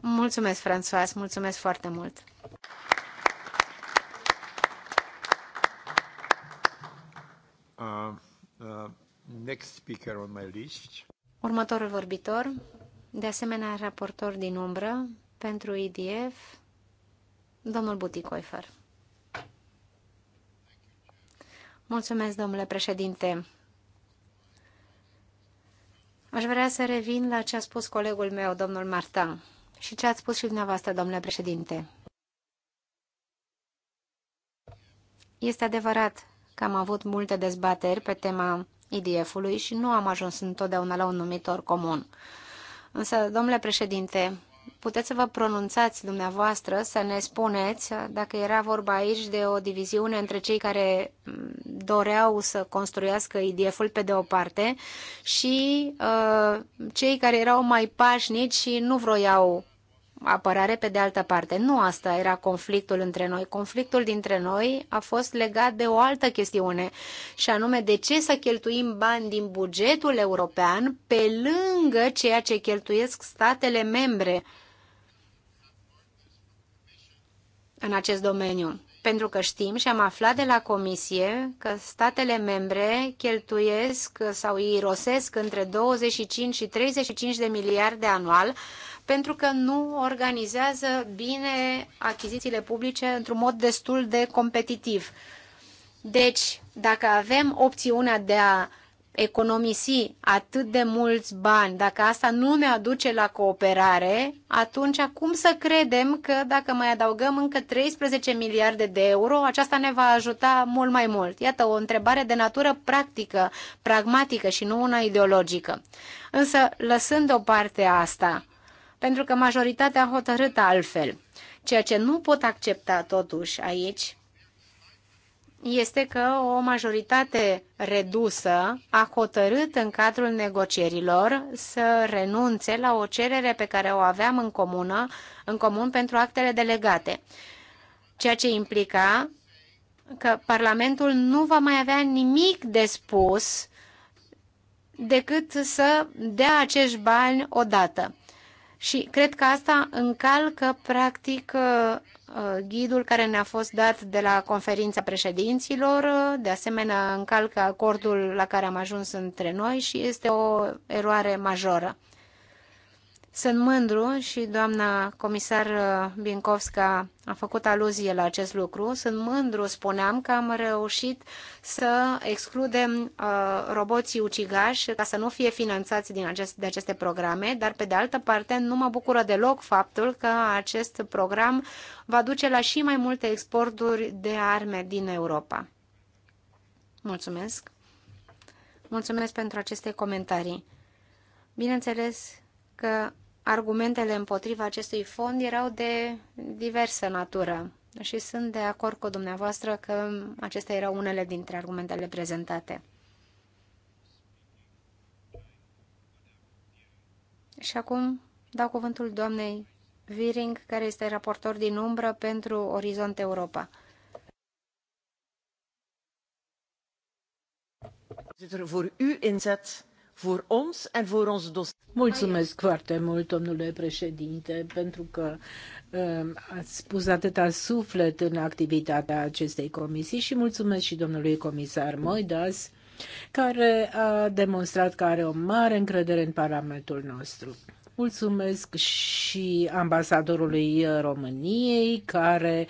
Mulțumesc, François, mulțumesc foarte mult! Uh, uh, next speaker on my list. Următorul vorbitor, de asemenea raportor din umbră pentru IDF, domnul Buticoifer. Mulțumesc, domnule președinte. Aș vrea să revin la ce a spus colegul meu, domnul Martin, și ce ați spus și dumneavoastră, domnule președinte. Este adevărat că am avut multe dezbateri pe tema edf ului și nu am ajuns întotdeauna la un numitor comun. Însă, domnule președinte, puteți să vă pronunțați dumneavoastră, să ne spuneți dacă era vorba aici de o diviziune între cei care mm, doreau să construiască IDF-ul pe de o parte și uh, cei care erau mai pașnici și nu vroiau apărare pe de altă parte. Nu asta era conflictul între noi. Conflictul dintre noi a fost legat de o altă chestiune, și anume de ce să cheltuim bani din bugetul european pe lângă ceea ce cheltuiesc statele membre în acest domeniu pentru că știm și am aflat de la Comisie că statele membre cheltuiesc sau irosesc între 25 și 35 de miliarde anual pentru că nu organizează bine achizițiile publice într-un mod destul de competitiv. Deci, dacă avem opțiunea de a economisi atât de mulți bani, dacă asta nu ne aduce la cooperare, atunci cum să credem că dacă mai adăugăm încă 13 miliarde de euro, aceasta ne va ajuta mult mai mult? Iată, o întrebare de natură practică, pragmatică și nu una ideologică. Însă, lăsând o parte asta, pentru că majoritatea a hotărât altfel. Ceea ce nu pot accepta totuși aici este că o majoritate redusă a hotărât în cadrul negocierilor să renunțe la o cerere pe care o aveam în, comună, în comun pentru actele delegate, ceea ce implica că Parlamentul nu va mai avea nimic de spus decât să dea acești bani odată. Și cred că asta încalcă, practic, uh, uh, ghidul care ne-a fost dat de la conferința președinților, uh, de asemenea încalcă acordul la care am ajuns între noi și este o eroare majoră. Sunt mândru și doamna comisar uh, Binkovska a făcut aluzie la acest lucru. Sunt mândru, spuneam, că am reușit să excludem uh, roboții ucigași ca să nu fie finanțați din acest, de aceste programe, dar pe de altă parte nu mă bucură deloc faptul că acest program va duce la și mai multe exporturi de arme din Europa. Mulțumesc! Mulțumesc pentru aceste comentarii. Bineînțeles, că argumentele împotriva acestui fond erau de diversă natură și sunt de acord cu dumneavoastră că acestea erau unele dintre argumentele prezentate. Și acum dau cuvântul doamnei Viring, care este raportor din umbră pentru Orizont Europa. voor uw inzet Mulțumesc foarte mult, domnule președinte, pentru că um, ați spus atâta suflet în activitatea acestei comisii și mulțumesc și domnului comisar Moidas, care a demonstrat că are o mare încredere în Parlamentul nostru. Mulțumesc și ambasadorului României, care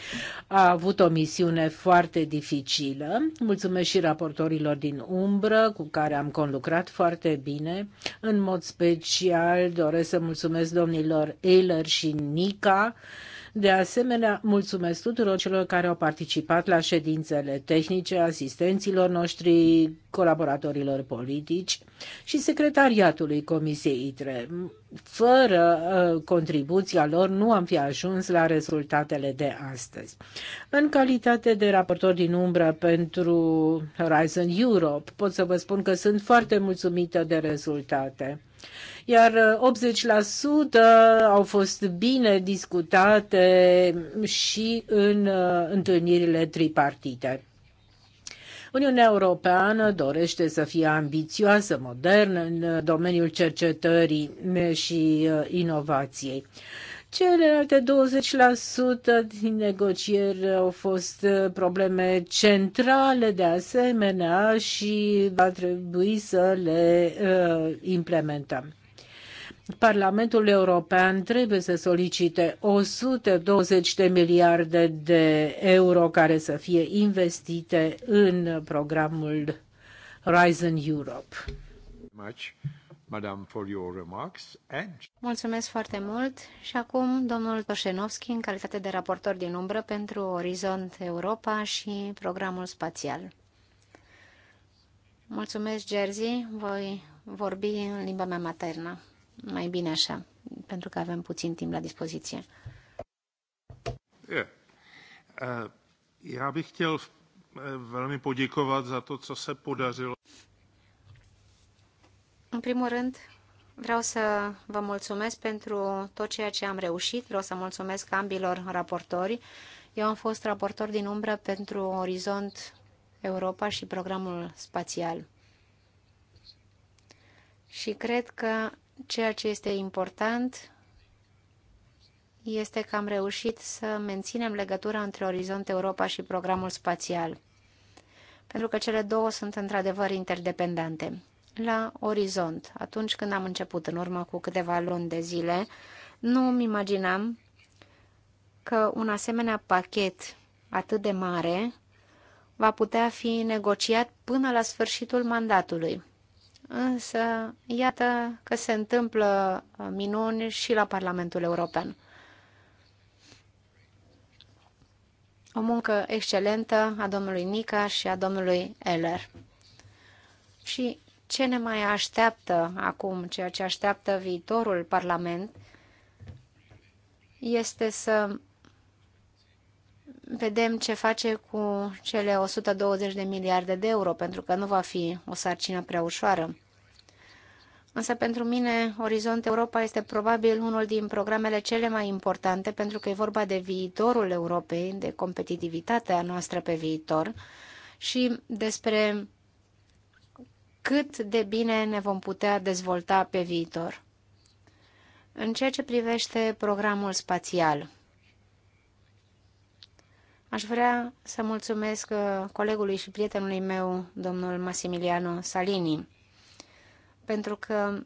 a avut o misiune foarte dificilă. Mulțumesc și raportorilor din umbră, cu care am conlucrat foarte bine. În mod special doresc să mulțumesc domnilor Eiler și Nica, de asemenea, mulțumesc tuturor celor care au participat la ședințele tehnice, asistenților noștri, colaboratorilor politici și secretariatului Comisiei ITRE. Fără uh, contribuția lor nu am fi ajuns la rezultatele de astăzi. În calitate de raportor din umbră pentru Horizon Europe, pot să vă spun că sunt foarte mulțumită de rezultate iar 80% uh, au fost bine discutate și în uh, întâlnirile tripartite. Uniunea Europeană dorește să fie ambițioasă, modernă în uh, domeniul cercetării și inovației. Celelalte 20% din negocieri au fost uh, probleme centrale de asemenea și va trebui să le uh, implementăm. Parlamentul European trebuie să solicite 120 de miliarde de euro care să fie investite în programul Horizon Europe. Much. Madame, for your remarks and... Mulțumesc foarte mult și acum domnul Toșenovski în calitate de raportor din umbră pentru Orizont Europa și programul spațial. Mulțumesc, Jerzy. Voi vorbi în limba mea maternă. Mai bine așa, pentru că avem puțin timp la dispoziție. Yeah. Uh, eh, ja bych chtěl eh, velmi poděkovat za to, co se podařilo. În primul rând, vreau să vă mulțumesc pentru tot ceea ce am reușit. Vreau să mulțumesc ambilor raportori. Eu am fost raportor din umbră pentru Orizont Europa și programul spațial. Și cred că ceea ce este important este că am reușit să menținem legătura între Orizont Europa și programul spațial, pentru că cele două sunt într-adevăr interdependente la orizont. Atunci când am început, în urmă cu câteva luni de zile, nu îmi imaginam că un asemenea pachet atât de mare va putea fi negociat până la sfârșitul mandatului. Însă, iată că se întâmplă uh, minuni și la Parlamentul European. O muncă excelentă a domnului Nica și a domnului Eller. Și ce ne mai așteaptă acum, ceea ce așteaptă viitorul Parlament, este să vedem ce face cu cele 120 de miliarde de euro, pentru că nu va fi o sarcină prea ușoară. Însă pentru mine, Orizont Europa este probabil unul din programele cele mai importante, pentru că e vorba de viitorul Europei, de competitivitatea noastră pe viitor și despre cât de bine ne vom putea dezvolta pe viitor. În ceea ce privește programul spațial, aș vrea să mulțumesc uh, colegului și prietenului meu, domnul Massimiliano Salini, pentru că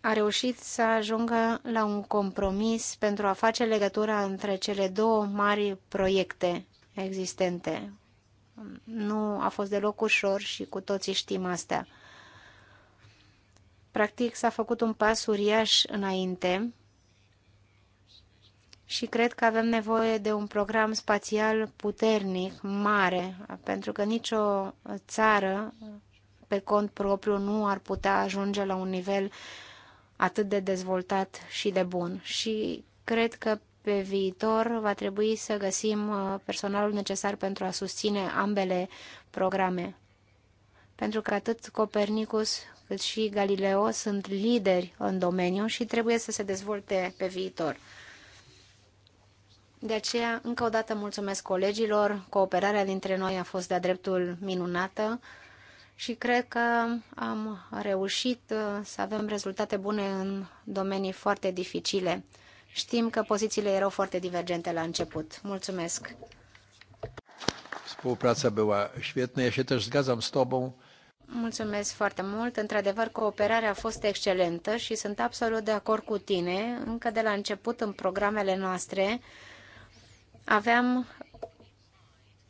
a reușit să ajungă la un compromis pentru a face legătura între cele două mari proiecte existente, nu a fost deloc ușor și cu toții știm asta. Practic s-a făcut un pas uriaș înainte și cred că avem nevoie de un program spațial puternic, mare, pentru că nicio țară pe cont propriu nu ar putea ajunge la un nivel atât de dezvoltat și de bun. Și cred că pe viitor va trebui să găsim uh, personalul necesar pentru a susține ambele programe. Pentru că atât Copernicus cât și Galileo sunt lideri în domeniu și trebuie să se dezvolte pe viitor. De aceea, încă o dată mulțumesc colegilor, cooperarea dintre noi a fost de-a dreptul minunată și cred că am reușit uh, să avem rezultate bune în domenii foarte dificile. Știm că pozițiile erau foarte divergente la început. Mulțumesc! Współpraca była świetna. Ja się też zgadzam z Tobą. Mulțumesc foarte mult. Într-adevăr, cooperarea a fost excelentă și sunt absolut de acord cu tine. Încă de la început, în programele noastre, aveam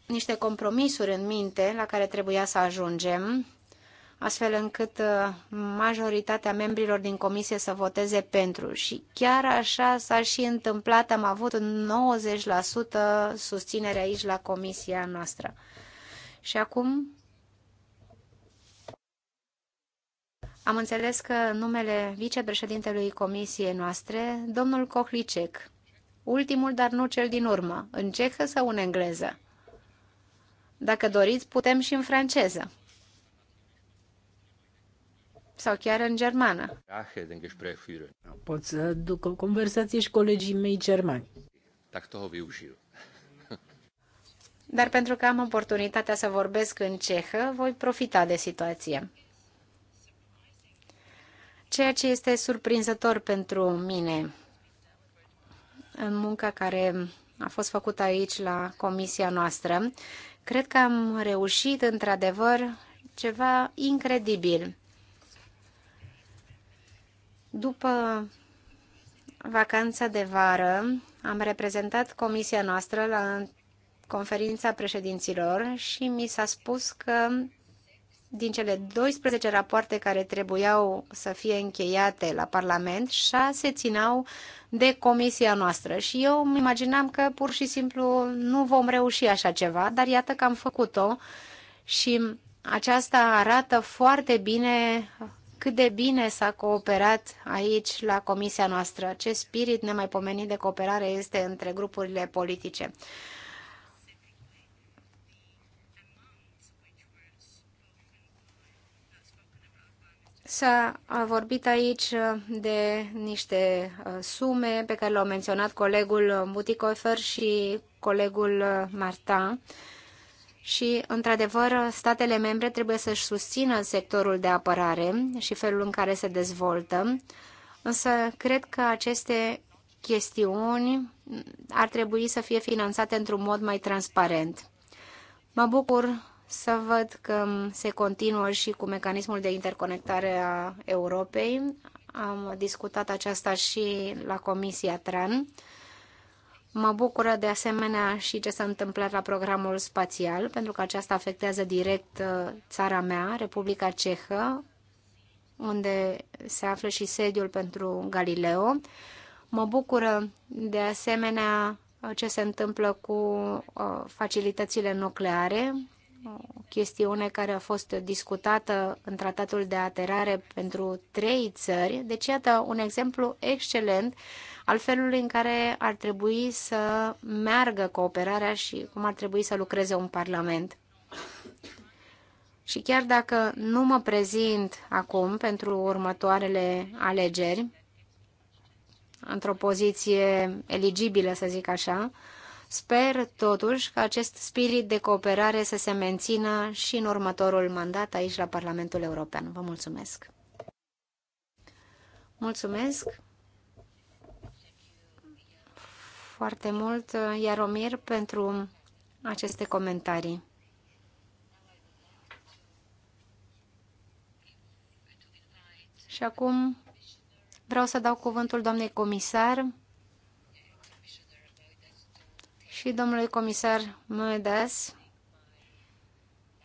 niște compromisuri în minte la care trebuia să ajungem astfel încât uh, majoritatea membrilor din comisie să voteze pentru. Și chiar așa s-a și întâmplat, am avut 90% susținere aici la comisia noastră. Și acum am înțeles că numele vicepreședintelui comisiei noastre, domnul Kohlicek, ultimul, dar nu cel din urmă, în cehă sau în engleză? Dacă doriți, putem și în franceză sau chiar în germană. Pot să duc o conversație și colegii mei germani. Dar pentru că am oportunitatea să vorbesc în cehă, voi profita de situație. Ceea ce este surprinzător pentru mine în munca care a fost făcută aici la comisia noastră, cred că am reușit într-adevăr ceva incredibil. După vacanța de vară, am reprezentat comisia noastră la conferința președinților și mi s-a spus că din cele 12 rapoarte care trebuiau să fie încheiate la Parlament, șase ținau de comisia noastră. Și eu îmi imaginam că pur și simplu nu vom reuși așa ceva, dar iată că am făcut-o și aceasta arată foarte bine cât de bine s-a cooperat aici la comisia noastră, ce spirit nemaipomenit de cooperare este între grupurile politice. S-a vorbit aici de niște uh, sume pe care le-au menționat colegul Butikofer și colegul uh, Martin și, într-adevăr, statele membre trebuie să-și susțină sectorul de apărare și felul în care se dezvoltă, însă cred că aceste chestiuni ar trebui să fie finanțate într-un mod mai transparent. Mă bucur să văd că se continuă și cu mecanismul de interconectare a Europei. Am discutat aceasta și la Comisia TRAN Mă bucură de asemenea și ce s-a întâmplat la programul spațial, pentru că aceasta afectează direct uh, țara mea, Republica Cehă, unde se află și sediul pentru Galileo. Mă bucură de asemenea ce se întâmplă cu uh, facilitățile nucleare, o chestiune care a fost discutată în tratatul de aterare pentru trei țări. Deci, iată un exemplu excelent al felului în care ar trebui să meargă cooperarea și cum ar trebui să lucreze un parlament. Și chiar dacă nu mă prezint acum pentru următoarele alegeri, într-o poziție eligibilă, să zic așa, Sper totuși că acest spirit de cooperare să se mențină și în următorul mandat aici la Parlamentul European. Vă mulțumesc! Mulțumesc foarte mult, Iaromir, pentru aceste comentarii. Și acum vreau să dau cuvântul doamnei comisar și domnului comisar Mădas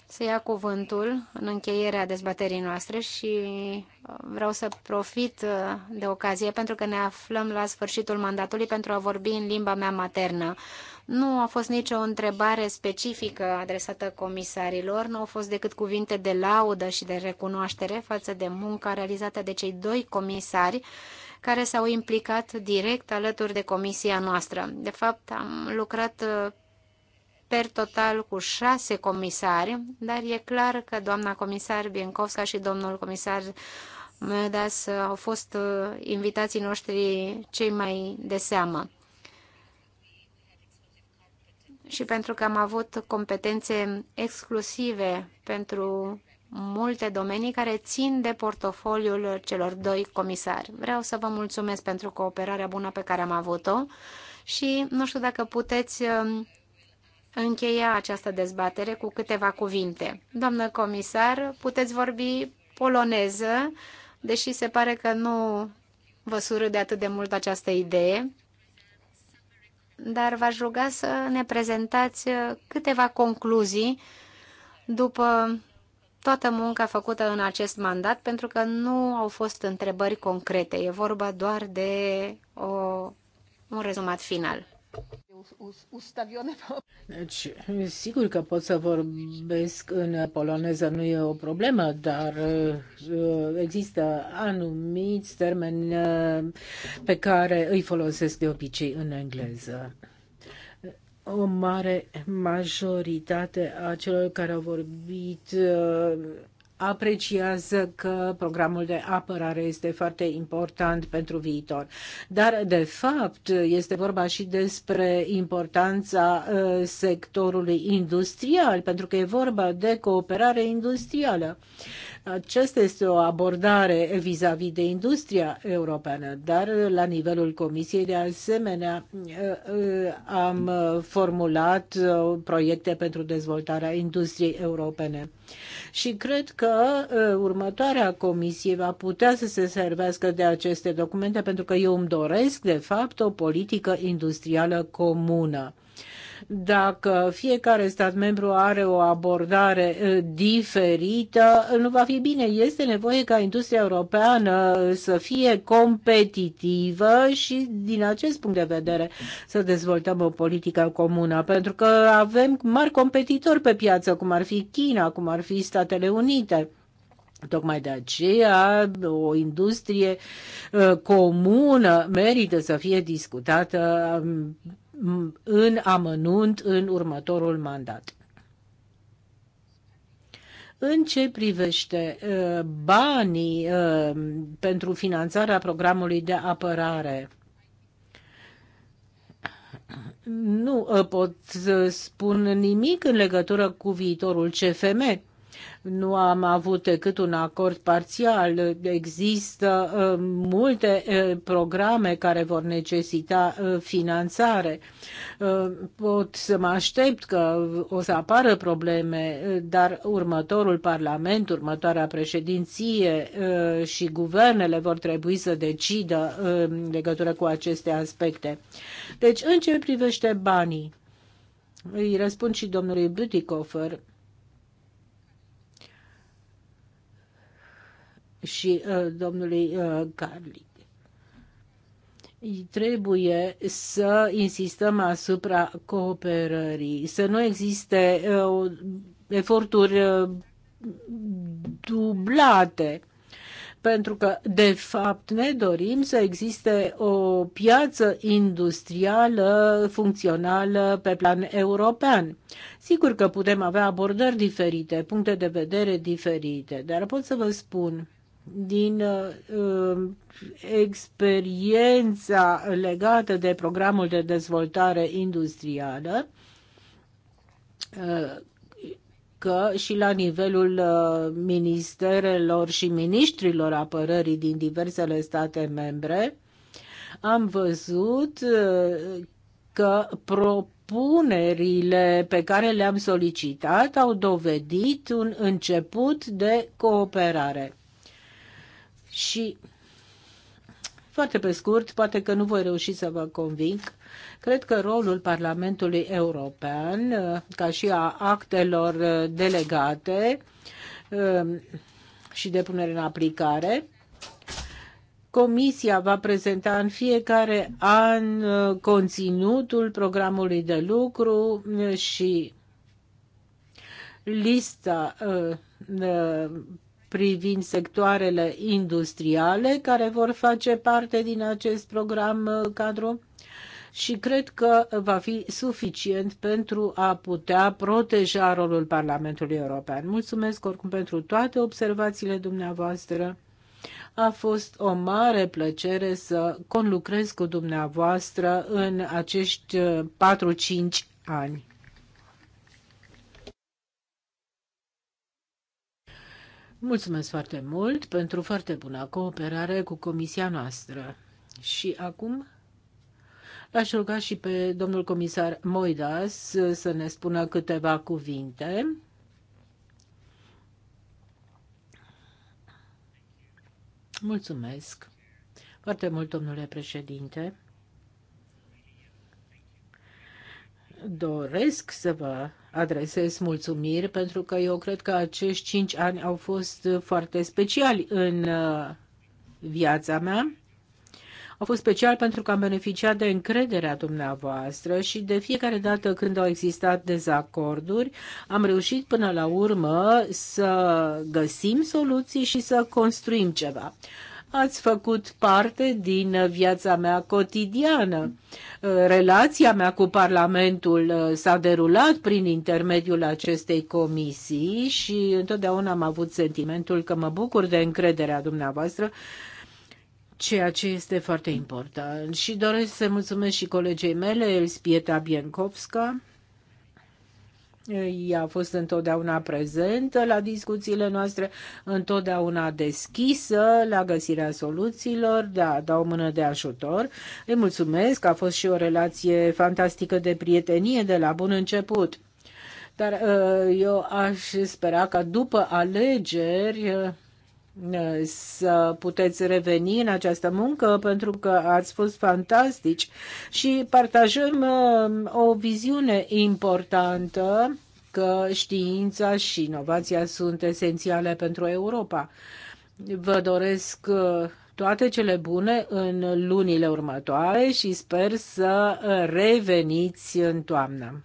să ia cuvântul în încheierea dezbaterii noastre și uh, vreau să profit uh, de ocazie pentru că ne aflăm la sfârșitul mandatului pentru a vorbi în limba mea maternă. Nu a fost nicio întrebare specifică adresată comisarilor, nu au fost decât cuvinte de laudă și de recunoaștere față de munca realizată de cei doi comisari care s-au implicat direct alături de comisia noastră. De fapt, am lucrat uh, per total cu șase comisari, dar e clar că doamna comisar Biencovska și domnul comisar Mădas au fost uh, invitații noștri cei mai de seamă. Și pentru că am avut competențe exclusive pentru multe domenii care țin de portofoliul celor doi comisari. Vreau să vă mulțumesc pentru cooperarea bună pe care am avut-o și nu știu dacă puteți um, încheia această dezbatere cu câteva cuvinte. Doamnă comisar, puteți vorbi poloneză, deși se pare că nu vă surâde atât de mult această idee, dar v-aș ruga să ne prezentați uh, câteva concluzii după toată munca făcută în acest mandat pentru că nu au fost întrebări concrete. E vorba doar de o, un rezumat final. Deci, sigur că pot să vorbesc în poloneză, nu e o problemă, dar uh, există anumiți termeni uh, pe care îi folosesc de obicei în engleză o mare majoritate a celor care au vorbit uh, apreciază că programul de apărare este foarte important pentru viitor. Dar, de fapt, este vorba și despre importanța uh, sectorului industrial, pentru că e vorba de cooperare industrială. Aceasta este o abordare vis-a-vis -vis de industria europeană, dar la nivelul Comisiei de asemenea uh, am formulat uh, proiecte pentru dezvoltarea industriei europene. Și cred că uh, următoarea Comisie va putea să se servească de aceste documente pentru că eu îmi doresc, de fapt, o politică industrială comună dacă fiecare stat membru are o abordare eh, diferită, nu va fi bine. Este nevoie ca industria europeană eh, să fie competitivă și din acest punct de vedere să dezvoltăm o politică comună, pentru că avem mari competitori pe piață, cum ar fi China, cum ar fi Statele Unite. Tocmai de aceea o industrie eh, comună merită să fie discutată mm, în amănunt în următorul mandat. În ce privește uh, banii uh, pentru finanțarea programului de apărare, nu uh, pot spun nimic în legătură cu viitorul CFM nu am avut decât un acord parțial. Există uh, multe uh, programe care vor necesita uh, finanțare. Pot să mă aștept că o să apară probleme, dar următorul Parlament, următoarea președinție și guvernele vor trebui să decidă în legătură cu aceste aspecte. Deci, în ce privește banii, îi răspund și domnului Butikofer, și uh, domnului Carlic uh, trebuie să insistăm asupra cooperării, să nu existe uh, eforturi uh, dublate, pentru că, de fapt, ne dorim să existe o piață industrială funcțională pe plan european. Sigur că putem avea abordări diferite, puncte de vedere diferite, dar pot să vă spun din uh, uh, experiența legată de programul de dezvoltare industrială uh, că și la nivelul uh, ministerelor și ministrilor apărării din diversele state membre am văzut că propunerile pe care le-am solicitat au dovedit un început de cooperare și foarte pe scurt, poate că nu voi reuși să vă convinc, cred că rolul Parlamentului European, uh, ca și a actelor uh, delegate um, și de punere în aplicare, Comisia va prezenta în fiecare an uh, conținutul programului de lucru și lista privind sectoarele industriale care vor face parte din acest program uh, cadru și cred că va fi suficient pentru a putea proteja rolul Parlamentului European. Mulțumesc oricum pentru toate observațiile dumneavoastră. A fost o mare plăcere să conlucrez cu dumneavoastră în acești 4-5 uh, ani. Mulțumesc foarte mult pentru foarte bună cooperare cu comisia noastră. Și acum L-aș ruga și pe domnul comisar Moidas să ne spună câteva cuvinte. Mulțumesc foarte mult, domnule președinte. Doresc să vă adresez mulțumiri pentru că eu cred că acești cinci ani au fost foarte speciali în uh, viața mea. Au fost special pentru că am beneficiat de încrederea dumneavoastră și de fiecare dată când au existat dezacorduri, am reușit până la urmă să găsim soluții și să construim ceva ați făcut parte din viața mea cotidiană. Relația mea cu Parlamentul uh, s-a derulat prin intermediul acestei comisii și întotdeauna am avut sentimentul că mă bucur de încrederea dumneavoastră ceea ce este foarte important. Și doresc să mulțumesc și colegei mele, Elspieta Biencovska, ea a fost întotdeauna prezentă la discuțiile noastre, întotdeauna deschisă la găsirea soluțiilor, da, da o mână de ajutor. Îi mulțumesc, a fost și o relație fantastică de prietenie de la bun început. Dar ă, eu aș spera că după alegeri să puteți reveni în această muncă pentru că ați fost fantastici și partajăm uh, o viziune importantă că știința și inovația sunt esențiale pentru Europa. Vă doresc uh, toate cele bune în lunile următoare și sper să reveniți în toamnă.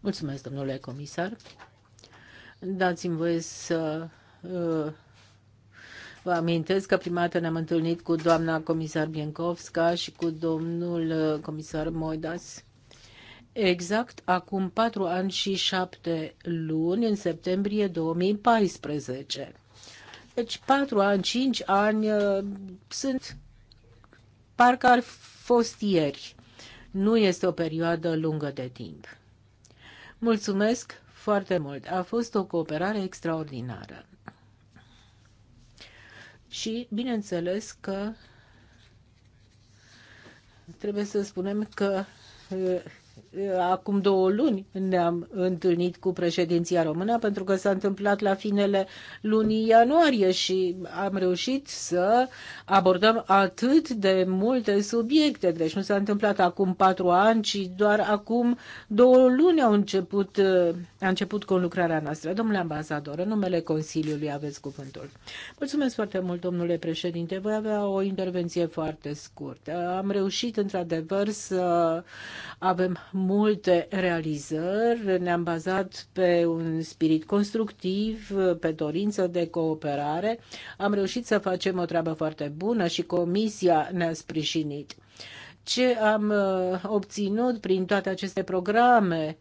Mulțumesc, domnule comisar. Dați-mi voie să uh, Vă amintesc că prima dată ne-am întâlnit cu doamna comisar Biencovska și cu domnul uh, comisar Moidas. Exact acum patru ani și șapte luni, în septembrie 2014. Deci patru ani, cinci ani uh, sunt, parcă ar fost ieri. Nu este o perioadă lungă de timp. Mulțumesc foarte mult. A fost o cooperare extraordinară. Și, bineînțeles, că trebuie să spunem că acum două luni ne-am întâlnit cu președinția română pentru că s-a întâmplat la finele lunii ianuarie și am reușit să abordăm atât de multe subiecte. Deci nu s-a întâmplat acum patru ani, ci doar acum două luni au început, a început conlucrarea noastră. Domnule ambasador, în numele Consiliului aveți cuvântul. Mulțumesc foarte mult, domnule președinte. Voi avea o intervenție foarte scurtă. Am reușit, într-adevăr, să avem multe realizări, ne-am bazat pe un spirit constructiv, pe dorință de cooperare. Am reușit să facem o treabă foarte bună și Comisia ne-a sprijinit. Ce am uh, obținut prin toate aceste programe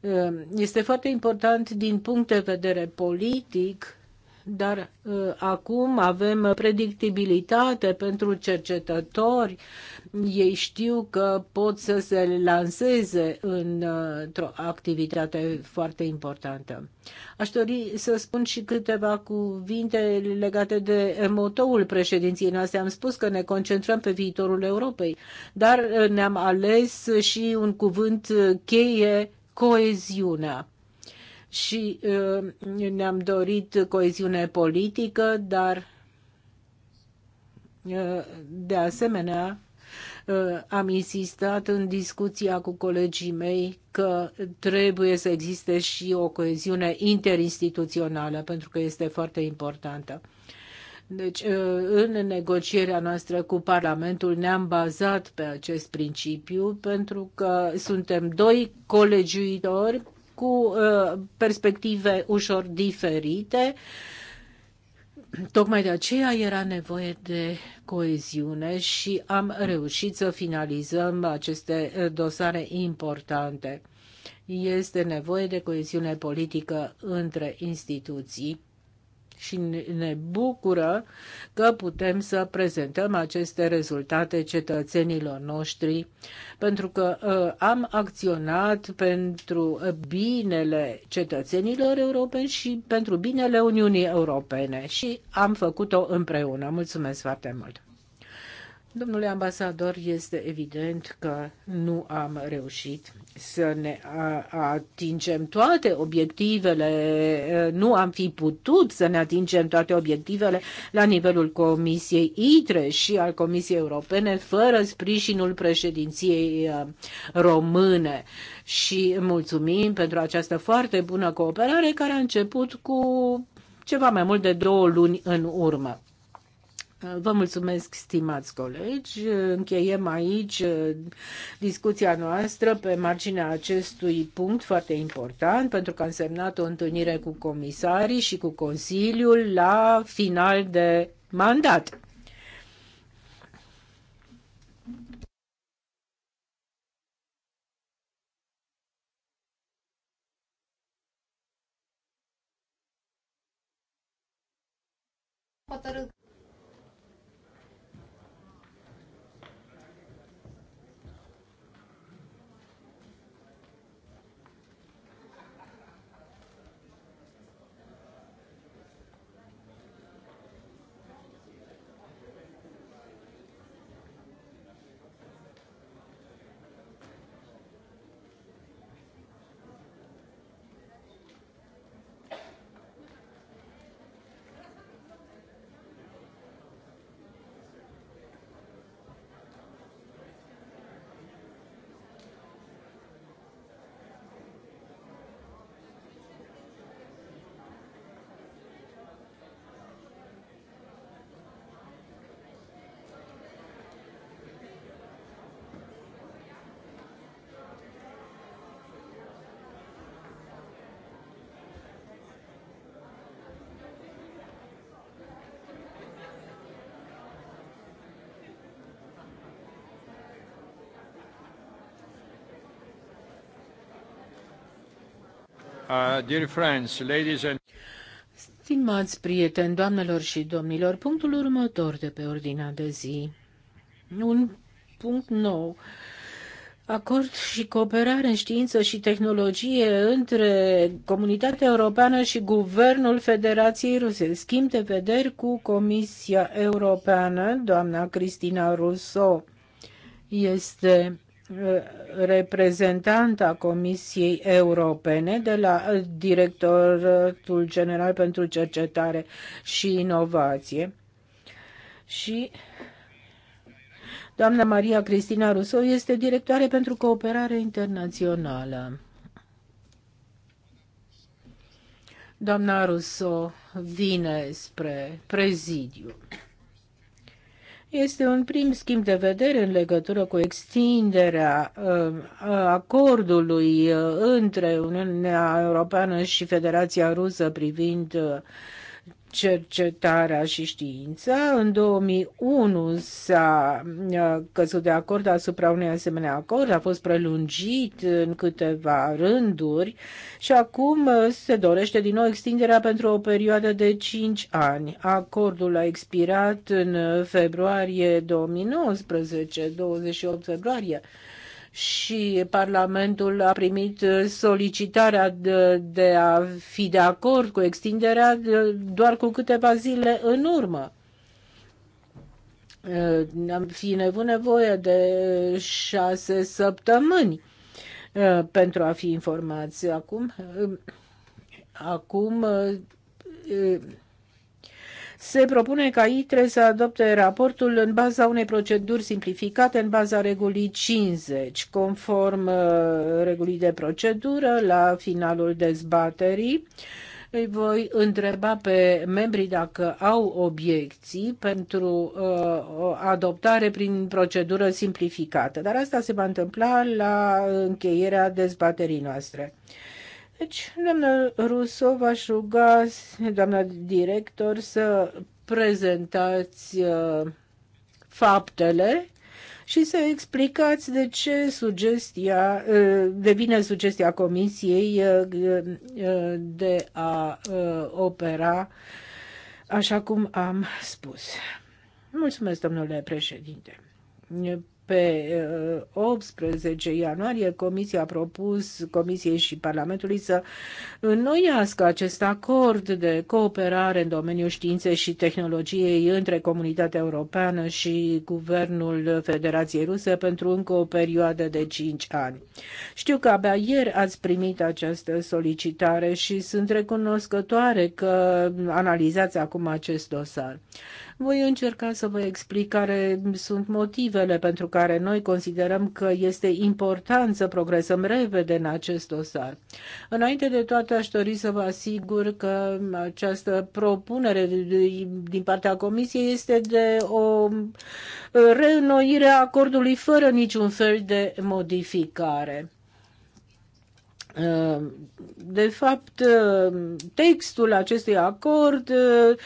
uh, este foarte important din punct de vedere politic dar uh, acum avem predictibilitate pentru cercetători, ei știu că pot să se lanseze uh, într-o activitate foarte importantă. Aș dori să spun și câteva cuvinte legate de motoul președinției noastre. Am spus că ne concentrăm pe viitorul Europei, dar uh, ne-am ales și un cuvânt cheie, coeziunea și uh, ne-am dorit coeziune politică, dar uh, de asemenea uh, am insistat în discuția cu colegii mei că trebuie să existe și o coeziune interinstituțională, pentru că este foarte importantă. Deci, în negocierea noastră cu Parlamentul ne-am bazat pe acest principiu, pentru că suntem doi colegiuitori cu uh, perspective ușor diferite. Tocmai de aceea era nevoie de coeziune și am reușit să finalizăm aceste uh, dosare importante. Este nevoie de coeziune politică între instituții și ne bucură că putem să prezentăm aceste rezultate cetățenilor noștri, pentru că uh, am acționat pentru binele cetățenilor europeni și pentru binele Uniunii Europene și am făcut-o împreună. Mulțumesc foarte mult! Domnule ambasador, este evident că nu am reușit să ne atingem toate obiectivele, nu am fi putut să ne atingem toate obiectivele la nivelul Comisiei ITRE și al Comisiei Europene fără sprijinul președinției române. Și mulțumim pentru această foarte bună cooperare care a început cu ceva mai mult de două luni în urmă. Vă mulțumesc, stimați colegi. Încheiem aici uh, discuția noastră pe marginea acestui punct foarte important, pentru că a însemnat o întâlnire cu comisarii și cu Consiliul la final de mandat. hotărât Uh, dear friends, ladies and... Stimați prieteni, doamnelor și domnilor, punctul următor de pe ordinea de zi, un punct nou, acord și cooperare în știință și tehnologie între Comunitatea Europeană și Guvernul Federației Ruse. Schimb de vederi cu Comisia Europeană, doamna Cristina Russo este reprezentant Comisiei Europene de la Directoratul General pentru Cercetare și Inovație. Și doamna Maria Cristina Russo este directoare pentru cooperare internațională. Doamna Russo vine spre prezidiu. Este un prim schimb de vedere în legătură cu extinderea uh, acordului uh, între Uniunea Europeană și Federația Rusă privind uh, cercetarea și știința. În 2001 s-a uh, căzut de acord asupra unui asemenea acord, a fost prelungit în câteva rânduri și acum uh, se dorește din nou extinderea pentru o perioadă de 5 ani. Acordul a expirat în februarie 2019, 28 februarie și Parlamentul a primit solicitarea de, de a fi de acord cu extinderea doar cu câteva zile în urmă uh, am fi nevoie de șase săptămâni uh, pentru a fi informați. Acum, uh, acum se propune ca ITRE să adopte raportul în baza unei proceduri simplificate, în baza regulii 50, conform uh, regulii de procedură la finalul dezbaterii. Îi voi întreba pe membrii dacă au obiecții pentru uh, o adoptare prin procedură simplificată, dar asta se va întâmpla la încheierea dezbaterii noastre. Uh, deci, doamna Ruso, v-aș ruga, doamna director, să prezentați uh, faptele și să explicați de ce sugestia, uh, devine sugestia Comisiei uh, uh de a uh, opera așa cum am spus. Mulțumesc, domnule președinte. Pe 18 uh, ianuarie, Comisia a propus Comisiei și Parlamentului să înnoiască acest acord de cooperare în domeniul științei și tehnologiei între Comunitatea Europeană și Guvernul Federației Ruse pentru încă o perioadă de 5 ani. Știu că abia ieri ați primit această solicitare și sunt recunoscătoare că analizați acum acest dosar. Voi încerca să vă explic care sunt motivele pentru care noi considerăm că este important să progresăm repede în acest dosar. Înainte de toate, aș dori să vă asigur că această propunere din partea Comisiei este de o reînnoire a acordului fără niciun fel de modificare. De fapt, textul acestui acord uh,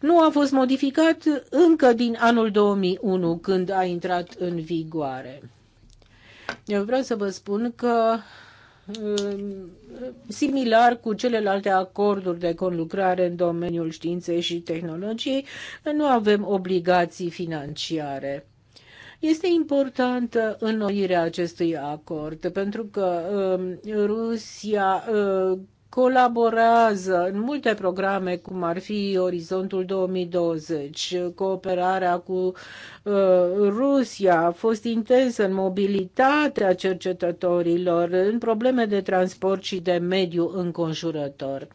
nu a fost modificat încă din anul 2001, când a intrat în vigoare. Eu vreau să vă spun că uh, similar cu celelalte acorduri de conlucrare în domeniul științei și tehnologiei, nu avem obligații financiare este importantă înnoirea acestui acord, pentru că um, Rusia uh, colaborează în multe programe, cum ar fi Orizontul 2020, cooperarea cu Uh, Rusia a fost intensă în mobilitatea cercetătorilor, în probleme de transport și de mediu înconjurător.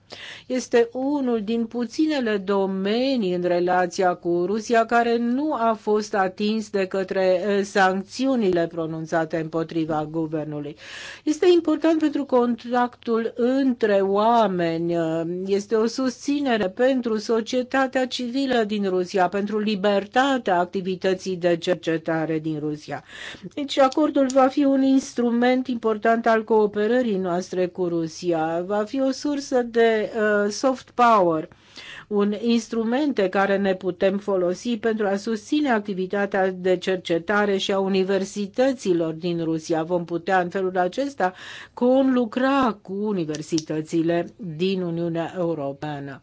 Este unul din puținele domenii în relația cu Rusia care nu a fost atins de către uh, sancțiunile pronunțate împotriva guvernului. Este important pentru contactul între oameni, uh, este o susținere pentru societatea civilă din Rusia, pentru libertatea activității societății de cercetare din Rusia. Deci acordul va fi un instrument important al cooperării noastre cu Rusia, va fi o sursă de uh, soft power un instrument care ne putem folosi pentru a susține activitatea de cercetare și a universităților din Rusia. Vom putea în felul acesta conlucra cu universitățile din Uniunea Europeană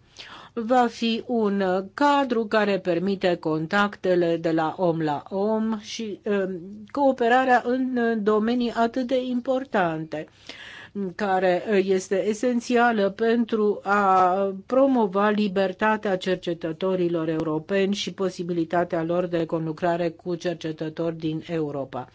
va fi un uh, cadru care permite contactele de la om la om și um, cooperarea în uh, domenii atât de importante care uh, este esențială pentru a promova libertatea cercetătorilor europeni și posibilitatea lor de conlucrare cu cercetători din Europa.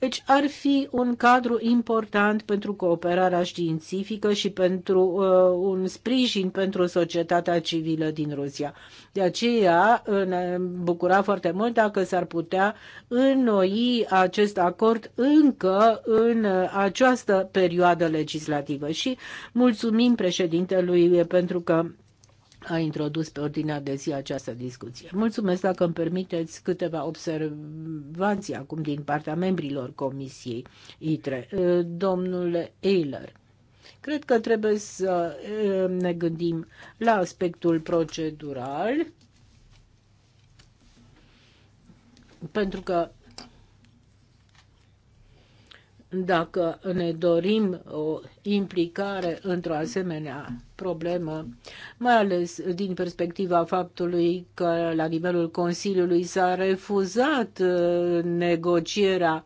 Deci ar fi un cadru important pentru cooperarea științifică și pentru uh, un sprijin pentru societatea civilă din Rusia. De aceea uh, ne bucura foarte mult dacă s-ar putea înnoi acest acord încă în uh, această perioadă legislativă. Și mulțumim președintelui pentru că a introdus pe ordinea de zi această discuție. Mulțumesc dacă îmi permiteți câteva observații acum din partea membrilor Comisiei ITRE. Uh, Domnule Eiler, cred că trebuie să uh, ne gândim la aspectul procedural, pentru că dacă ne dorim o implicare într-o asemenea problemă, mai ales din perspectiva faptului că la nivelul Consiliului s-a refuzat uh, negocierea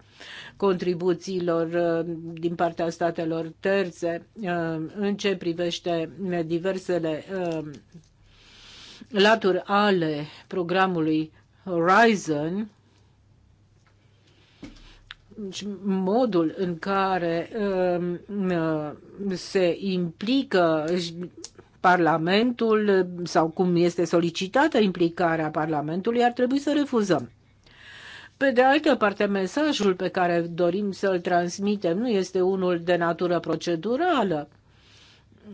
contribuțiilor uh, din partea statelor terțe uh, în ce privește diversele laturi ale programului Horizon, modul în care um, uh, se implică Parlamentul sau cum este solicitată implicarea Parlamentului, ar trebui să refuzăm. Pe de altă parte, mesajul pe care dorim să-l transmitem nu este unul de natură procedurală.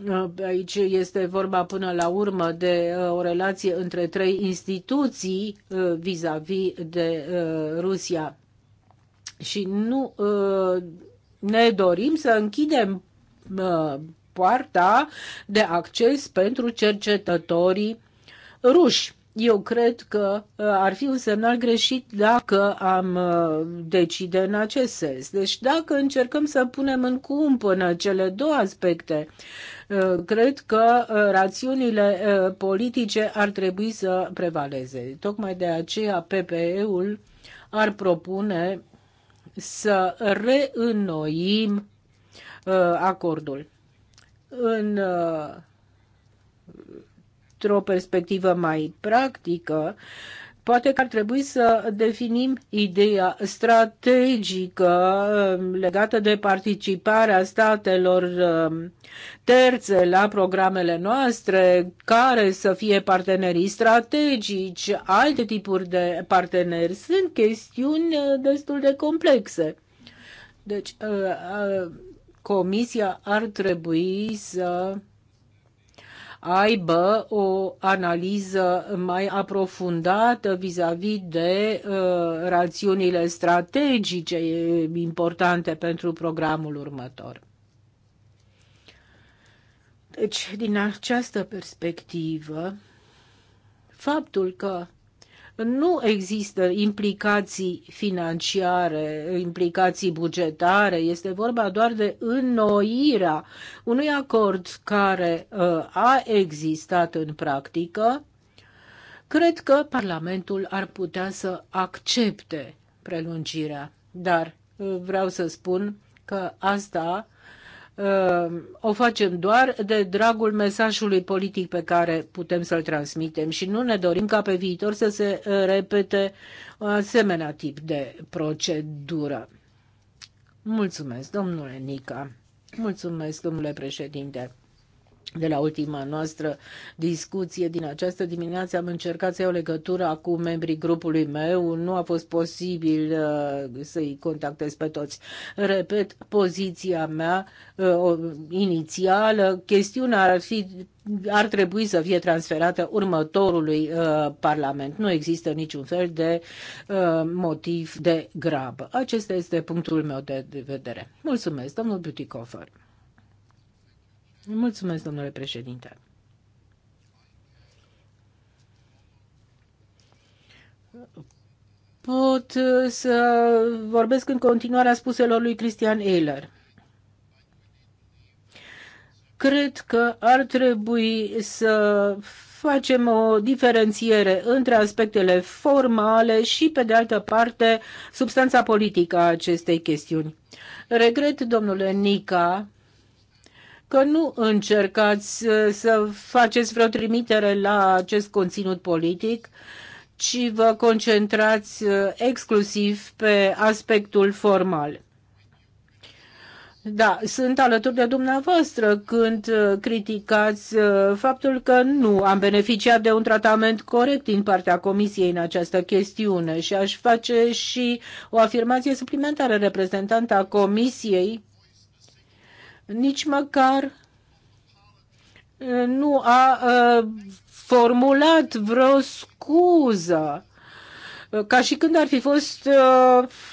Uh, aici este vorba până la urmă de uh, o relație între trei instituții vis-a-vis -vis de Rusia și nu uh, ne dorim să închidem uh, poarta de acces pentru cercetătorii ruși. Eu cred că uh, ar fi un semnal greșit dacă am decide în acest sens. Deci dacă încercăm să punem în cumpănă cele două aspecte, cred că rațiunile politice ar trebui să prevaleze. Tocmai de aceea PPE-ul ar propune să reînnoim uh, acordul. În uh, într-o perspectivă mai practică, Poate că ar trebui să definim ideea strategică um, legată de participarea statelor um, terțe la programele noastre, care să fie partenerii strategici, alte tipuri de parteneri. Sunt chestiuni uh, destul de complexe. Deci, uh, uh, Comisia ar trebui să aibă o analiză mai aprofundată vis-a-vis -vis de uh, rațiunile strategice importante pentru programul următor. Deci, din această perspectivă, faptul că nu există implicații financiare, implicații bugetare, este vorba doar de înnoirea unui acord care uh, a existat în practică, cred că Parlamentul ar putea să accepte prelungirea. Dar uh, vreau să spun că asta Ehm, o facem doar de dragul mesajului politic pe care putem să-l transmitem și nu ne dorim ca pe viitor să se eh, repete asemenea tip de procedură. Mulțumesc, domnule Nica. Mulțumesc, domnule președinte. De la ultima noastră discuție din această dimineață am încercat să iau legătura cu membrii grupului meu. Nu a fost posibil uh, să-i contactez pe toți. Repet, poziția mea uh, inițială, chestiunea ar fi ar trebui să fie transferată următorului uh, Parlament. Nu există niciun fel de uh, motiv de grabă. Acesta este punctul meu de, de vedere. Mulțumesc, domnul Butikofer. Mulțumesc, domnule președinte. Pot uh, să vorbesc în continuare a spuselor lui Cristian Eiler cred că ar trebui să facem o diferențiere între aspectele formale și, pe de altă parte, substanța politică a acestei chestiuni. Regret, domnule Nica, că nu încercați uh, să faceți vreo trimitere la acest conținut politic, ci vă concentrați uh, exclusiv pe aspectul formal. Da, sunt alături de dumneavoastră când uh, criticați faptul că nu am beneficiat de un tratament corect din partea Comisiei în această chestiune și aș face și o afirmație suplimentară. a Comisiei nici măcar nu a formulat vreo scuză ca și când ar fi fost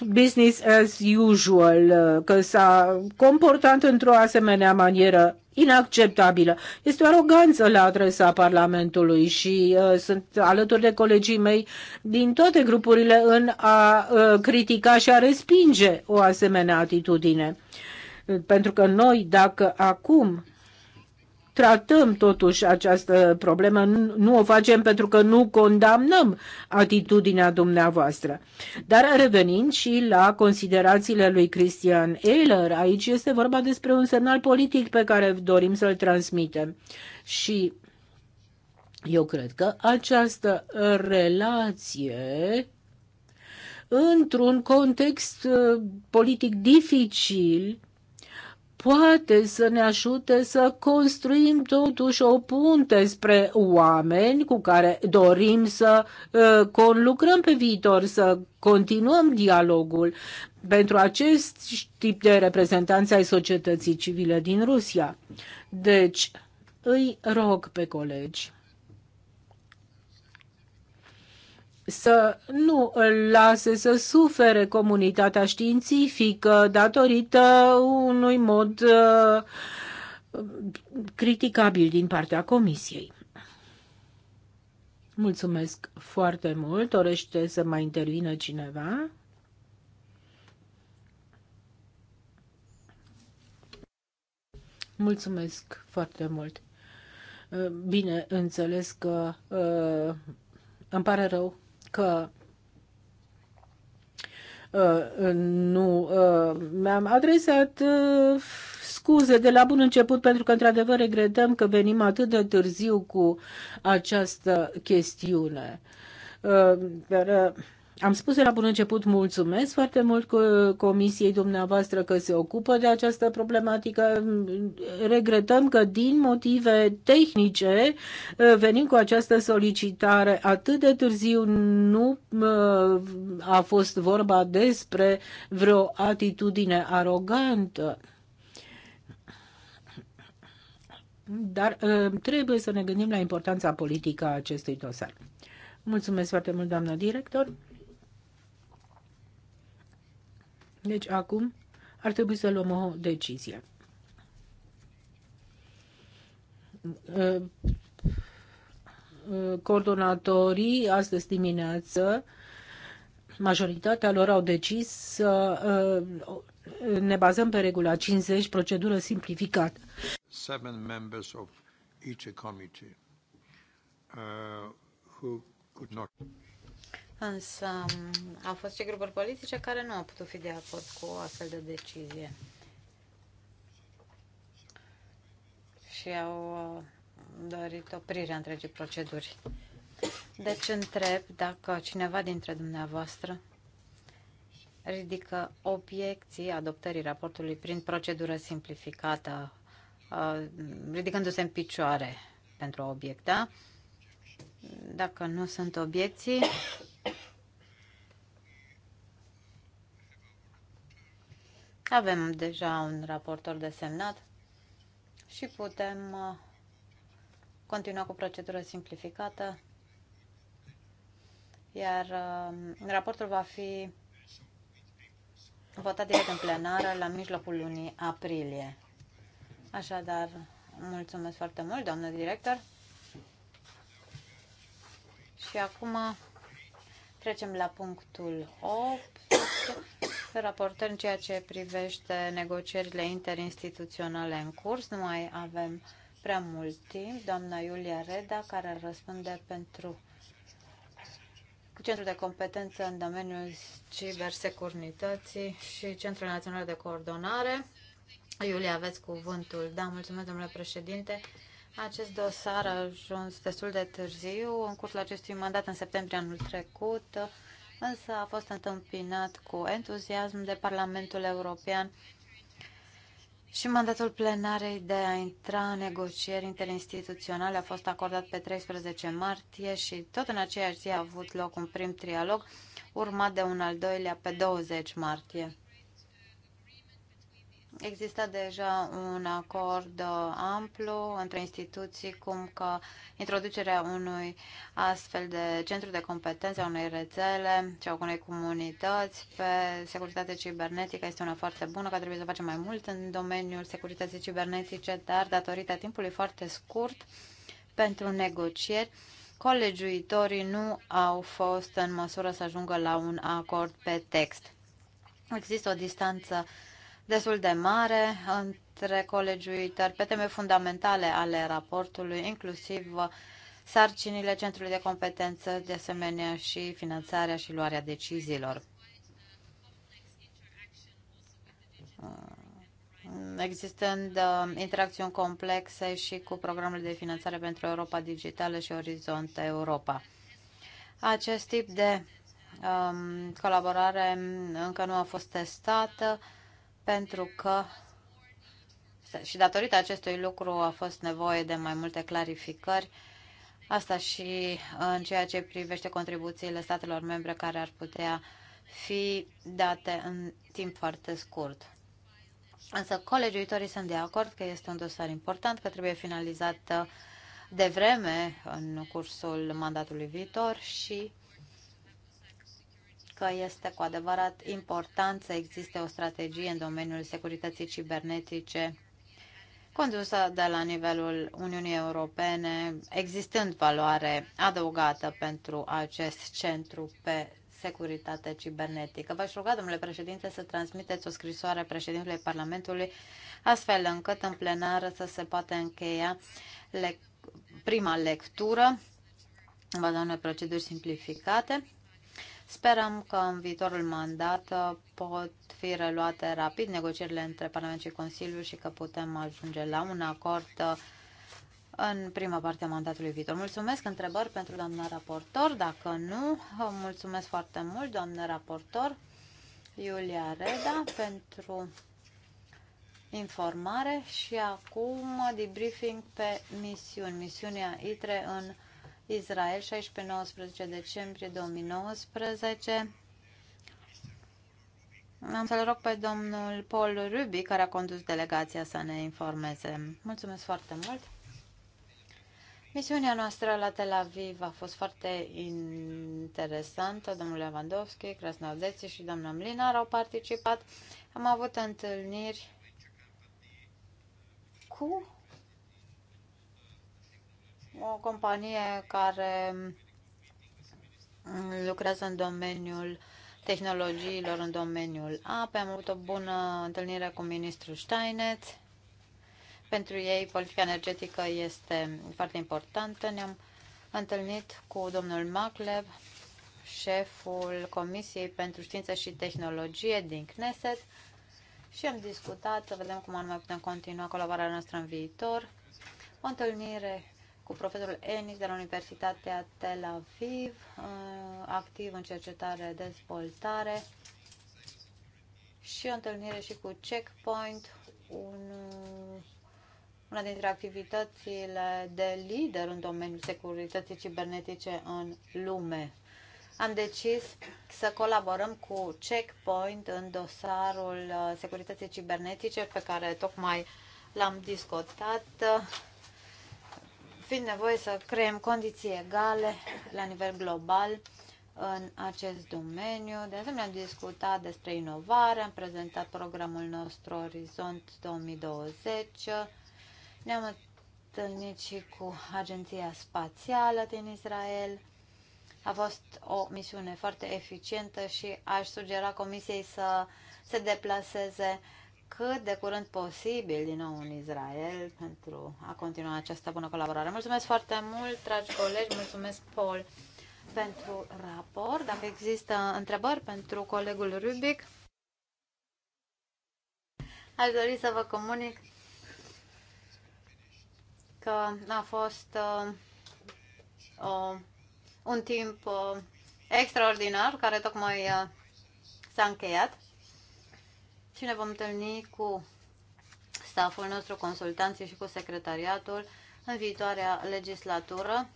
business as usual, că s-a comportat într-o asemenea manieră inacceptabilă. Este o aroganță la adresa Parlamentului și uh, sunt alături de colegii mei din toate grupurile în a uh, critica și a respinge o asemenea atitudine. Uh, pentru că noi, dacă acum tratăm totuși această problemă, nu o facem pentru că nu condamnăm atitudinea dumneavoastră. Dar revenind și la considerațiile lui Christian Ehler, aici este vorba despre un semnal politic pe care dorim să-l transmitem. Și eu cred că această relație într-un context uh, politic dificil poate să ne ajute să construim totuși o punte spre oameni cu care dorim să uh, conlucrăm pe viitor, să continuăm dialogul pentru acest tip de reprezentanți ai societății civile din Rusia. Deci, îi rog pe colegi să nu îl lase să sufere comunitatea științifică datorită unui mod uh, criticabil din partea comisiei. Mulțumesc foarte mult. Orește să mai intervină cineva? Mulțumesc foarte mult. Uh, bine, înțeles că uh, îmi pare rău că uh, nu uh, mi-am adresat uh, scuze de la bun început pentru că într-adevăr regretăm că venim atât de târziu cu această chestiune. Dar am spus de la bun început, mulțumesc foarte mult comisiei dumneavoastră că se ocupă de această problematică. Regretăm că din motive tehnice eh, venim cu această solicitare atât de târziu. Nu eh, a fost vorba despre vreo atitudine arogantă. Dar eh, trebuie să ne gândim la importanța politică a acestui dosar. Mulțumesc foarte mult, doamnă director. Deci acum ar trebui să luăm o decizie. Coordonatorii astăzi dimineață majoritatea lor au decis să uh, ne bazăm pe regula 50, procedură simplificată. Seven members of each committee uh, who could not... Însă mm, au fost și grupuri politice care nu au putut fi de acord cu o astfel de decizie. Și au uh, dorit oprirea întregii proceduri. Deci întreb dacă cineva dintre dumneavoastră ridică obiecții adoptării raportului prin procedură simplificată, uh, ridicându-se în picioare pentru a obiecta. Da? Dacă nu sunt obiecții, avem deja un raportor desemnat și putem uh, continua cu procedura simplificată, iar uh, raportul va fi votat direct în plenară la mijlocul lunii aprilie. Așadar, mulțumesc foarte mult, doamnă director. Și acum trecem la punctul 8, raportări în ceea ce privește negocierile interinstituționale în curs. Nu mai avem prea mult timp. Doamna Iulia Reda, care răspunde pentru Centrul de Competență în domeniul cibersecurității și Centrul Național de Coordonare. Iulia, aveți cuvântul. Da, mulțumesc, domnule președinte. Acest dosar a ajuns destul de târziu, în cursul acestui mandat în septembrie anul trecut, însă a fost întâmpinat cu entuziasm de Parlamentul European și mandatul plenarei de a intra în negocieri interinstituționale a fost acordat pe 13 martie și tot în aceeași zi a avut loc un prim trialog, urmat de un al doilea pe 20 martie. Există deja un acord uh, amplu între instituții, cum că introducerea unui astfel de centru de competențe, a unei rețele sau unei comunități pe securitate cibernetică este una foarte bună, că trebuie să facem mai mult în domeniul securității cibernetice, dar datorită timpului foarte scurt pentru negocieri, colegiuitorii nu au fost în măsură să ajungă la un acord pe text. Există o distanță destul de mare între colegiuitări pe teme fundamentale ale raportului, inclusiv uh, sarcinile Centrului de Competență, de asemenea și finanțarea și luarea deciziilor. Uh, existând uh, interacțiuni complexe și cu programul de finanțare pentru Europa Digitală și Orizont Europa. Acest tip de um, colaborare încă nu a fost testată pentru că și datorită acestui lucru a fost nevoie de mai multe clarificări, asta și în ceea ce privește contribuțiile statelor membre care ar putea fi date în timp foarte scurt. Însă colegiuitorii sunt de acord că este un dosar important, că trebuie finalizat de vreme în cursul mandatului viitor și că este cu adevărat important să existe o strategie în domeniul securității cibernetice condusă de la nivelul Uniunii Europene, existând valoare adăugată pentru acest centru pe securitate cibernetică. V-aș ruga, domnule președinte, să transmiteți o scrisoare președintelui Parlamentului, astfel încât în plenară să se poată încheia le- prima lectură, în baza unei proceduri simplificate. Sperăm că în viitorul mandat uh, pot fi reluate rapid negocierile între Parlament și Consiliu și că putem ajunge la un acord uh, în prima parte a mandatului viitor. Mulțumesc întrebări pentru doamna raportor. Dacă nu, mulțumesc foarte mult, doamna raportor Iulia Reda, pentru informare și acum debriefing pe misiuni. Misiunea ITRE în Israel 16-19 decembrie 2019. Am să-l rog pe domnul Paul Ruby, care a condus delegația, să ne informeze. Mulțumesc foarte mult! Misiunea noastră la Tel Aviv a fost foarte interesantă. Domnul Lewandowski, Krasnaudeții și doamna Mlinar au participat. Am avut întâlniri cu o companie care lucrează în domeniul tehnologiilor, în domeniul apei. Am avut o bună întâlnire cu ministrul Steinetz. Pentru ei, politica energetică este foarte importantă. Ne-am întâlnit cu domnul Macleb, șeful Comisiei pentru Știință și Tehnologie din Knesset și am discutat să vedem cum anume putem continua colaborarea noastră în viitor. O întâlnire cu profesorul Enis de la Universitatea Tel Aviv, uh, activ în cercetare dezvoltare și o întâlnire și cu Checkpoint, un, una dintre activitățile de lider în domeniul securității cibernetice în lume. Am decis să colaborăm cu Checkpoint în dosarul uh, securității cibernetice pe care tocmai l-am discutat fiind nevoie să creăm condiții egale la nivel global în acest domeniu. De asemenea, am discutat despre inovare, am prezentat programul nostru Orizont 2020, ne-am întâlnit și cu Agenția Spațială din Israel. A fost o misiune foarte eficientă și aș sugera Comisiei să se deplaseze uh, cât de curând posibil din nou în Israel pentru a continua această bună colaborare. Mulțumesc foarte mult, dragi colegi, mulțumesc, Paul, pentru raport. Dacă există întrebări pentru colegul Rubic, aș dori să vă comunic că a fost uh, uh, un timp uh, extraordinar care tocmai uh, s-a încheiat și ne vom întâlni cu staful nostru, consultanții și cu secretariatul în viitoarea legislatură.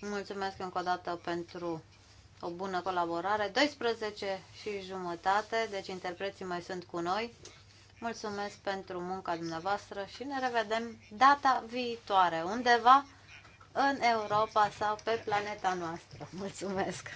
Mulțumesc încă o dată pentru o bună colaborare. 12 și jumătate, deci interpreții mai sunt cu noi. Mulțumesc pentru munca dumneavoastră și ne revedem data viitoare, undeva în Europa sau pe planeta noastră. Mulțumesc!